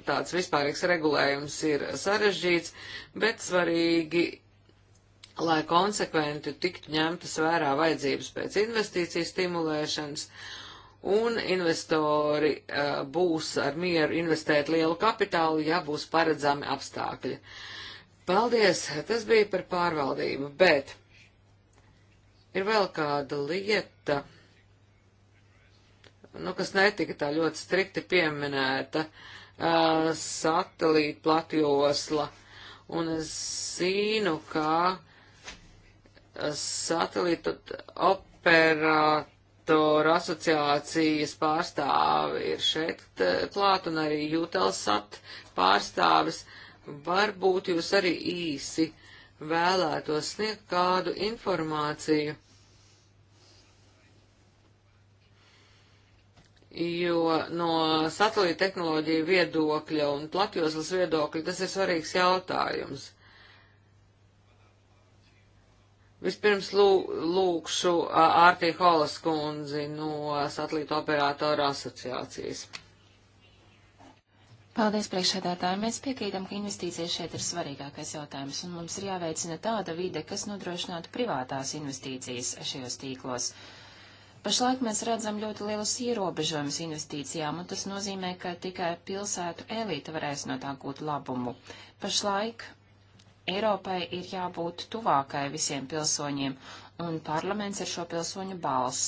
tāds vispārīgs regulējums ir sarežģīts, bet svarīgi lai konsekventi tiktu ņemtas vērā vajadzības pēc investīciju stimulēšanas, un investori uh, būs ar mieru investēt lielu kapitālu, ja būs paredzami apstākļi. Paldies, tas bija par pārvaldību, bet ir vēl kāda lieta, nu, kas netika tā ļoti strikti pieminēta, uh, eh, satelīta platjosla, un es zinu, ka satelītu operatoru asociācijas pārstāvi ir šeit klāt un arī Jutelsat pārstāvis. Varbūt jūs arī īsi vēlētos sniegt kādu informāciju, jo no satelīta tehnoloģija viedokļa un platjoslas viedokļa tas ir svarīgs jautājums. Vispirms lū, lūkšu Ārtī Holas kundzi no Satelīta operatora asociācijas. Paldies, priekšsēdētāji. Mēs piekrītam, ka investīcijas šeit ir svarīgākais jautājums, un mums ir jāveicina tāda vide, kas nodrošinātu privātās investīcijas šajos tīklos. Pašlaik mēs redzam ļoti lielus ierobežojumus investīcijām, un tas nozīmē, ka tikai pilsētu elīte varēs no tā gūt labumu. Pašlaik Eiropai ir jābūt tuvākai visiem pilsoņiem, un parlaments ir šo pilsoņu balss.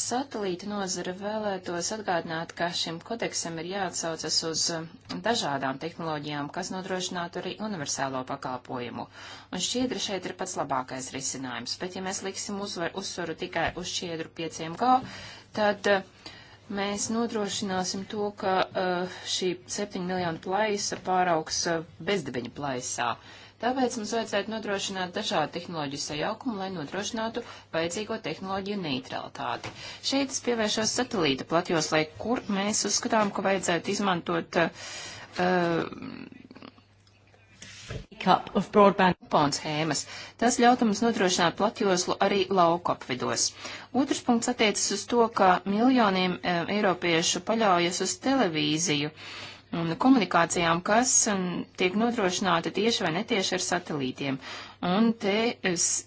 Satelīta nozara vēlētos atgādināt, ka šim kodeksam ir jāatsaucas uz um, dažādām tehnoloģijām, kas nodrošinātu arī universālo pakalpojumu. Un šķiedri šeit ir pats labākais risinājums, bet ja mēs liksim uzvar, uzsvaru tikai uz šķiedru 5G, tad uh, mēs nodrošināsim to, ka uh, šī 7 miljonu plaisa pāraugs uh, bezdibeņa plaisā. Uh, Tāpēc mums vajadzētu nodrošināt dažādu tehnoloģiju sajaukumu, lai nodrošinātu vajadzīgo tehnoloģiju neutralitāti. Šeit es pievēršos satelīta platjoslai, kur mēs uzskatām, ka vajadzētu izmantot uh, of broadband kupons hēmas. Tas ļautu mums nodrošināt platjoslu arī lauku apvidos. Otrs punkts attiecas uz to, ka miljoniem e, eiropiešu paļaujas uz televīziju. Uh, un komunikācijām, kas um, tiek nodrošināta tieši vai netieši ar satelītiem. Un te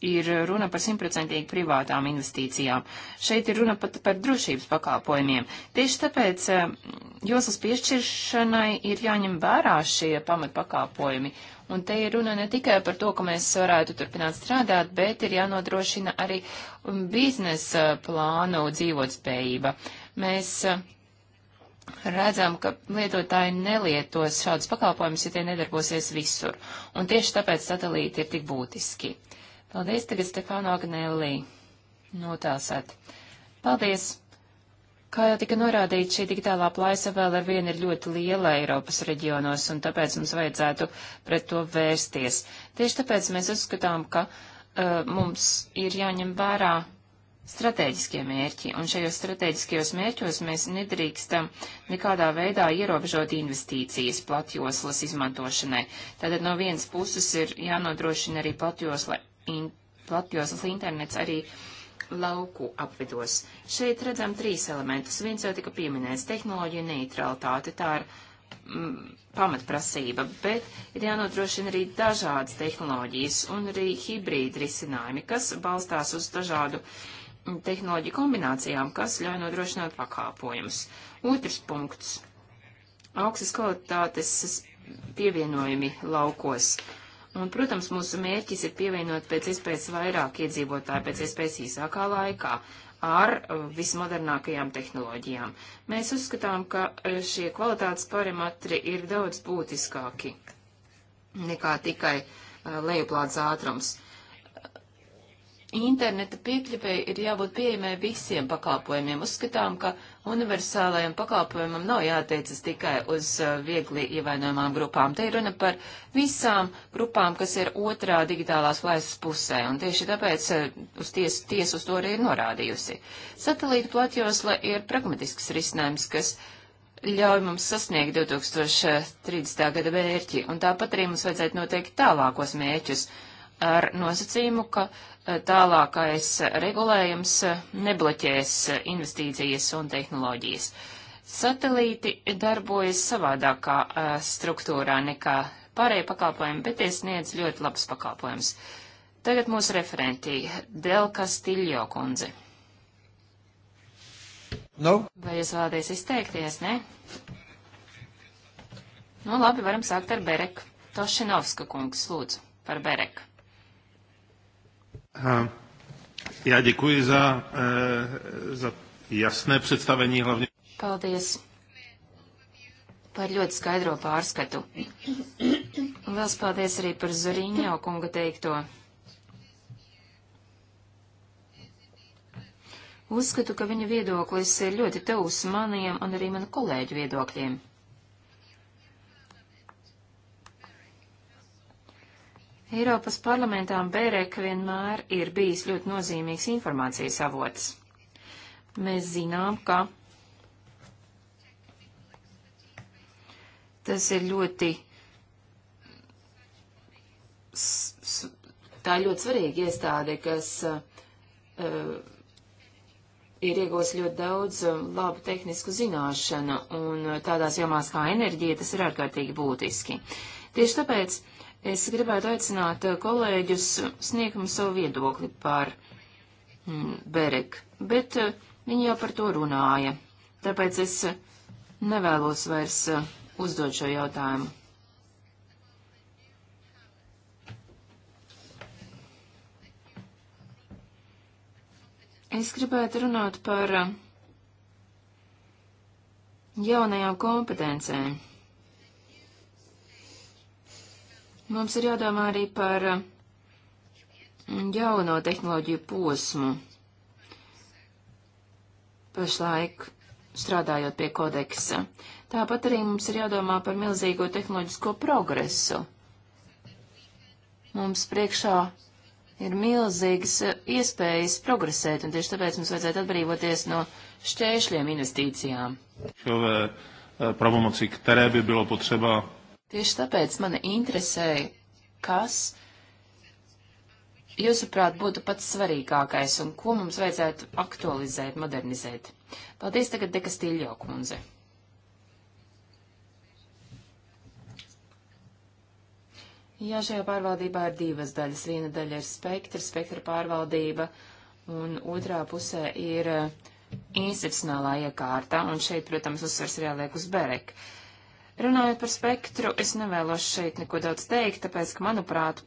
ir runa par simtprocentīgi privātām investīcijām. Šeit ir runa pat par drošības pakalpojumiem. Tieši tāpēc um, joslas piešķiršanai ir jāņem vērā šie pamatpakalpojumi. Un te ir runa ne tikai par to, ka mēs varētu turpināt strādāt, bet ir jānodrošina arī um, biznesa plānu dzīvotspējība. Mēs uh, redzam, ka lietotāji nelietos šādus pakalpojumus, ja tie nedarbosies visur. Un tieši tāpēc satelīti ir tik būtiski. Paldies tagad Stefāno Agnēlī. Notāsēt. Nu, Paldies! Kā jau tika norādīts, šī digitālā plaisa vēl ar vienu ir ļoti liela Eiropas reģionos, un tāpēc mums vajadzētu pret to vērsties. Tieši tāpēc mēs uzskatām, ka uh, mums ir jāņem vērā stratēģiskie mērķi, un šajos stratēģiskajos mērķos mēs nedrīkstam nekādā veidā ierobežot investīcijas platjoslas izmantošanai. Tātad no vienas puses ir jānodrošina arī platjosla, in, platjoslas internets arī lauku apvidos. Šeit redzam trīs elementus. Viens jau tika pieminēts - tehnoloģija neutralitāte. Tā ir mm, pamatprasība, bet ir jānodrošina arī dažādas tehnoloģijas un arī hibrīda risinājumi, kas balstās uz dažādu uh, tehnoloģiju kombinācijām, kas ļauj nodrošināt pakāpojumus. Otrs punkts - augstas kvalitātes pievienojumi laukos. Un, protams, mūsu mērķis ir pievienot pēc iespējas vairāk iedzīvotāju, pēc iespējas īsākā laikā ar uh, vismodernākajām tehnoloģijām. Mēs uzskatām, ka uh, šie kvalitātes parametri ir daudz būtiskāki nekā tikai uh, lejuplāts ātrums interneta piekļuvei ir jābūt pieejamai visiem pakalpojumiem. Uzskatām, ka universālajiem pakalpojumam nav jātiecas tikai uz uh, viegli ievainojumām grupām. Te ir runa par visām grupām, kas ir otrā digitālās laistas pusē, un tieši tāpēc uh, uz ties, ties uz to arī ir norādījusi. Satelīta platjosla ir pragmatisks risinājums, kas ļauj mums sasniegt 2030. gada mērķi, un tāpat arī mums vajadzētu noteikt tālākos mērķus ar nosacījumu, ka e, tālākais regulējums e, nebloķēs e, investīcijas un tehnoloģijas. Satelīti darbojas savādākā struktūrā nekā pārējie pakalpojumi, bet tie sniedz ļoti labus pakalpojumus. Tagad mūsu referentī Del Castillo kundze. No. Vai jūs vēlaties izteikties, ne? Nu, labi, varam sākt ar Bereku. Tošinovska kungs, lūdzu, par Bereku. Aha. Jā, ģekuji za, eh, za jasnē predstavenī hlavne. Paldies par ļoti skaidro pārskatu. Liels paldies arī par Zariņo kunga teikto. Uzskatu, ka viņa viedoklis ir ļoti tevs maniem un arī manu kolēģu viedokļiem. Eiropas parlamentām Bērek vienmēr ir bijis ļoti nozīmīgs informācijas avots. Mēs zinām, ka tas ir ļoti, tā ir ļoti svarīga iestāde, kas uh, uh ir iegūst ļoti daudz uh, labu tehnisku zināšanu, un uh, tādās jomās kā enerģija tas ir ārkārtīgi būtiski. Tieši tāpēc Es gribētu aicināt eh, kolēģus sniegt mums savu viedokli par mm, Berek, bet eh, viņi jau par to runāja, tāpēc es eh, nevēlos vairs uzdot šo jautājumu. Es gribētu runāt par jaunajām kompetencēm. Mums ir jādomā arī par uh, jauno tehnoloģiju posmu. Pašlaik strādājot pie kodeksa. Tāpat arī mums ir jādomā par milzīgo tehnoloģisko progresu. Mums priekšā ir milzīgas uh, iespējas progresēt, un tieši tāpēc mums vajadzētu atbrīvoties no šķēršļiem investīcijām. Eh, eh, Problēmas, které by bylo potřeba Tieši tāpēc mani interesēja, kas, jūsuprāt, būtu pats svarīgākais un ko mums vajadzētu aktualizēt, modernizēt. Paldies tagad Dekastīļo kundze. Jā, šajā pārvaldībā ir divas daļas. Viena daļa ir spektra, spektra pārvaldība, un otrā pusē ir eh, institucionālā iekārta, un šeit, protams, uzsvers ir jāliek uz bereka. Uh, Runājot par spektru, es nevēlos šeit neko daudz teikt, tāpēc, ka, manuprāt,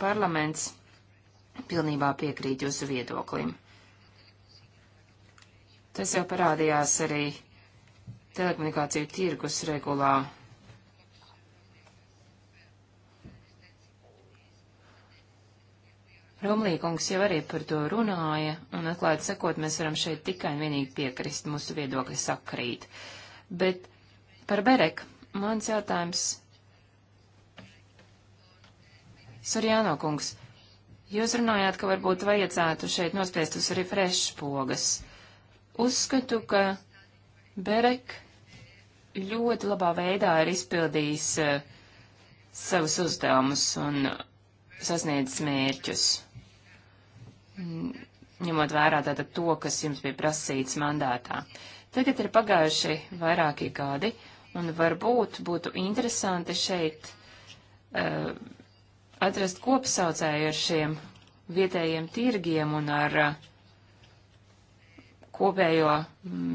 parlaments pilnībā piekrīt jūsu viedoklim. Tas jau parādījās arī telekomunikāciju tirgus regulā. Romlīkungs jau arī par to runāja, un atklāti sakot, mēs varam šeit tikai un vienīgi piekrist, mūsu viedokļi sakrīt. Bet Par Berek, mans jautājums. Surjāno kungs, jūs runājāt, ka varbūt vajadzētu šeit nospiest uz refresh pogas. Uzskatu, ka Berek ļoti labā veidā ir izpildījis uh, savus uzdevumus un sasniedzis mērķus ņemot vērā tātad to, kas jums bija prasīts mandātā. Tagad ir pagājuši vairāki gadi, Un varbūt būtu interesanti šeit uh, atrast kopsaucēju ar šiem vietējiem tirgiem un ar uh, kopējo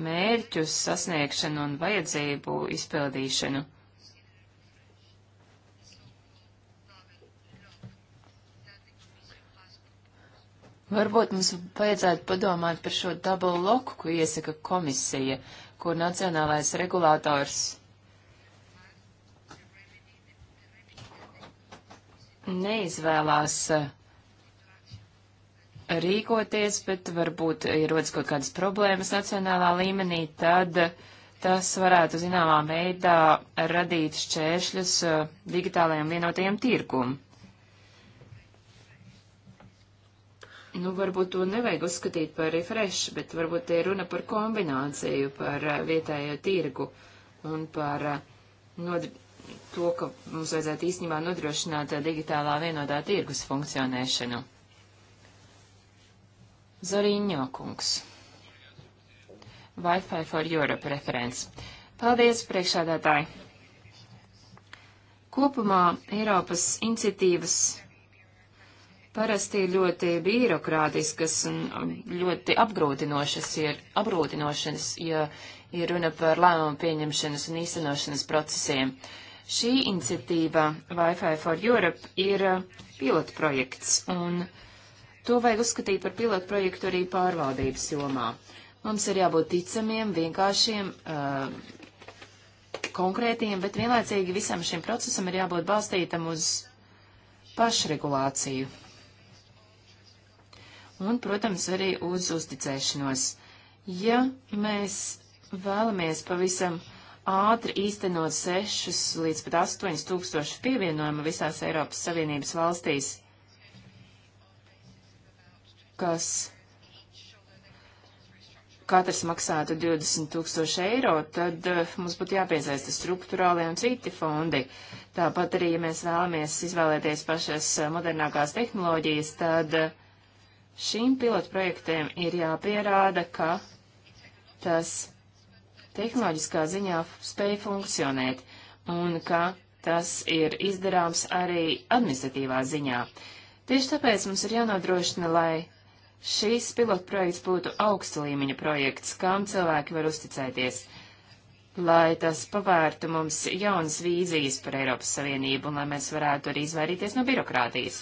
mērķu sasniegšanu un vajadzību izpildīšanu. Varbūt mums vajadzētu padomāt par šo double loku, ko iesaka komisija, kur nacionālais regulators neizvēlās eh, rīkoties, bet varbūt ir rodas kaut kādas problēmas nacionālā līmenī, tad tas varētu zināmā veidā radīt šķēršļus eh, digitālajiem vienotajiem tirgumam. Nu, varbūt to nevajag uzskatīt par refresh, bet varbūt te ir runa par kombināciju, par eh, vietējo tirgu un par nodri to, ka mums vajadzētu īstenībā nodrošināt eh, digitālā vienotā tirgus funkcionēšanu. Zoriņo kungs. Wi-Fi for Europe referents. Paldies, priekšādātāji! Kopumā Eiropas iniciatīvas parasti ir ļoti birokrātiskas un um, ļoti apgrūtinošas, ir, apgrūtinošas ja ir runa par lēmumu pieņemšanas un īstenošanas procesiem. Uh, Šī iniciatīva Wi-Fi for Europe ir uh, pilotprojekts, un to vajag uzskatīt par pilotprojektu arī pārvaldības jomā. Mums ir jābūt ticamiem, vienkāršiem, uh, konkrētiem, bet vienlaicīgi visam šim procesam ir jābūt balstītam uz pašregulāciju. Un, protams, arī uz uzticēšanos. Ja mēs vēlamies pavisam uh, ātri īstenot 6 līdz pat 8 tūkstošu pievienojumu visās Eiropas Savienības valstīs, kas katrs maksātu 20 tūkstoši eiro, tad eh, mums būtu jāpiesaista struktūrālie un citi fondi. Tāpat arī, ja mēs vēlamies izvēlēties pašas eh, modernākās tehnoloģijas, tad eh, šīm pilotprojektiem ir jāpierāda, ka tas tehnoloģiskā ziņā spēj funkcionēt un ka tas ir izdarāms arī administratīvā ziņā. Tieši tāpēc mums ir jānodrošina, lai šīs pilotprojekts būtu augsta līmeņa projekts, kam cilvēki var uzticēties, lai tas pavērtu mums jaunas vīzijas par Eiropas Savienību un lai mēs varētu arī izvairīties no birokrātijas.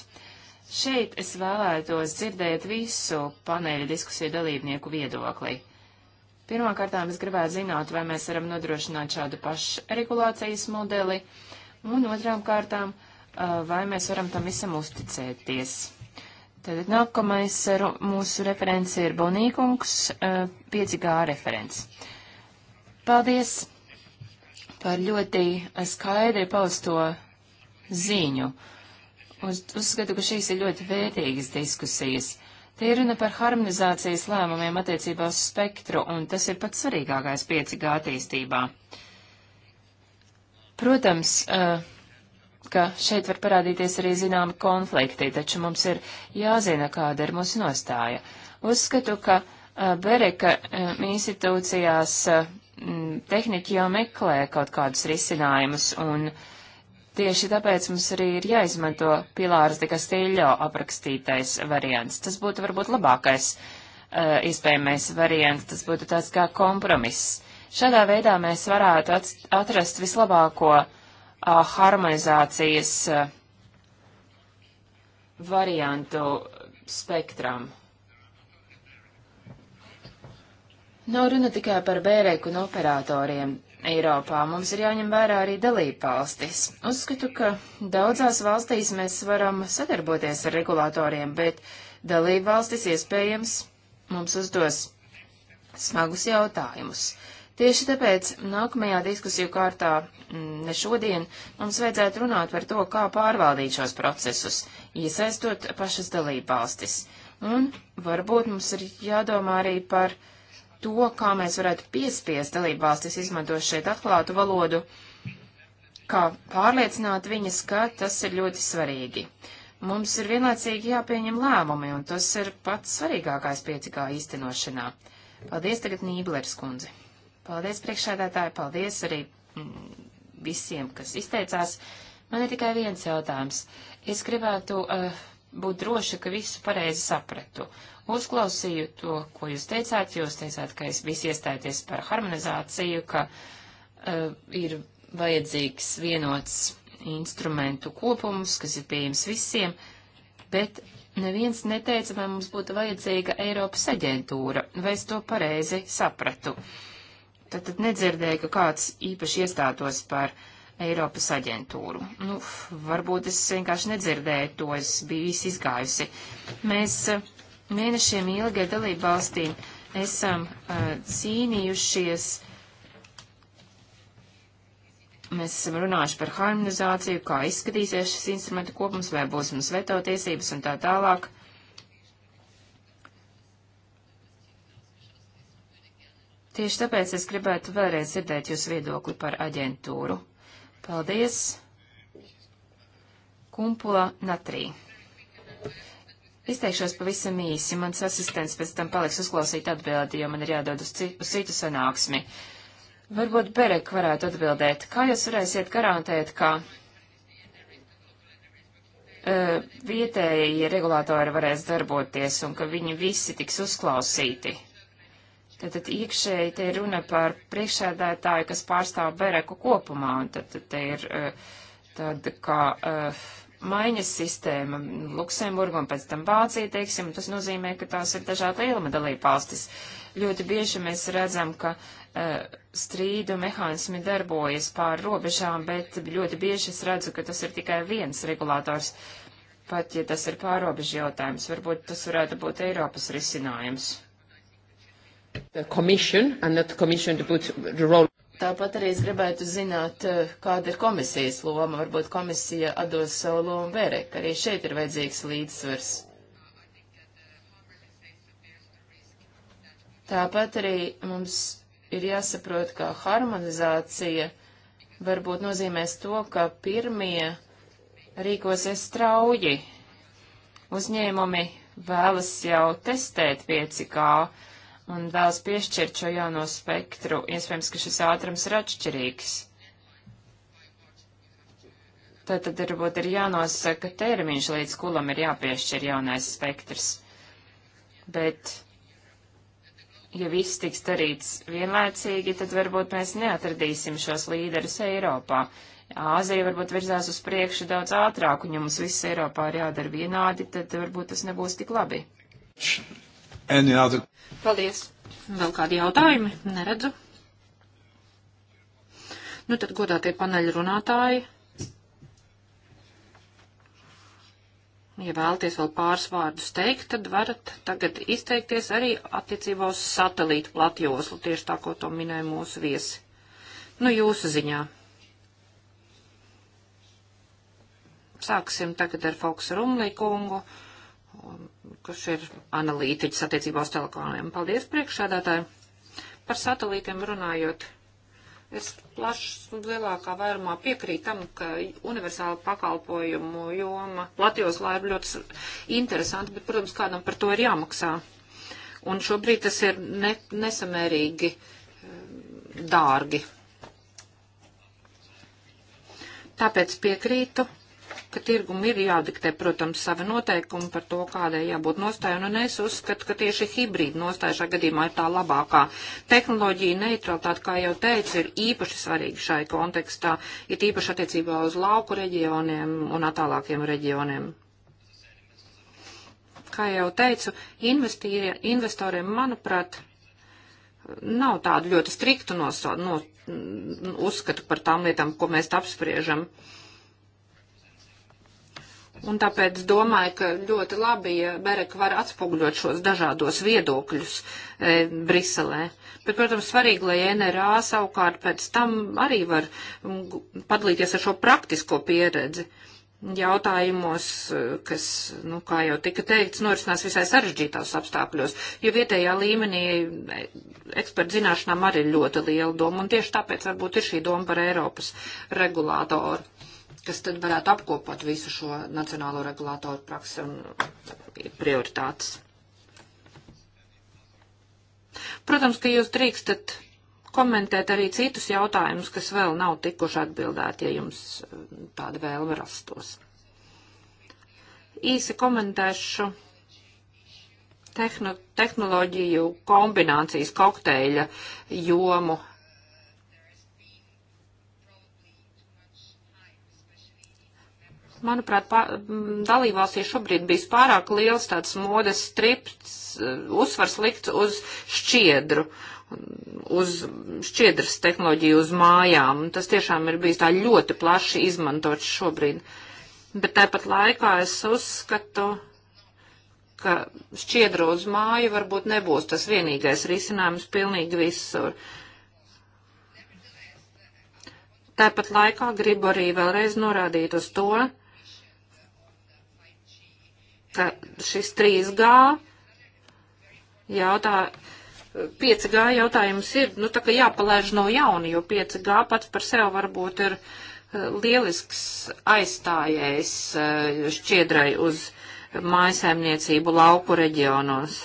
Šeit es vēlētos dzirdēt visu paneļa diskusiju dalībnieku viedoklī. Pirmkārtām es gribētu zināt, vai mēs varam nodrošināt šādu pašregulācijas modeli, un otrām kārtām, vai mēs varam tam visam uzticēties. Tad nākamais mūsu referents ir Bonīkungs, 5G referents. Paldies par ļoti skaidri pausto ziņu. Uz, uzskatu, ka šīs ir ļoti vērtīgas diskusijas. Te ir runa par harmonizācijas lēmumiem attiecībā uz spektru, un tas ir pats svarīgākais 5G attīstībā. Protams, eh, ka šeit var parādīties arī zināmi konflikti, taču mums ir jāzina, kāda ir mūsu nostāja. Uzskatu, ka eh, Bereka eh, institūcijās tehniķi jau meklē kaut kādus risinājumus, un uh, Tieši tāpēc mums arī ir jāizmanto Pilāras de Kastīļo aprakstītais variants. Tas būtu varbūt labākais uh, iespējamais variants, tas būtu tāds kā kompromiss. Šādā veidā mēs varētu at atrast vislabāko uh, harmonizācijas uh, variantu spektram. Nav nu, runa tikai par bērēku un operatoriem. Eiropā. Mums ir jāņem vērā arī dalība valstis. Uzskatu, ka daudzās valstīs mēs varam sadarboties ar regulātoriem, bet dalība valstis iespējams mums uzdos smagus jautājumus. Tieši tāpēc nākamajā diskusiju kārtā, mm, ne šodien, mums vajadzētu runāt par to, kā pārvaldīt šos procesus, iesaistot pašas dalībvalstis. Un varbūt mums ir jādomā arī par uh, to, kā mēs varētu piespiest dalību valstis izmantot šeit atklātu valodu, kā pārliecināt viņas, ka tas ir ļoti svarīgi. Mums ir vienlaicīgi jāpieņem lēmumi, un tas ir pats svarīgākais piecikā īstenošanā. Paldies tagad Nīblers kundze. Paldies priekšēdētāji, paldies arī mm, visiem, kas izteicās. Man ir tikai viens jautājums. Es gribētu uh, būt droša, ka visu pareizi sapratu. Uzklausīju to, ko jūs teicāt, jūs teicāt, ka es visi iestājoties par harmonizāciju, ka uh, ir vajadzīgs vienots instrumentu kopums, kas ir pieejams visiem, bet neviens neteica, vai mums būtu vajadzīga Eiropas aģentūra, vai es to pareizi sapratu. Tad, tad nedzirdēju, ka kāds īpaši iestātos par uh, Eiropas aģentūru. Nu, varbūt es vienkārši nedzirdēju to, es biju visi izgājusi. Mēs eh, mēnešiem ilgi ar dalību valstīm esam uh, cīnījušies. Mēs esam runājuši par harmonizāciju, kā izskatīsies šis instrumentu kopums, vai būs mums veto tiesības un tā tālāk. Tieši tāpēc es gribētu vēlreiz dzirdēt jūsu viedokli par aģentūru. Paldies. Kumpula Natrī. Izteikšos pavisam īsi. Mans asistents pēc tam paliks uzklausīt atbildi, jo man ir jādod uz, uz citu sanāksmi. Varbūt Berek varētu atbildēt. Kā jūs varēsiet garantēt, ka uh, vietējie regulātori varēs darboties un ka viņi visi tiks uzklausīti? Tātad iekšēji te ir runa par priekšsēdētāju, kas pārstāv bereku kopumā, un tad te ir eh, tāda kā uh, maiņas sistēma Luksemburga un pēc tam Vācija, teiksim, tas nozīmē, ka tās ir dažāda lieluma dalība valstis. Ļoti bieži mēs redzam, ka uh, strīdu mehānismi darbojas pār robežām, bet ļoti bieži es redzu, ka tas ir tikai viens regulators, pat ja tas ir pārobežu jautājums. Varbūt tas varētu būt Eiropas risinājums. Tāpat arī es gribētu zināt, eh, kāda ir komisijas loma. Varbūt komisija atdos savu lomu vērēk. Arī šeit ir vajadzīgs līdzsvars. Tāpat arī mums ir jāsaprot, ka harmonizācija varbūt nozīmēs to, ka pirmie rīkosies strauji. Uzņēmumi vēlas jau testēt 5K un vēlas piešķirt šo jauno spektru, iespējams, ka šis ātrums ir atšķirīgs. Tad, tad varbūt ir jānosaka termiņš, līdz kulam ir jāpiešķir jaunais spektrs. Bet ja viss tiks darīts vienlaicīgi, tad varbūt mēs neatradīsim šos līderus Eiropā. Āzija varbūt virzās uz priekšu daudz ātrāk, un ja mums viss Eiropā ir jādara vienādi, tad varbūt tas nebūs tik labi. Any other? Paldies. Vēl kādi jautājumi? Neredzu. Nu tad godātie paneļa runātāji. Ja vēlaties vēl pāris vārdus teikt, tad varat tagad izteikties arī attiecībā uz satelītu platjoslu, tieši tā, ko to minēja mūsu viesi. Nu, jūsu ziņā. Sāksim tagad ar Fauks Rumlī kungu kurš ir analītiķis attiecībā uz telekomiem. Paldies priekšsēdētāji. Par satelītiem runājot, es plašs lielākā vairumā piekrītu tam, ka universāla pakalpojumu joma Latvijoslā ir ļoti interesanta, bet, protams, kādam par to ir jāmaksā. Un šobrīd tas ir ne, nesamērīgi eh, dārgi. Tāpēc piekrītu ka tirgumu ir jādiktē, protams, savi noteikumi par to, kādai jābūt nostāja, un es uzskatu, ka tieši hibrīda nostāja šajā gadījumā ir tā labākā. Tehnoloģija neutralitāte, kā jau teicu, ir īpaši svarīga šai kontekstā, ir īpaši attiecībā uz lauku reģioniem un attālākiem reģioniem. Kā jau teicu, investoriem, manuprāt, nav tādu ļoti striktu noso, no, uzskatu par tām lietām, ko mēs apspriežam. Uh, Un tāpēc domāju, ka ļoti labi, ja Bereka var atspoguļot šos dažādos viedokļus e, Briselē. Bet, protams, svarīgi, lai NRA savukārt pēc tam arī var mm, padalīties ar šo praktisko pieredzi jautājumos, e, kas, nu, kā jau tika teikts, norisinās visai sarežģītās apstākļos, jo vietējā līmenī e, eksperta zināšanām arī ir ļoti liela doma, un tieši tāpēc varbūt ir šī doma par Eiropas regulātoru kas tad varētu apkopot visu šo nacionālo regulātoru praksi un e, prioritātes. Protams, ka jūs drīkstat komentēt arī citus jautājumus, kas vēl nav tikuši atbildēti, ja jums e, tāda vēlme rastos. Īsi komentēšu tehno, tehnoloģiju kombinācijas kokteļa jomu Manuprāt, pār, dalībvalstī šobrīd bijis pārāk liels tāds modes stripts, eh, uzsvars likts uz šķiedru. Uh, uz šķiedras tehnoloģiju uz mājām. Tas tiešām ir bijis tā ļoti plaši izmantots šobrīd. Bet tāpat laikā es uzskatu, ka šķiedra uz māju varbūt nebūs tas vienīgais risinājums pilnīgi visur. Tāpat laikā gribu arī vēlreiz norādīt uz to, ka šis 3G jautā, 5G jautājums ir, nu, tā kā jāpalaiž no jauna, jo 5G pats par sevi varbūt ir eh, lielisks aizstājējs eh, šķiedrai uz mājasēmniecību lauku reģionos.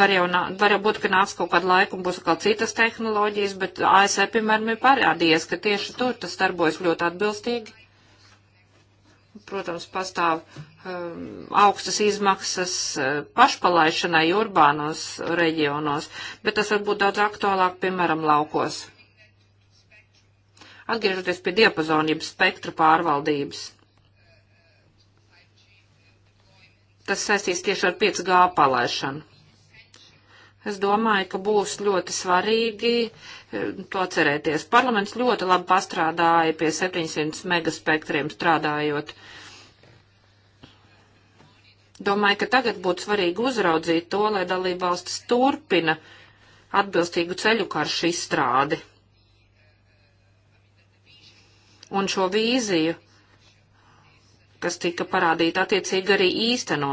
Var jau, nā, var jau būt, ka nāks kaut kādu laiku un būs atkal citas tehnoloģijas, bet ASV, e, piemēram, ir parādījies, ka tieši tur tas darbojas ļoti atbilstīgi protams, pastāv um, augstas izmaksas uh, pašpalaišanai urbānos reģionos, bet tas var būt daudz aktuālāk, piemēram, laukos. Atgriežoties pie diapazonības spektra pārvaldības. Tas saistīs tieši ar 5G palaišanu. Es domāju, ka būs ļoti svarīgi eh, to cerēties. Parlaments ļoti labi pastrādāja pie 700 megaspektriem strādājot Domāju, ka tagad būtu svarīgi uzraudzīt to, lai dalībvalstis turpina atbilstīgu ceļu karšu izstrādi. Un šo vīziju, kas tika parādīta attiecīgi arī īsteno.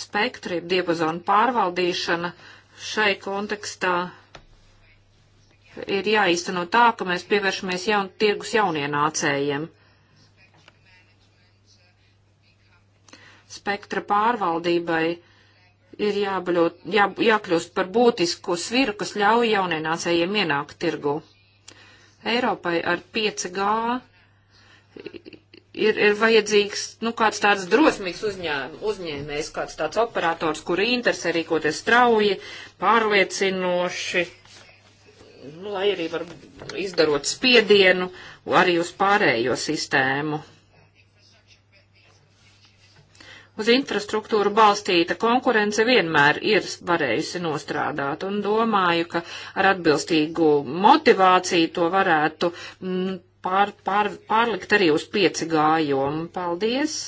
Spektri, diapazonu pārvaldīšana šai kontekstā ir jāīsteno tā, ka mēs pievēršamies jaun, tirgus jaunienācējiem. spektra pārvaldībai ir jābaļot, jā, jākļūst par būtisku sviru, kas ļauj jaunienācējiem ienākt tirgu. Eiropai ar 5G ir, ir vajadzīgs, nu, kāds tāds drosmīgs uzņēm, uzņēmējs, kāds tāds operators, kuri interesē rīkoties strauji, pārliecinoši, nu, lai arī var izdarot spiedienu arī uz pārējo sistēmu uz infrastruktūru balstīta konkurence vienmēr ir varējusi nostrādāt, un domāju, ka ar atbilstīgu motivāciju to varētu mm, pār, pār, pārlikt arī uz 5G jomu. Paldies!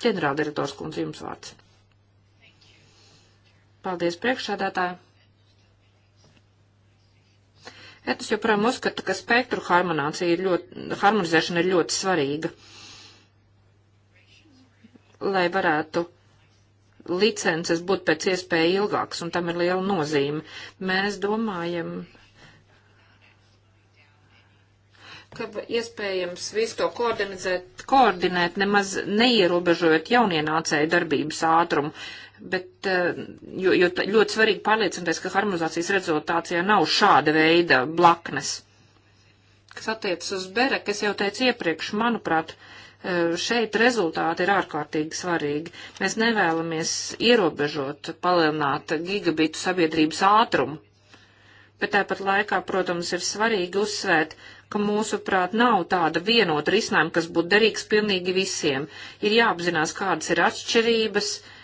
Ģenerāldirektors kundze, jums vārds. Paldies priekšsādātāji! ETUS joprojām uzskata, ka spektru harmonācija ir ļoti, harmonizēšana ir ļoti svarīga, lai varētu licences būt pēc iespēja ilgāks, un tam ir liela nozīme. Mēs domājam, ka iespējams visu to koordinēt, koordinēt nemaz neierobežojot jaunienācēju darbības ātrumu. Bet, eh, jo, jo ļoti svarīgi pārliecināties, ka harmonizācijas rezultācijā nav šāda veida blaknes. Kas attiecas uz Berek, es jau teicu iepriekš, manuprāt, eh, šeit rezultāti ir ārkārtīgi svarīgi. Mēs nevēlamies ierobežot, palielināt gigabitu sabiedrības ātrumu. Bet tāpat laikā, protams, ir svarīgi uzsvērt, ka mūsuprāt nav tāda vienota risinājuma, kas būtu derīgs pilnīgi visiem. Ir jāapzinās, kādas ir atšķirības, uh,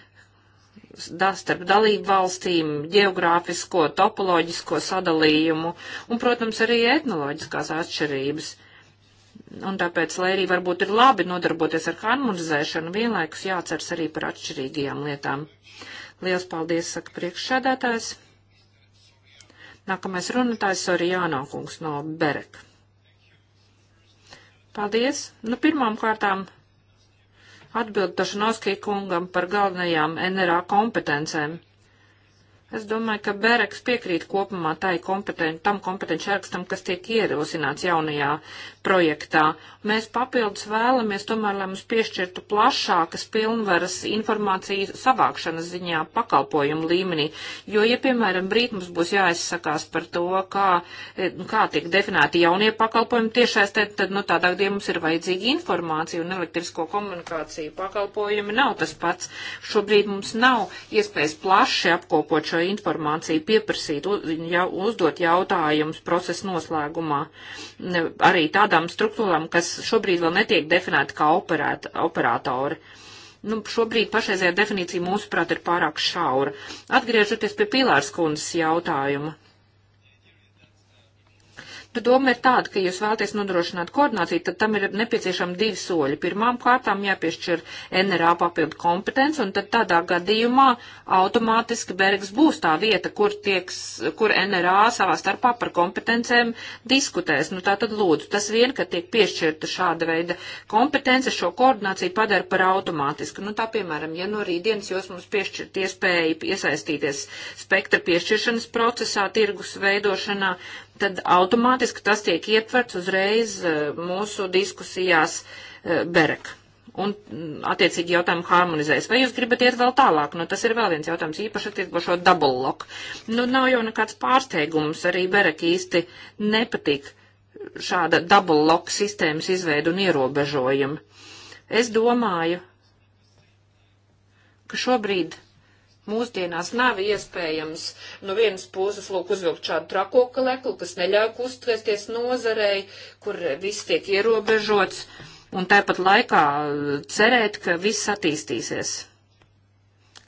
starp dalību valstīm, geogrāfisko, topoloģisko sadalījumu un, protams, arī etnoloģiskās atšķirības. Un tāpēc, lai arī varbūt ir labi nodarboties ar harmonizēšanu, vienlaikus jāceras arī par atšķirīgajām lietām. Lielas paldies, saka priekšsēdētājs. Nākamais runātājs Sorijāno kungs no Bereka. Paldies. Nu, pirmām kārtām Atbildu Tašanovskī kungam par galvenajām NRA kompetencēm. Es domāju, ka Bereks piekrīt kopumā tai kompeten, tam kompetenci rakstam, kas tiek ierosināts jaunajā projektā. Mēs papildus vēlamies tomēr, lai mums piešķirtu plašākas pilnvaras informāciju savākšanas ziņā pakalpojumu līmenī, jo, ja, piemēram, brīt mums būs jāizsakās par to, kā, e, kā tiek definēti jaunie pakalpojumi tiešais, tad, tad nu, tādā gadījumā mums ir vajadzīga informācija un elektrisko komunikāciju pakalpojumi nav tas pats. Šobrīd mums nav iespējas plaši apkopot šo šo informāciju, pieprasīt, jau uzdot jautājumus procesa noslēgumā. Arī tādām struktūrām, kas šobrīd vēl netiek definēta kā operēt, operatori. Nu, šobrīd pašreizējā definīcija mūsuprāt ir pārāk šaura. Atgriežoties pie Pilārs kundzes jautājuma doma ir tāda, ka, ja jūs vēlaties nodrošināt koordināciju, tad tam ir nepieciešami divi soļi. Pirmām kārtām jāpiešķir NRA papildu kompetence, un tad tādā gadījumā automātiski Bergs būs tā vieta, kur, tieks, kur NRA savā starpā par kompetencēm diskutēs. Nu, tā tad lūdzu, tas vien, ka tiek piešķirta šāda veida kompetence, šo koordināciju padara par automātisku. Nu, tā, piemēram, ja no rītdienas jūs mums piešķirt iespēju iesaistīties spektra piešķiršanas procesā, tirgus veidošanā, tad automātiski tas tiek ietverts uzreiz e, mūsu diskusijās e, Berek. Un mm, attiecīgi jautājumu harmonizēs. Vai jūs gribat iet vēl tālāk? Nu, tas ir vēl viens jautājums, īpaši attiecībā šo double lock. Nu, nav jau nekāds pārsteigums, arī Berek īsti nepatīk šāda double lock sistēmas izveidu un ierobežojumi. Es domāju, ka šobrīd Mūsdienās nav iespējams no vienas puses lūk uzvilkt šādu trako kaleklu, kas neļauj uztvērsties nozarei, kur viss tiek ierobežots, un tāpat laikā eh, cerēt, ka viss attīstīsies.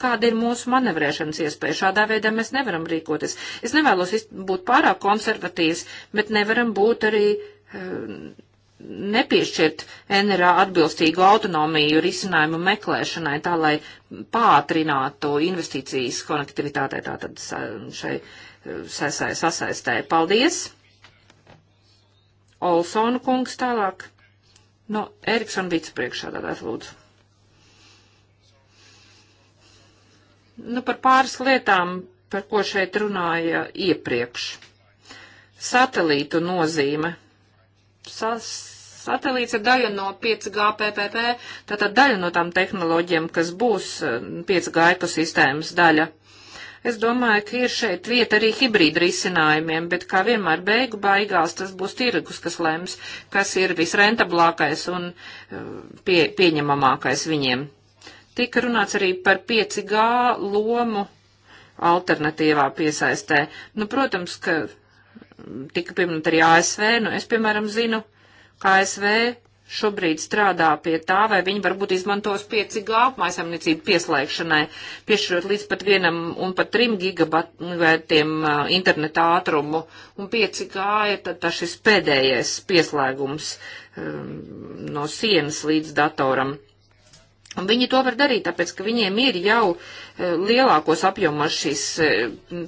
Kāda ir mūsu manevrēšanas iespēja? Šādā veidā mēs nevaram rīkoties. Es nevēlos būt pārāk konservatīvs, bet nevaram būt arī. Uh, nepiešķirt NRA atbilstīgu autonomiju risinājumu meklēšanai, tā lai pātrinātu investīcijas konektivitātei, tātad šai sasai, sasaistē. Paldies! Olsonu kungs tālāk. No Eriksona vicepriekšādātājs lūdzu. Nu, par pāris lietām, par ko šeit runāja iepriekš. Satelītu nozīme. Sas satelīts ir daļa no 5G PPP, tātad daļa no tām tehnoloģiem, kas būs 5G eh, ekosistēmas daļa. Es domāju, ka ir šeit vieta arī hibrīda risinājumiem, bet kā vienmēr beigu baigās tas būs tirgus, kas lems, kas ir visrentablākais un eh, pie, pieņemamākais viņiem. Tika runāts arī par 5G lomu alternatīvā piesaistē. Nu, protams, ka tika pieminēta arī ASV, nu es, piemēram, zinu, uh, ASV šobrīd strādā pie tā, vai viņi varbūt izmantos 5G apmaisamniecību pieslēgšanai, piešķirot līdz pat vienam un pat trim gigabatiem interneta ātrumu. Un 5G ir tad šis pēdējais pieslēgums um, no sienas līdz datoram. Un viņi to var darīt, tāpēc, ka viņiem ir jau e, lielākos apjomos šis e,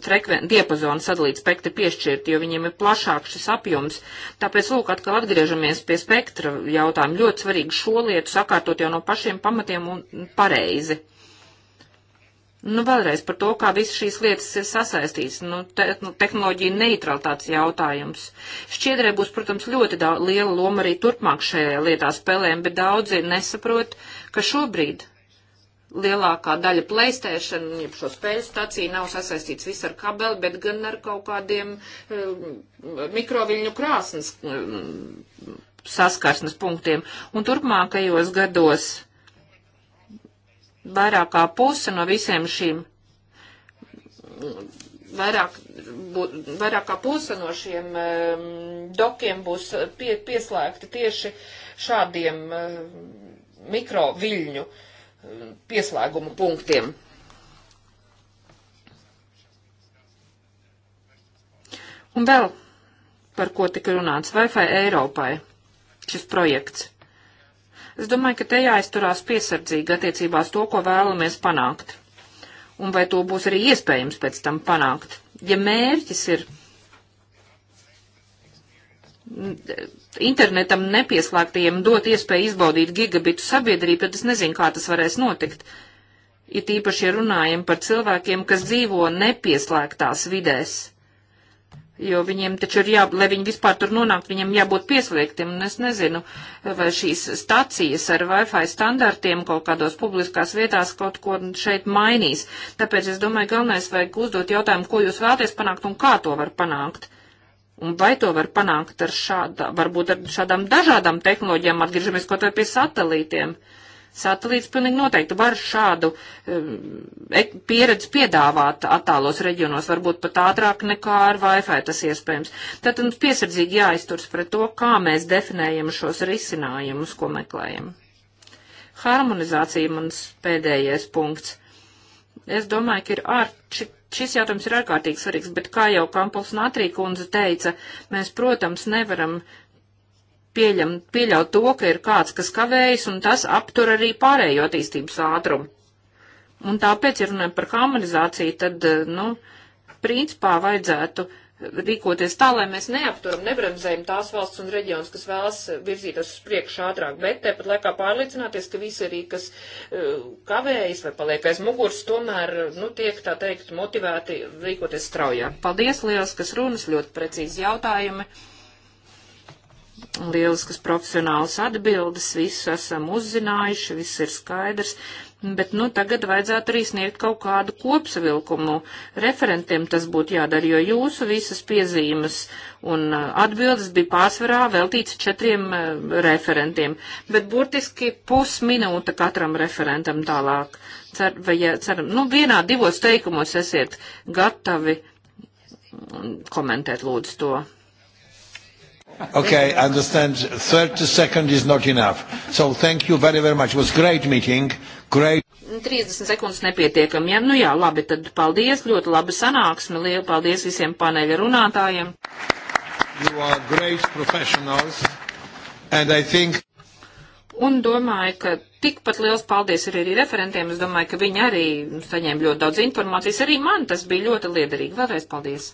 frekven, diapazona sadalīts spektra piešķirt, jo viņiem ir plašāks šis apjoms. Tāpēc, lūk, atkal atgriežamies pie spektra jautājuma. Ļoti svarīgi šo lietu sakārtot jau no pašiem pamatiem un pareizi. Nu, vēlreiz par to, kā visas šīs lietas ir sasaistīts. Nu, te, nu, tehnoloģija neutralitātes jautājums. Šķiedrē būs, protams, ļoti daudz, liela loma arī turpmāk šajā lietā spēlēm, bet daudzi nesaprot, ka šobrīd lielākā daļa Playstation, jeb šo spēļu stāciju nav sasaistīts viss ar kabeli, bet gan ar kaut kādiem um, mikroviļņu krāsnes um, eh, saskarsnes punktiem. Un turpmākajos gados vairāk kā puse no visiem šīm, vairāk, bū, vairāk kā puse no šiem um, dokiem būs pie, pieslēgti tieši šādiem um, mikroviļņu um, pieslēgumu punktiem. Un vēl par ko tika runāts Wi-Fi Eiropai šis projekts. Es domāju, ka te jāizturās piesardzīgi attiecībās to, ko vēlamies panākt. Un vai to būs arī iespējams pēc tam panākt. Ja mērķis ir internetam nepieslēgtajiem dot iespēju izbaudīt gigabitu sabiedrību, tad es nezinu, kā tas varēs notikt. Ir tīpaši runājam par cilvēkiem, kas dzīvo nepieslēgtās vidēs jo viņiem taču ir jā, lai viņi vispār tur nonāktu, viņiem jābūt pieslēgtiem, un es nezinu, vai šīs stacijas ar Wi-Fi standartiem kaut kādos publiskās vietās kaut ko šeit mainīs. Tāpēc es domāju, galvenais vajag uzdot jautājumu, ko jūs vēlaties panākt un kā to var panākt. Un vai to var panākt ar šādā, varbūt ar šādām dažādām tehnoloģijām, atgriežamies kaut vai pie satelītiem. Uh, Satelīts pilnīgi noteikti var šādu um, pieredzi piedāvāt attālos reģionos, varbūt pat ātrāk nekā ar Wi-Fi tas iespējams. Tātad mums piesardzīgi jāizturs pret to, kā mēs definējam šos risinājumus, ko meklējam. Harmonizācija mans pēdējais punkts. Es domāju, ka ir ārči šis jautājums ir ārkārtīgi svarīgs, bet kā jau Kampuls Natrīkundze teica, mēs, protams, nevaram pieļem, pieļaut to, ka ir kāds, kas kavējas, un tas aptur arī pārējo attīstības ātrumu. Un tāpēc, ja runājam par harmonizāciju, tad, eh, nu, principā vajadzētu rīkoties tā, lai mēs neapturam, nebremzējam tās valsts un reģions, kas vēlas virzīties uz priekšu ātrāk, bet tepat laikā pārliecināties, ka visi arī, kas eh, kavējas vai paliek aiz muguras, tomēr, nu, tiek, tā teikt, motivēti rīkoties straujāk. Paldies, liels, kas runas, ļoti precīzi jautājumi lieliskas profesionālas atbildes, visu esam uzzinājuši, viss ir skaidrs, bet nu tagad vajadzētu arī sniegt kaut kādu kopsavilkumu. Referentiem tas būtu jādara, jo jūsu visas piezīmes un uh, atbildes bija pārsvarā veltīts četriem uh, referentiem, bet burtiski pusminūte katram referentam tālāk. Cer, vai, ceram, nu vienā divos teikumos esiet gatavi komentēt lūdzu to. Okay, I understand 30 seconds is not enough. So thank you very, very much. It was great meeting. Great. 30 sekundes nepietiekam. Ja, nu jā, labi, tad paldies. Ļoti laba sanāksme. Lielu paldies visiem paneļa runātājiem. You are great professionals. And I think un domāju, ka tikpat liels paldies ir arī referentiem. Es domāju, ka viņi arī saņēma ļoti daudz informācijas. Arī man tas bija ļoti liederīgi. Vēlreiz paldies!